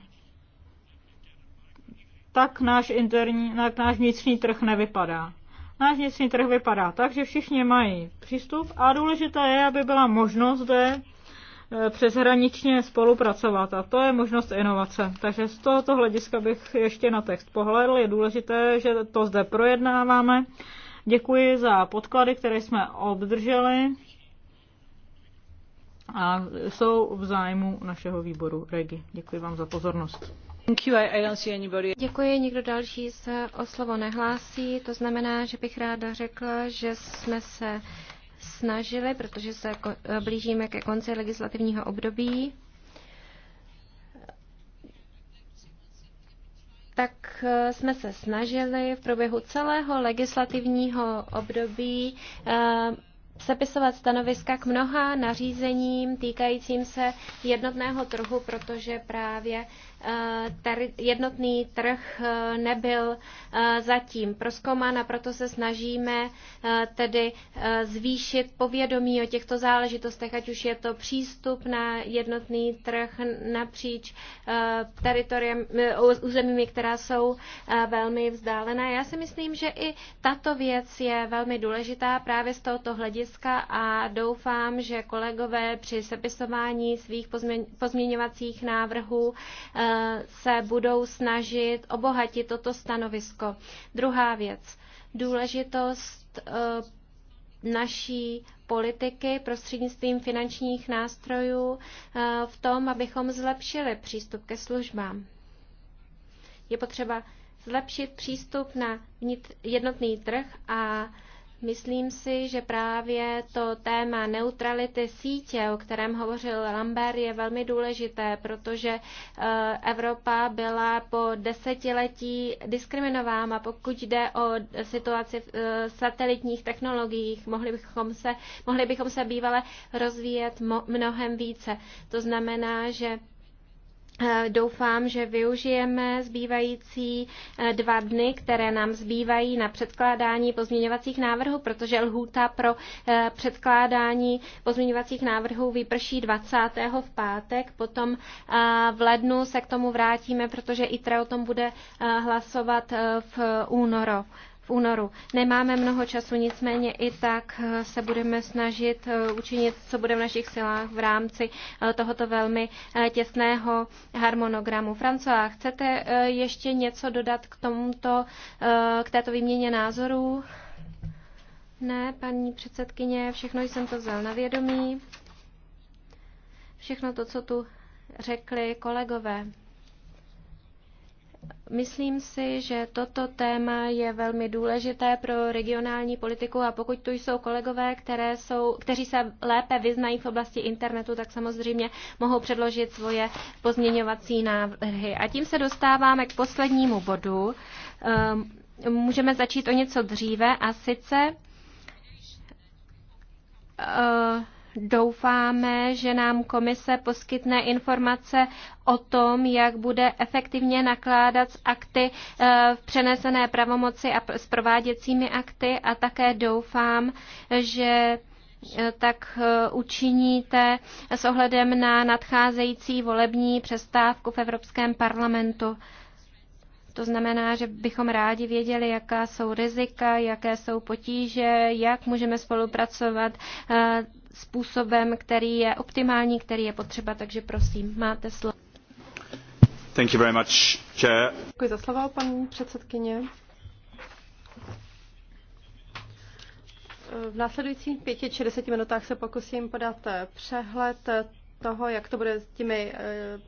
Tak náš, interní, tak náš vnitřní trh nevypadá. Náš vnitřní trh vypadá tak, že všichni mají přístup a důležité je, aby byla možnost zde e, přeshraničně spolupracovat a to je možnost inovace. Takže z tohoto hlediska bych ještě na text pohledl. Je důležité, že to zde projednáváme Děkuji za podklady, které jsme obdrželi a jsou v zájmu našeho výboru REGI. Děkuji vám za pozornost. Děkuji, nikdo další se o slovo nehlásí. To znamená, že bych ráda řekla, že jsme se snažili, protože se blížíme ke konci legislativního období. tak eh, jsme se snažili v průběhu celého legislativního období eh, sepisovat stanoviska k mnoha nařízením týkajícím se jednotného trhu, protože právě Eh, jednotný trh eh, nebyl eh, zatím proskoumán a proto se snažíme tedy zvýšit povědomí o těchto záležitostech, ať už je to přístup na jednotný trh napříč teritoriem, územími, která jsou velmi vzdálená. Já si myslím, že i tato věc je velmi důležitá právě z tohoto hlediska a doufám, že kolegové při sepisování svých pozměňovacích návrhů se budou snažit obohatit toto stanovisko. Druhá věc. Důležitost eh, naší politiky prostřednictvím finančních nástrojů eh, v tom, abychom zlepšili přístup ke službám. Je potřeba zlepšit přístup na jednotný trh a Myslím si, že právě to téma neutrality sítě, o kterém hovořil Lambert, je velmi důležité, protože eh, Evropa byla po desetiletí diskriminována, pokud jde o situaci v eh, satelitních technologiích. Mohli bychom se, mohli bychom se bývale rozvíjet mnohem více. To znamená, že Eh, doufám, že využijeme zbývající eh, dva dny, které nám zbývají na předkládání pozměňovacích návrhů, protože lhůta pro eh, předkládání pozměňovacích návrhů vyprší 20. v pátek. Potom v lednu se k tomu vrátíme, protože i o tom bude hlasovat v únoru únoru. Nemáme mnoho času, nicméně i tak eh, se budeme snažit eh, učinit, co bude v našich silách v rámci eh, tohoto velmi těsného harmonogramu. Francois, chcete ještě něco dodat k tomuto, k této výměně názorů? Ne, paní předsedkyně, všechno jsem to vzal na vědomí. Všechno to, co tu řekli kolegové. Myslím si, že toto téma je velmi důležité pro regionální politiku a pokud tu jsou kolegové, které jsou, kteří se lépe vyznají v oblasti internetu, tak samozřejmě mohou předložit svoje pozměňovací návrhy. A tím se dostáváme k poslednímu bodu. Ehm, můžeme začít o něco dříve a sice ehm, Doufáme, že nám komise poskytne informace o tom, jak bude efektivně nakládat s akty eh, v přenesené pravomoci a s prováděcími akty a také doufám, že eh, tak eh, učiníte s ohledem na nadcházející volební přestávku v Evropském parlamentu. To znamená, že bychom rádi věděli, jaká jsou rizika, jaké jsou potíže, jak můžeme spolupracovat způsobem, který je optimální, který je potřeba, takže prosím, máte slovo. Thank you very much, chair. Děkuji za slovo, paní předsedkyně. V následujících pěti či deseti minutách se pokusím podat přehled toho, jak to bude s těmi eh,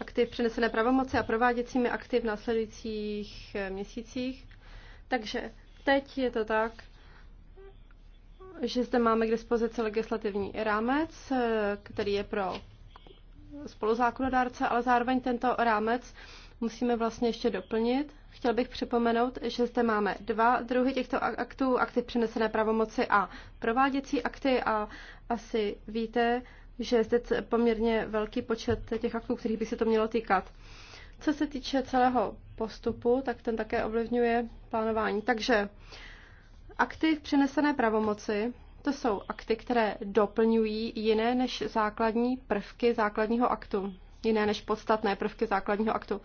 aktiv přenesené pravomoci a prováděcími aktiv v následujících eh, měsících. Takže teď je to tak, že zde máme k dispozici legislativní rámec, eh, který je pro spoluzákonodárce, ale zároveň tento rámec musíme vlastně ještě doplnit. Chtěl bych připomenout, že zde máme dva druhy těchto aktů, akty přenesené pravomoci a prováděcí akty a asi víte, že je zde poměrně velký počet těch aktů, kterých by se to mělo týkat. Co se týče celého postupu, tak ten také ovlivňuje plánování. Takže Akty v přenesené pravomoci to jsou akty, které doplňují jiné než základní prvky základního aktu, jiné než podstatné prvky základního aktu.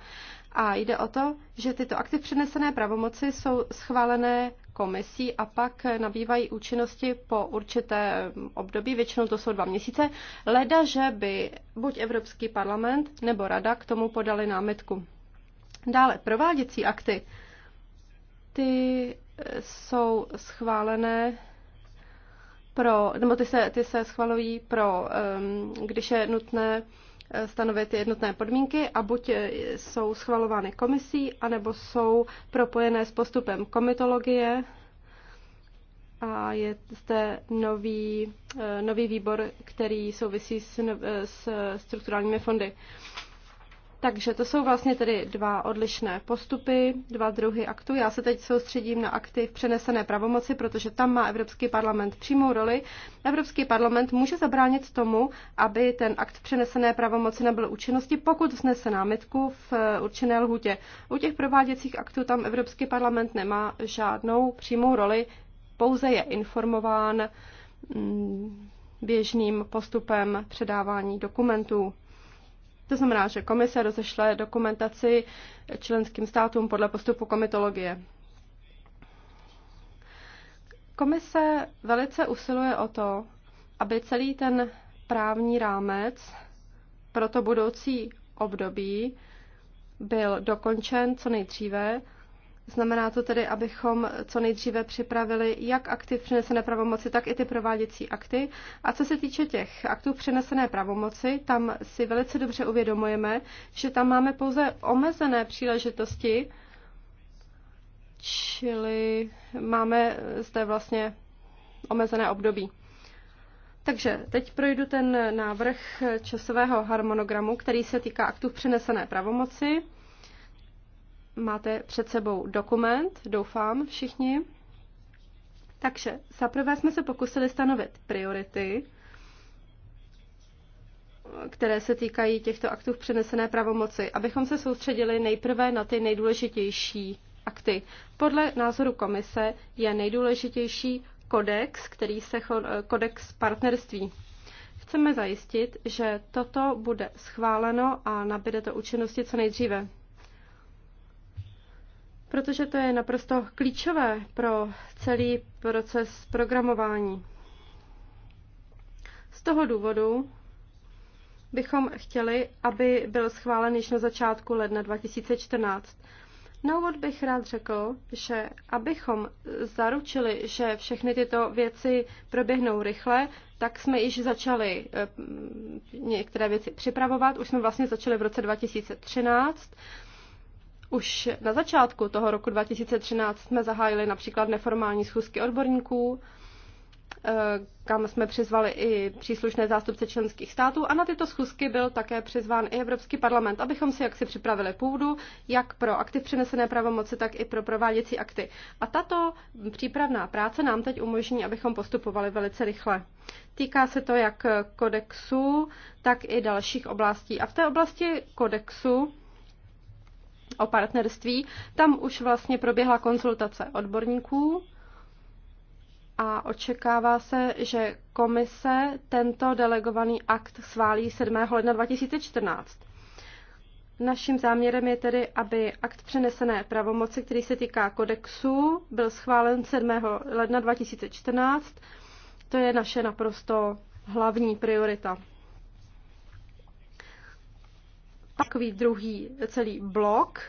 A jde o to, že tyto akty přenesené pravomoci jsou schválené komisí a pak nabývají účinnosti po určité období, většinou to jsou dva měsíce, leda, že by buď Evropský parlament nebo Rada k tomu podali námitku. Dále prováděcí akty. Ty jsou schválené pro, nebo ty se, ty se schvalují pro, ehm, když je nutné eh, stanovit jednotné podmínky a buď eh, jsou schvalovány komisí, anebo jsou propojené s postupem komitologie a je zde nový, eh, nový výbor, který souvisí s, s strukturálními fondy. Takže to jsou vlastně tedy dva odlišné postupy, dva druhy aktů. Já se teď soustředím na akty v přenesené pravomoci, protože tam má Evropský parlament přímou roli. Evropský parlament může zabránit tomu, aby ten akt v přenesené pravomoci nebyl účinnosti, pokud vznese námitku v eh, určené lhutě. U těch prováděcích aktů tam Evropský parlament nemá žádnou přímou roli, pouze je informován mm, běžným postupem předávání dokumentů. To znamená, že komise rozešle dokumentaci členským státům podle postupu komitologie. Komise velice usiluje o to, aby celý ten právní rámec pro to budoucí období byl dokončen co nejdříve Znamená to tedy, abychom co nejdříve připravili jak akty přenesené pravomoci, tak i ty prováděcí akty. A co se týče těch aktů přenesené pravomoci, tam si velice dobře uvědomujeme, že tam máme pouze omezené příležitosti, čili máme zde vlastně omezené období. Takže teď projdu ten návrh časového harmonogramu, který se týká aktů přenesené pravomoci. Máte před sebou dokument, doufám všichni. Takže zaprvé jsme se pokusili stanovit priority, které se týkají těchto aktů v přenesené pravomoci, abychom se soustředili nejprve na ty nejdůležitější akty. Podle názoru komise je nejdůležitější kodex, který se kodex partnerství. Chceme zajistit, že toto bude schváleno a nabíde to účinnosti co nejdříve protože to je naprosto klíčové pro celý proces programování. Z toho důvodu bychom chtěli, aby byl schválen již na začátku ledna 2014. Na úvod bych rád řekl, že abychom zaručili, že všechny tyto věci proběhnou rychle, tak jsme již začali eh, některé věci připravovat. Už jsme vlastně začali v roce 2013 už na začátku toho roku 2013 jsme zahájili například neformální schůzky odborníků, eh, kam jsme přizvali i příslušné zástupce členských států a na tyto schůzky byl také přizván i Evropský parlament, abychom si jaksi připravili půdu, jak pro akty přenesené pravomoci, tak i pro prováděcí akty. A tato přípravná práce nám teď umožní, abychom postupovali velice rychle. Týká se to jak kodexu, tak i dalších oblastí. A v té oblasti kodexu o partnerství. Tam už vlastně proběhla konzultace odborníků a očekává se, že komise tento delegovaný akt sválí 7. ledna 2014. Naším záměrem je tedy, aby akt přenesené pravomoci, který se týká kodexu, byl schválen 7. ledna 2014. To je naše naprosto hlavní priorita takový druhý celý blok,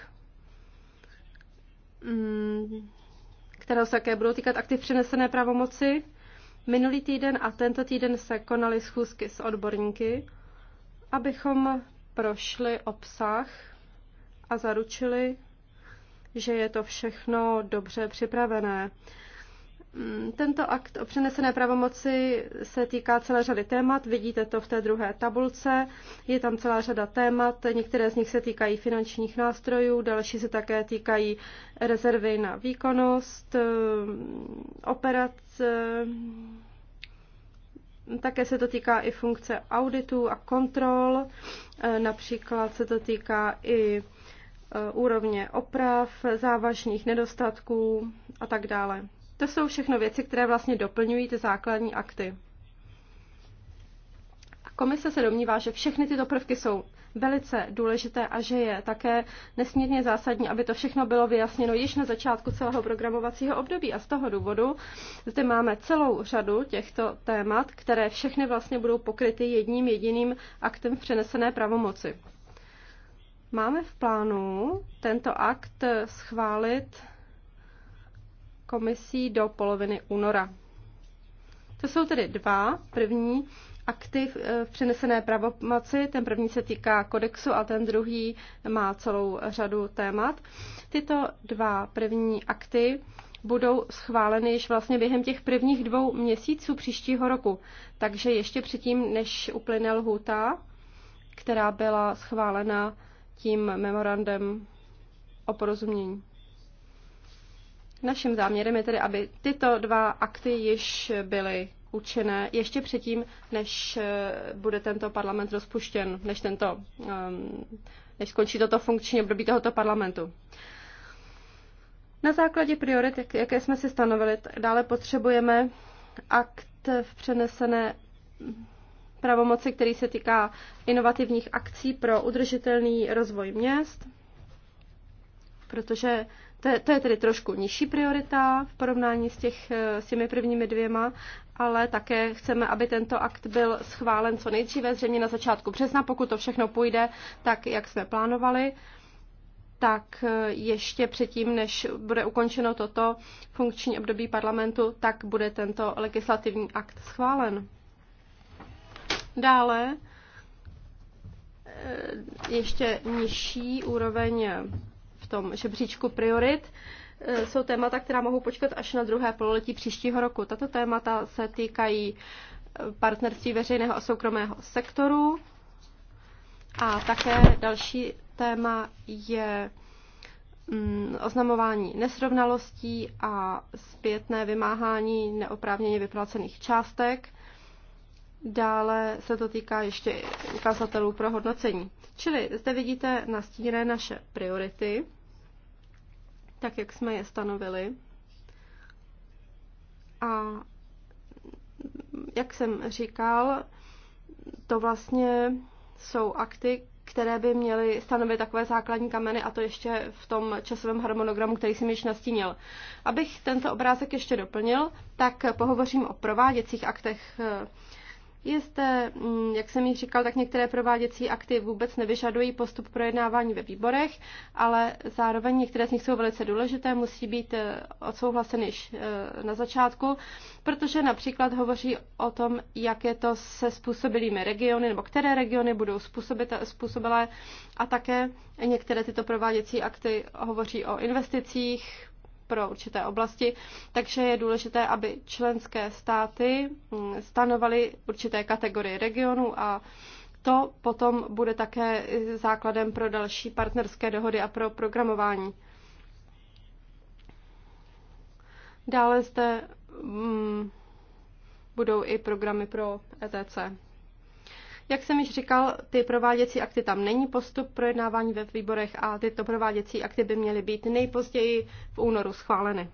mm, kterého se také budou týkat aktiv přenesené pravomoci. Minulý týden a tento týden se konaly schůzky s odborníky, abychom prošli obsah a zaručili, že je to všechno dobře připravené. Mm, tento akt o přenesené pravomoci se týká celé řady témat, vidíte to v té druhé tabulce, je tam celá řada témat, některé z nich se týkají finančních nástrojů, další se také týkají rezervy na výkonnost, eh, operace, také se to týká i funkce auditů a kontrol, eh, například se to týká i eh, úrovně oprav, závažných nedostatků a tak dále. To jsou všechno věci, které vlastně doplňují ty základní akty. Komise se domnívá, že všechny tyto prvky jsou velice důležité a že je také nesmírně zásadní, aby to všechno bylo vyjasněno již na začátku celého programovacího období. A z toho důvodu zde máme celou řadu těchto témat, které všechny vlastně budou pokryty jedním jediným aktem v přenesené pravomoci. Máme v plánu tento akt schválit komisí do poloviny února. To jsou tedy dva. První akty v eh, přenesené pravomoci, ten první se týká kodexu a ten druhý má celou řadu témat. Tyto dva první akty budou schváleny již vlastně během těch prvních dvou měsíců příštího roku. Takže ještě předtím, než uplyne lhůta, která byla schválena tím memorandem o porozumění. Naším záměrem je tedy, aby tyto dva akty již byly učené ještě předtím, než eh, bude tento parlament rozpuštěn, než, tento, ehm, než skončí toto funkční období tohoto parlamentu. Na základě priorit, jaké jsme si stanovili, dále potřebujeme akt v přenesené pravomoci, který se týká inovativních akcí pro udržitelný rozvoj měst, protože to je, to je tedy trošku nižší priorita v porovnání s, těch, eh, s těmi prvními dvěma, ale také chceme, aby tento akt byl schválen co nejdříve, zřejmě na začátku března, pokud to všechno půjde tak, jak jsme plánovali tak eh, ještě předtím, než bude ukončeno toto funkční období parlamentu, tak bude tento legislativní akt schválen. Dále eh, ještě nižší úroveň tom žebříčku priorit e, jsou témata, která mohou počkat až na druhé pololetí příštího roku. Tato témata se týkají e, partnerství veřejného a soukromého sektoru a také další téma je mm, oznamování nesrovnalostí a zpětné vymáhání neoprávněně vyplacených částek. Dále se to týká ještě ukazatelů pro hodnocení. Čili zde vidíte nastíněné naše priority tak jak jsme je stanovili. A jak jsem říkal, to vlastně jsou akty, které by měly stanovit takové základní kameny a to ještě v tom časovém harmonogramu, který jsem již nastínil. Abych tento obrázek ještě doplnil, tak pohovořím o prováděcích aktech eh, Jste, mm, jak jsem již říkal, tak některé prováděcí akty vůbec nevyžadují postup projednávání ve výborech, ale zároveň některé z nich jsou velice důležité, musí být eh, odsouhlaseny již eh, na začátku, protože například hovoří o tom, jak je to se způsobilými regiony, nebo které regiony budou eh, způsobilé a také některé tyto prováděcí akty hovoří o investicích, pro určité oblasti, takže je důležité, aby členské státy mm, stanovaly určité kategorie regionů a to potom bude také eh, základem pro další partnerské dohody a pro programování. Dále zde mm, budou i programy pro ETC. Jak jsem již říkal, ty prováděcí akty tam není postup projednávání ve výborech a tyto prováděcí akty by měly být nejpozději v únoru schváleny.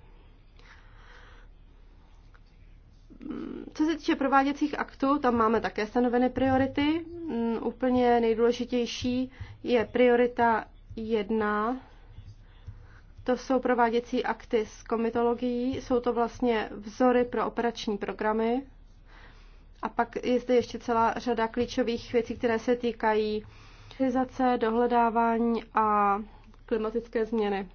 Co se týče prováděcích aktů, tam máme také stanoveny priority. Mm, úplně nejdůležitější je priorita 1. To jsou prováděcí akty s komitologií. Jsou to vlastně vzory pro operační programy. A pak je zde ještě celá řada klíčových věcí, které se týkají civilizace, dohledávání a klimatické změny.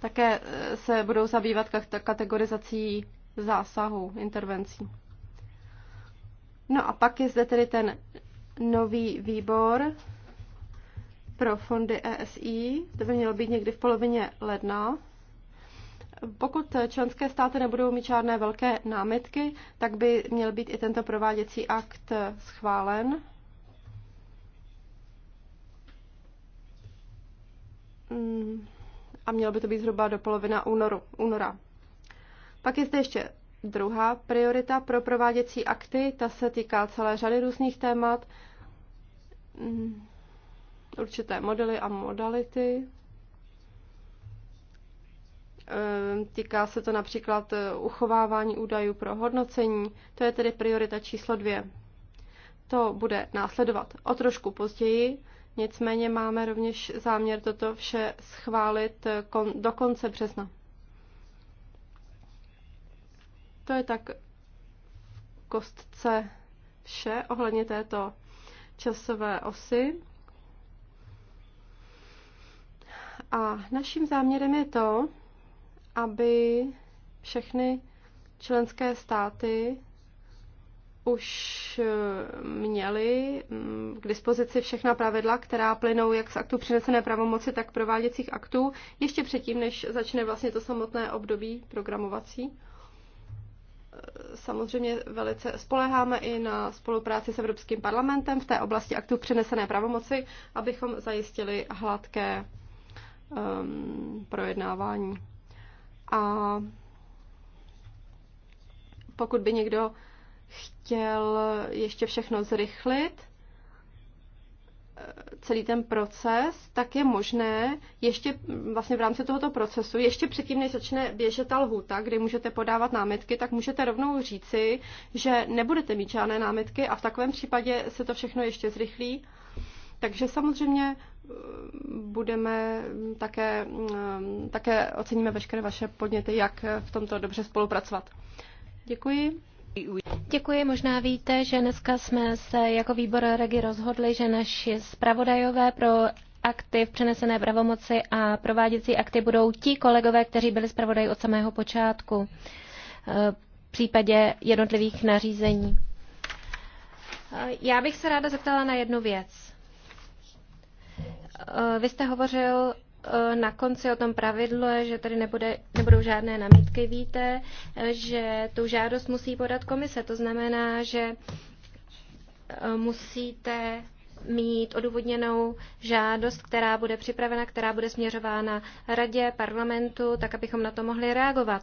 Také eh, se budou zabývat kategorizací zásahu, intervencí. No a pak je zde tedy ten nový výbor pro fondy ESI. To by mělo být někdy v polovině ledna pokud členské státy nebudou mít žádné velké námitky, tak by měl být i tento prováděcí akt schválen. Mm, a mělo by to být zhruba do polovina únoru, února. Pak je zde ještě druhá priorita pro prováděcí akty. Ta se týká celé řady různých témat, mm, určité modely a modality Ehm, týká se to například eh, uchovávání údajů pro hodnocení. To je tedy priorita číslo dvě. To bude následovat o trošku později, nicméně máme rovněž záměr toto vše schválit eh, do konce března. To je tak kostce vše ohledně této časové osy. A naším záměrem je to, aby všechny členské státy už eh, měli mm, k dispozici všechna pravidla, která plynou jak z aktu přinesené pravomoci, tak prováděcích aktů, ještě předtím, než začne vlastně to samotné období programovací. Eh, samozřejmě velice spoleháme i na spolupráci s Evropským parlamentem v té oblasti aktu přinesené pravomoci, abychom zajistili hladké um, projednávání. A pokud by někdo chtěl ještě všechno zrychlit, celý ten proces, tak je možné ještě vlastně v rámci tohoto procesu, ještě předtím, než začne běžet ta lhůta, kdy můžete podávat námitky, tak můžete rovnou říci, že nebudete mít žádné námitky a v takovém případě se to všechno ještě zrychlí. Takže samozřejmě budeme také, eh, také oceníme veškeré vaše podněty, jak v tomto dobře spolupracovat. Děkuji. Děkuji. Možná víte, že dneska jsme se jako výbor Regi rozhodli, že naši zpravodajové pro akty v přenesené pravomoci a prováděcí akty budou ti kolegové, kteří byli zpravodaji od samého počátku eh, v případě jednotlivých nařízení. Eh, já bych se ráda zeptala na jednu věc. Eh, vy jste hovořil eh, na konci o tom pravidle, že tady nebude, nebudou žádné namítky. Víte, eh, že tu žádost musí podat komise. To znamená, že musíte mít odůvodněnou žádost, která bude připravena, která bude směřována radě, parlamentu, tak abychom na to mohli reagovat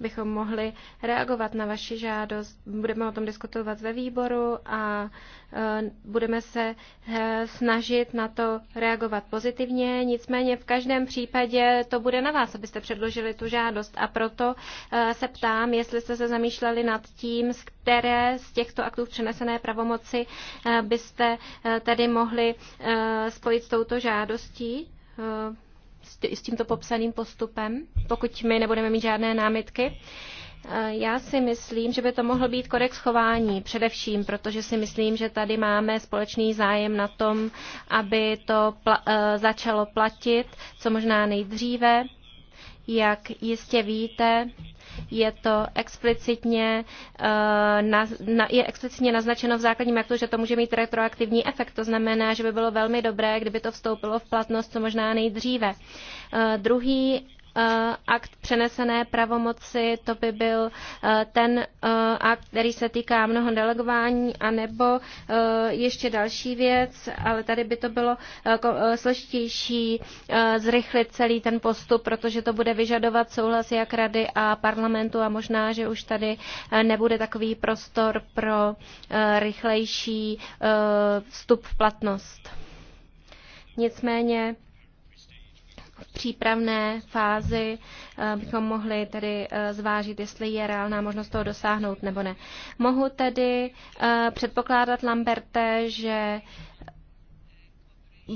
bychom mohli reagovat na vaši žádost. Budeme o tom diskutovat ve výboru a e, budeme se e, snažit na to reagovat pozitivně. Nicméně v každém případě to bude na vás, abyste předložili tu žádost. A proto e, se ptám, jestli jste se zamýšleli nad tím, z které z těchto aktů přenesené pravomoci byste tedy mohli spojit s touto žádostí s tímto popsaným postupem, pokud my nebudeme mít žádné námitky. Eh, já si myslím, že by to mohl být korek schování, především, protože si myslím, že tady máme společný zájem na tom, aby to pla- eh, začalo platit co možná nejdříve, jak jistě víte, je to explicitně, eh, je explicitně naznačeno v základním aktu, že to může mít retroaktivní efekt. To znamená, že by bylo velmi dobré, kdyby to vstoupilo v platnost co možná nejdříve. Eh, druhý Eh, akt přenesené pravomoci, to by byl eh, ten eh, akt, který se týká mnoho delegování, anebo ještě další věc, ale tady by to bylo složitější zrychlit celý ten postup, protože to bude vyžadovat souhlas jak rady a parlamentu a možná, že už tady nebude takový prostor pro rychlejší vstup v platnost. Nicméně v přípravné fázi eh, bychom mohli tedy eh, zvážit, jestli je reálná možnost toho dosáhnout nebo ne. Mohu tedy eh, předpokládat, Lamberte, že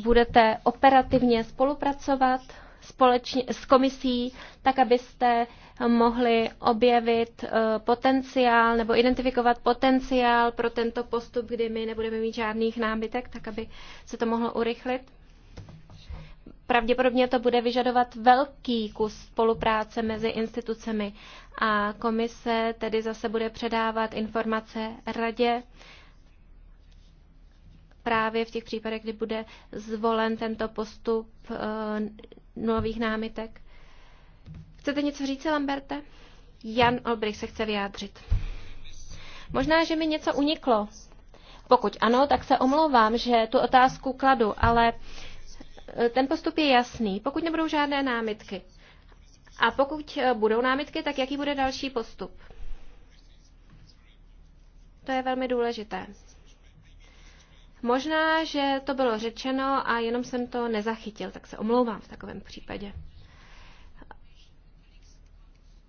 budete operativně spolupracovat společně s komisí, tak abyste mohli objevit potenciál nebo identifikovat potenciál pro tento postup, kdy my nebudeme mít žádných námitek, tak aby se to mohlo urychlit pravděpodobně to bude vyžadovat velký kus spolupráce mezi institucemi a komise tedy zase bude předávat informace radě právě v těch případech, kdy bude zvolen tento postup eh, nových námitek. Chcete něco říct, Lamberte? Jan Olbrich se chce vyjádřit. Možná, že mi něco uniklo. Pokud ano, tak se omlouvám, že tu otázku kladu, ale uh, Eh, ten postup je jasný, pokud nebudou žádné námitky. A pokud eh, budou námitky, tak jaký bude další postup? To je velmi důležité. Možná, že to bylo řečeno a jenom jsem to nezachytil, tak se omlouvám v takovém případě.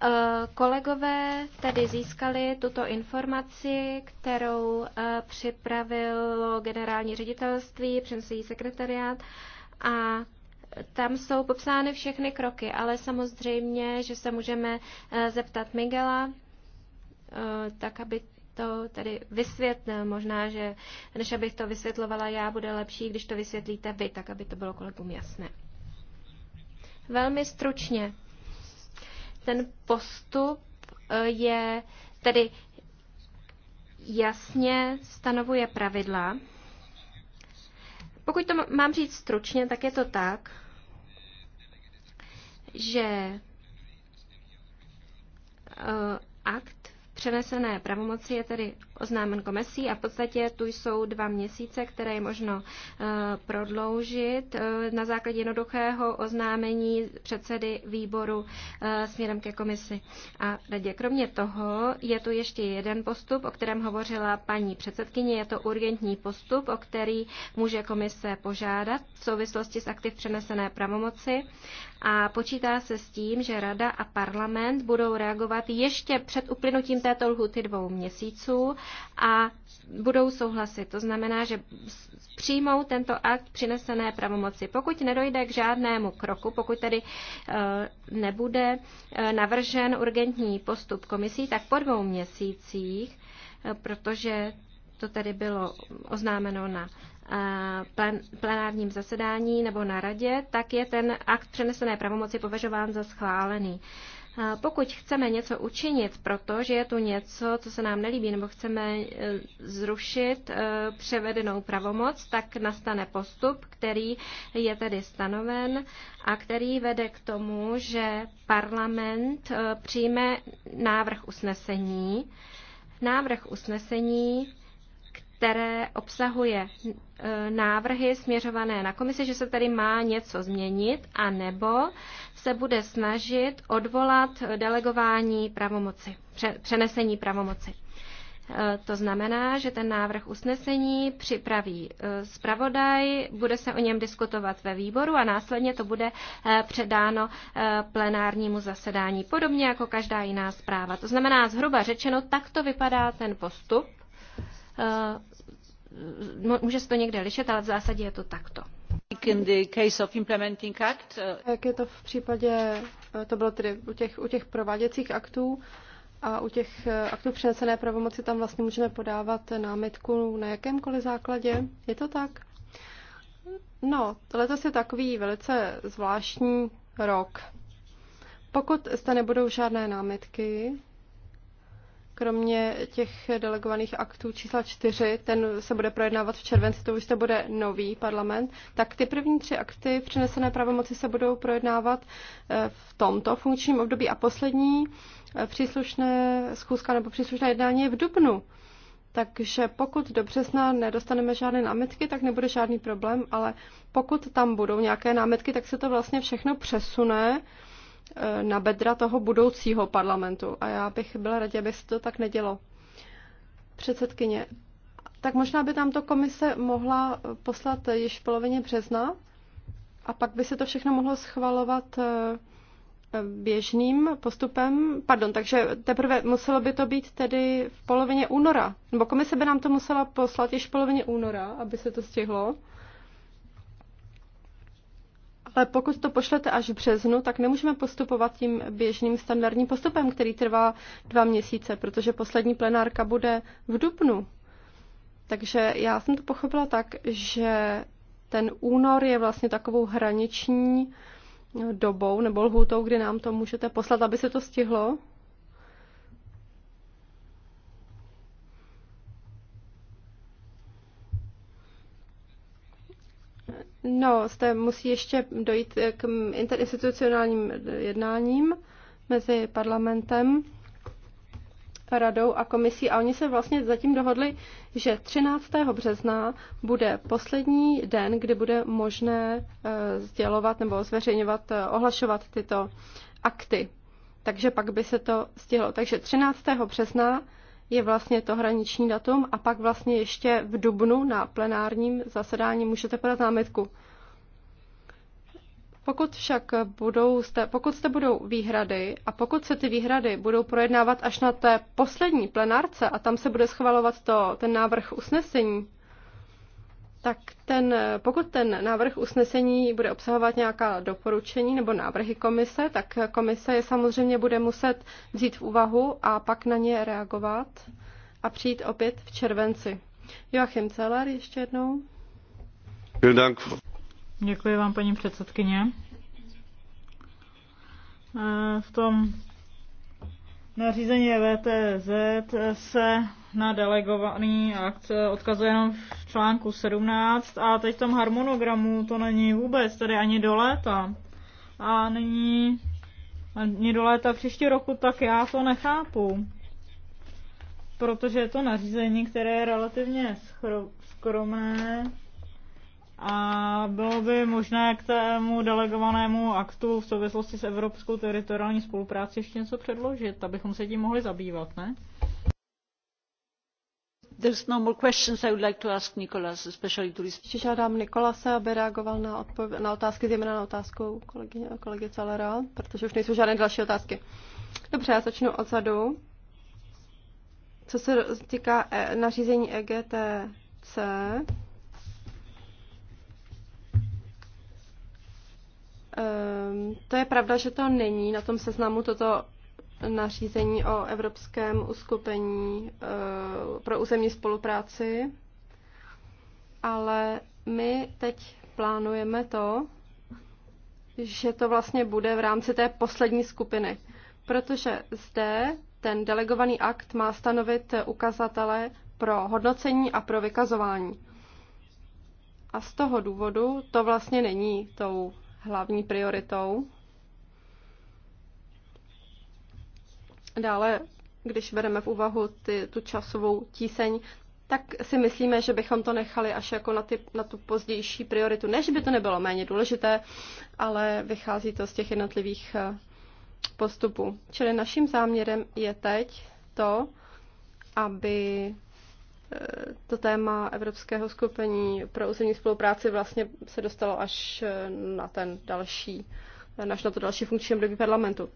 Eh, kolegové tedy získali tuto informaci, kterou připravilo generální ředitelství, přinesl sekretariát. sekretariát a tam jsou popsány všechny kroky, ale samozřejmě, že se můžeme eh, zeptat Miguela, eh, tak aby to tady vysvětlil. Možná, že než abych to vysvětlovala já, bude lepší, když to vysvětlíte vy, tak aby to bylo kolegům jasné. Velmi stručně. Ten postup eh, je tedy jasně stanovuje pravidla pokud to mám říct stručně, tak je to tak, že eh, akt v přenesené pravomoci je tedy oznámen komisí a v podstatě tu jsou dva měsíce, které je možno eh, prodloužit eh, na základě jednoduchého oznámení předsedy výboru eh, směrem ke komisi a radě. Kromě toho je tu ještě jeden postup, o kterém hovořila paní předsedkyně. Je to urgentní postup, o který může komise požádat v souvislosti s aktiv přenesené pravomoci a počítá se s tím, že rada a parlament budou reagovat ještě před uplynutím této lhuty dvou měsíců a budou souhlasit. To znamená, že přijmou tento akt přinesené pravomoci. Pokud nedojde k žádnému kroku, pokud tedy eh, nebude eh, navržen urgentní postup komisí, tak po dvou měsících, eh, protože to tedy bylo oznámeno na plenárním zasedání nebo na radě, tak je ten akt přenesené pravomoci považován za schválený. Pokud chceme něco učinit, protože je tu něco, co se nám nelíbí, nebo chceme e, zrušit e, převedenou pravomoc, tak nastane postup, který je tedy stanoven a který vede k tomu, že parlament e, přijme návrh usnesení. Návrh usnesení které obsahuje e, návrhy směřované na komisi, že se tady má něco změnit, a nebo se bude snažit odvolat delegování pravomoci, přenesení pravomoci. E, to znamená, že ten návrh usnesení připraví e, zpravodaj, bude se o něm diskutovat ve výboru a následně to bude předáno plenárnímu zasedání, podobně jako každá jiná zpráva. To znamená, zhruba řečeno, tak to vypadá ten postup Eh, může se to někde lišet, ale v zásadě je to takto. Jak eh, je to v případě, eh, to bylo tedy u těch, u těch prováděcích aktů a u těch aktů přenesené pravomoci tam vlastně můžeme podávat námitku na jakémkoliv základě. Je to tak? No, letos je takový velice zvláštní rok. Pokud zde nebudou žádné námitky, Kromě těch delegovaných aktů čísla čtyři, ten se bude projednávat v červenci, to už to bude nový parlament, tak ty první tři akty přenesené pravomoci se budou projednávat eh, v tomto funkčním období a poslední eh, příslušné schůzka nebo příslušné jednání je v Dubnu. Takže pokud do března nedostaneme žádné námitky, tak nebude žádný problém, ale pokud tam budou nějaké námitky, tak se to vlastně všechno přesune Eh, na bedra toho budoucího parlamentu. A já bych byla raději, aby se to tak nedělo. Předsedkyně, tak možná by tam to komise mohla poslat již v polovině března a pak by se to všechno mohlo schvalovat eh, běžným postupem, pardon, takže teprve muselo by to být tedy v polovině února, nebo komise by nám to musela poslat již v polovině února, aby se to stihlo ale pokud to pošlete až v březnu, tak nemůžeme postupovat tím běžným standardním postupem, který trvá dva měsíce, protože poslední plenárka bude v dubnu. Takže já jsem to pochopila tak, že ten únor je vlastně takovou hraniční dobou nebo lhůtou, kdy nám to můžete poslat, aby se to stihlo. No, zde musí ještě dojít k interinstitucionálním jednáním mezi parlamentem, radou a komisí a oni se vlastně zatím dohodli, že 13. března bude poslední den, kdy bude možné eh, sdělovat nebo zveřejňovat, eh, ohlašovat tyto akty. Takže pak by se to stihlo. Takže 13. března je vlastně to hraniční datum a pak vlastně ještě v dubnu na plenárním zasedání můžete podat námitku. Pokud však budou jste, pokud jste budou výhrady a pokud se ty výhrady budou projednávat až na té poslední plenárce a tam se bude schvalovat to, ten návrh usnesení, tak ten, pokud ten návrh usnesení bude obsahovat nějaká doporučení nebo návrhy komise, tak komise je samozřejmě bude muset vzít v úvahu a pak na ně reagovat a přijít opět v červenci. Joachim Celer ještě jednou. Děkuji vám, paní předsedkyně. Eh, v tom nařízení e VTZ se na delegovaný akt odkazuje jenom v článku 17 a teď v tom harmonogramu to není vůbec, tady ani do léta. A není ani do léta příští roku, tak já to nechápu. Protože je to nařízení, které je relativně skromné a bylo by možné k tému delegovanému aktu v souvislosti s evropskou teritoriální spolupráci ještě něco předložit, abychom se tím mohli zabývat, ne? There's no more questions I would like to ask Nicolas, especially to respond. Žádám Nikolase, aby reagoval na, odpov- na otázky, zejména na otázku kolegy, kolegy Celera, protože už nejsou žádné další otázky. Dobře, já začnu odzadu. Co se týká eh, e- nařízení EGTC, Ehm, to je pravda, že to není na tom seznamu toto nařízení o Evropském uskupení eh, pro územní spolupráci, ale my teď plánujeme to, že to vlastně bude v rámci té poslední skupiny, protože zde ten delegovaný akt má stanovit ukazatele pro hodnocení a pro vykazování. A z toho důvodu to vlastně není tou hlavní prioritou. Dále, když bereme v úvahu ty, tu časovou tíseň, tak si myslíme, že bychom to nechali až jako na, ty, na tu pozdější prioritu. Ne, že by to nebylo méně důležité, ale vychází to z těch jednotlivých eh, postupů. Čili naším záměrem je teď to, aby to téma Evropského skupení pro územní spolupráci vlastně se dostalo až na ten další, až na to další funkční období parlamentu.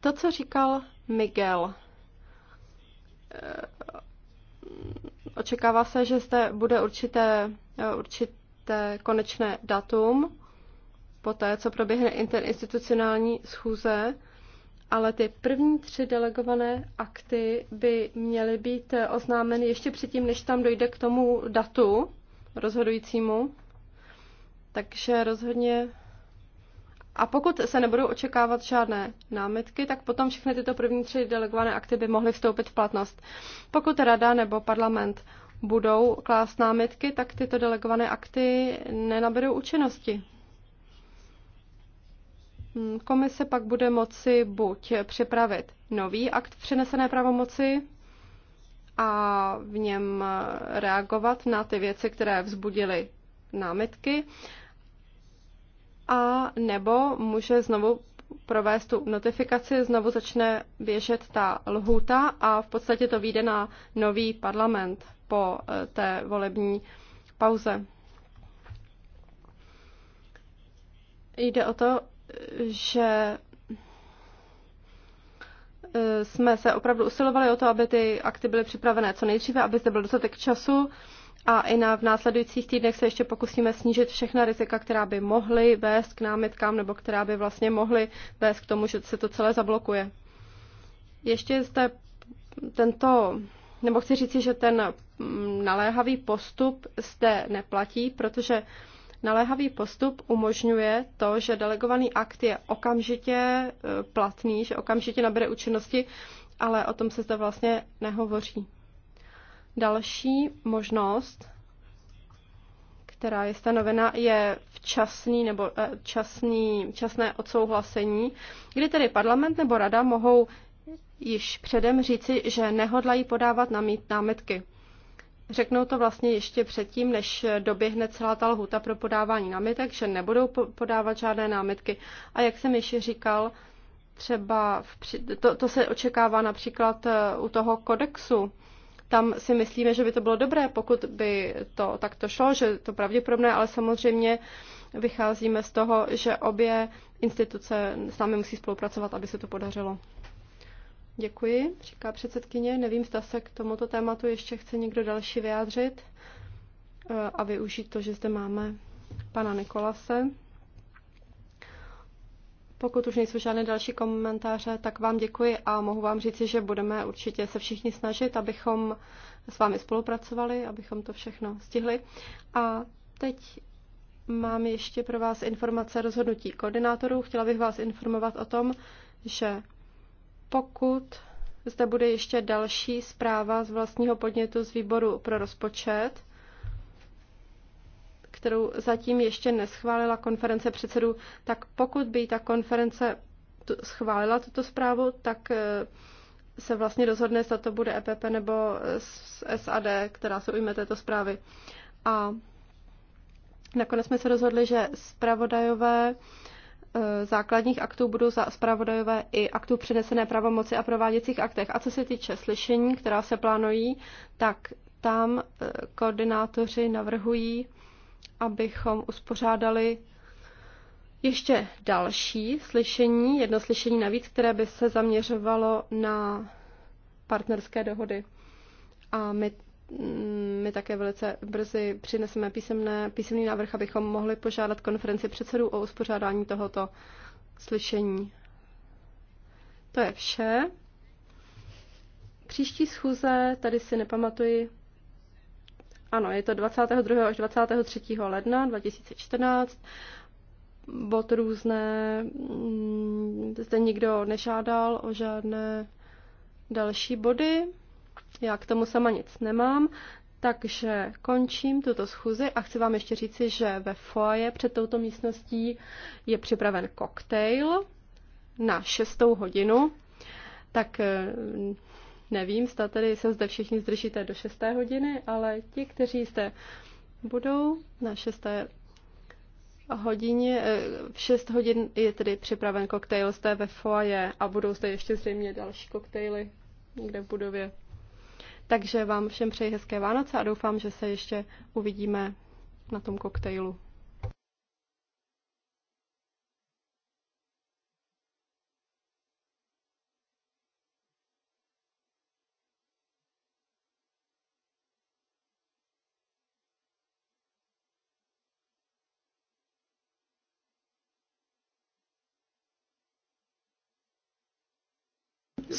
To, co říkal Miguel, eh, očekává se, že zde bude určité, eh, určité konečné datum po té, co proběhne interinstitucionální schůze, ale ty první tři delegované akty by měly být oznámeny ještě předtím, než tam dojde k tomu datu rozhodujícímu. Takže rozhodně. A pokud se nebudou očekávat žádné námitky, tak potom všechny tyto první tři delegované akty by mohly vstoupit v platnost. Pokud rada nebo parlament budou klást námitky, tak tyto delegované akty nenaberou účinnosti. Hmm, komise pak bude moci buď připravit nový akt přenesené pravomoci a v něm reagovat na ty věci, které vzbudily námitky, a nebo může znovu provést tu notifikaci, znovu začne běžet ta lhůta a v podstatě to vyjde na nový parlament po eh, té volební pauze. Jde o to, že eh, jsme se opravdu usilovali o to, aby ty akty byly připravené co nejdříve, aby zde byl dostatek času a i na, v následujících týdnech se ještě pokusíme snížit všechna rizika, která by mohly vést k námitkám nebo která by vlastně mohly vést k tomu, že se to celé zablokuje. Ještě zde tento, nebo chci říci, že ten mm, naléhavý postup zde neplatí, protože Naléhavý postup umožňuje to, že delegovaný akt je okamžitě eh, platný, že okamžitě nabere účinnosti, ale o tom se zde vlastně nehovoří. Další možnost, která je stanovena, je včasný nebo eh, časný, časné odsouhlasení, kdy tedy parlament nebo rada mohou již předem říci, že nehodlají podávat námitky. Řeknou to vlastně ještě předtím, než doběhne celá ta lhuta pro podávání námitek, že nebudou podávat žádné námitky. A jak jsem již říkal, třeba v, to, to se očekává například eh, u toho kodexu. Tam si myslíme, že by to bylo dobré, pokud by to takto šlo, že to pravděpodobné, ale samozřejmě vycházíme z toho, že obě instituce s námi musí spolupracovat, aby se to podařilo. Děkuji, říká předsedkyně. Nevím, zda se k tomuto tématu ještě chce někdo další vyjádřit eh, a využít to, že zde máme pana Nikolase. Pokud už nejsou žádné další komentáře, tak vám děkuji a mohu vám říci, že budeme určitě se všichni snažit, abychom s vámi spolupracovali, abychom to všechno stihli. A teď mám ještě pro vás informace rozhodnutí koordinátorů. Chtěla bych vás informovat o tom, že pokud zde bude ještě další zpráva z vlastního podnětu z výboru pro rozpočet, kterou zatím ještě neschválila konference předsedů, tak pokud by ta konference schválila tuto zprávu, tak eh, se vlastně rozhodne, zda to bude EPP nebo SAD, která se ujme této zprávy. A nakonec jsme se rozhodli, že zpravodajové Eh, základních aktů budou za zpravodajové i aktů přenesené pravomoci a prováděcích aktech. A co se týče slyšení, která se plánují, tak tam eh, koordinátoři navrhují, abychom uspořádali ještě další slyšení, jedno slyšení navíc, které by se zaměřovalo na partnerské dohody. A my my také velice brzy přineseme písemné, písemný návrh, abychom mohli požádat konferenci předsedů o uspořádání tohoto slyšení. To je vše. Příští schůze, tady si nepamatuji, ano, je to 22. až 23. ledna 2014. Bod různé, mm, zde nikdo nežádal o žádné další body. Já k tomu sama nic nemám, takže končím tuto schůzi a chci vám ještě říci, že ve foaje před touto místností je připraven koktejl na šestou hodinu. Tak eh, nevím, zda tady se zde všichni zdržíte do šesté hodiny, ale ti, kteří jste, budou na šesté hodině, eh, v 6 hodin je tedy připraven koktejl jste ve foaje a budou zde ještě zřejmě další koktejly někde v budově. Takže vám všem přeji hezké Vánoce a doufám, že se ještě uvidíme na tom koktejlu.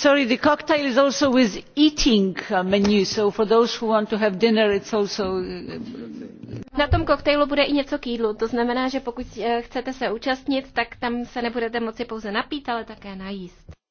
sorry the cocktail is also with eating uh, menu so for those who want to have dinner it's also uh, na tom koktejlu bude i něco k jídlu, to znamená, že pokud eh, chcete se účastnit, tak tam se nebudete moci pouze napít, ale také najíst.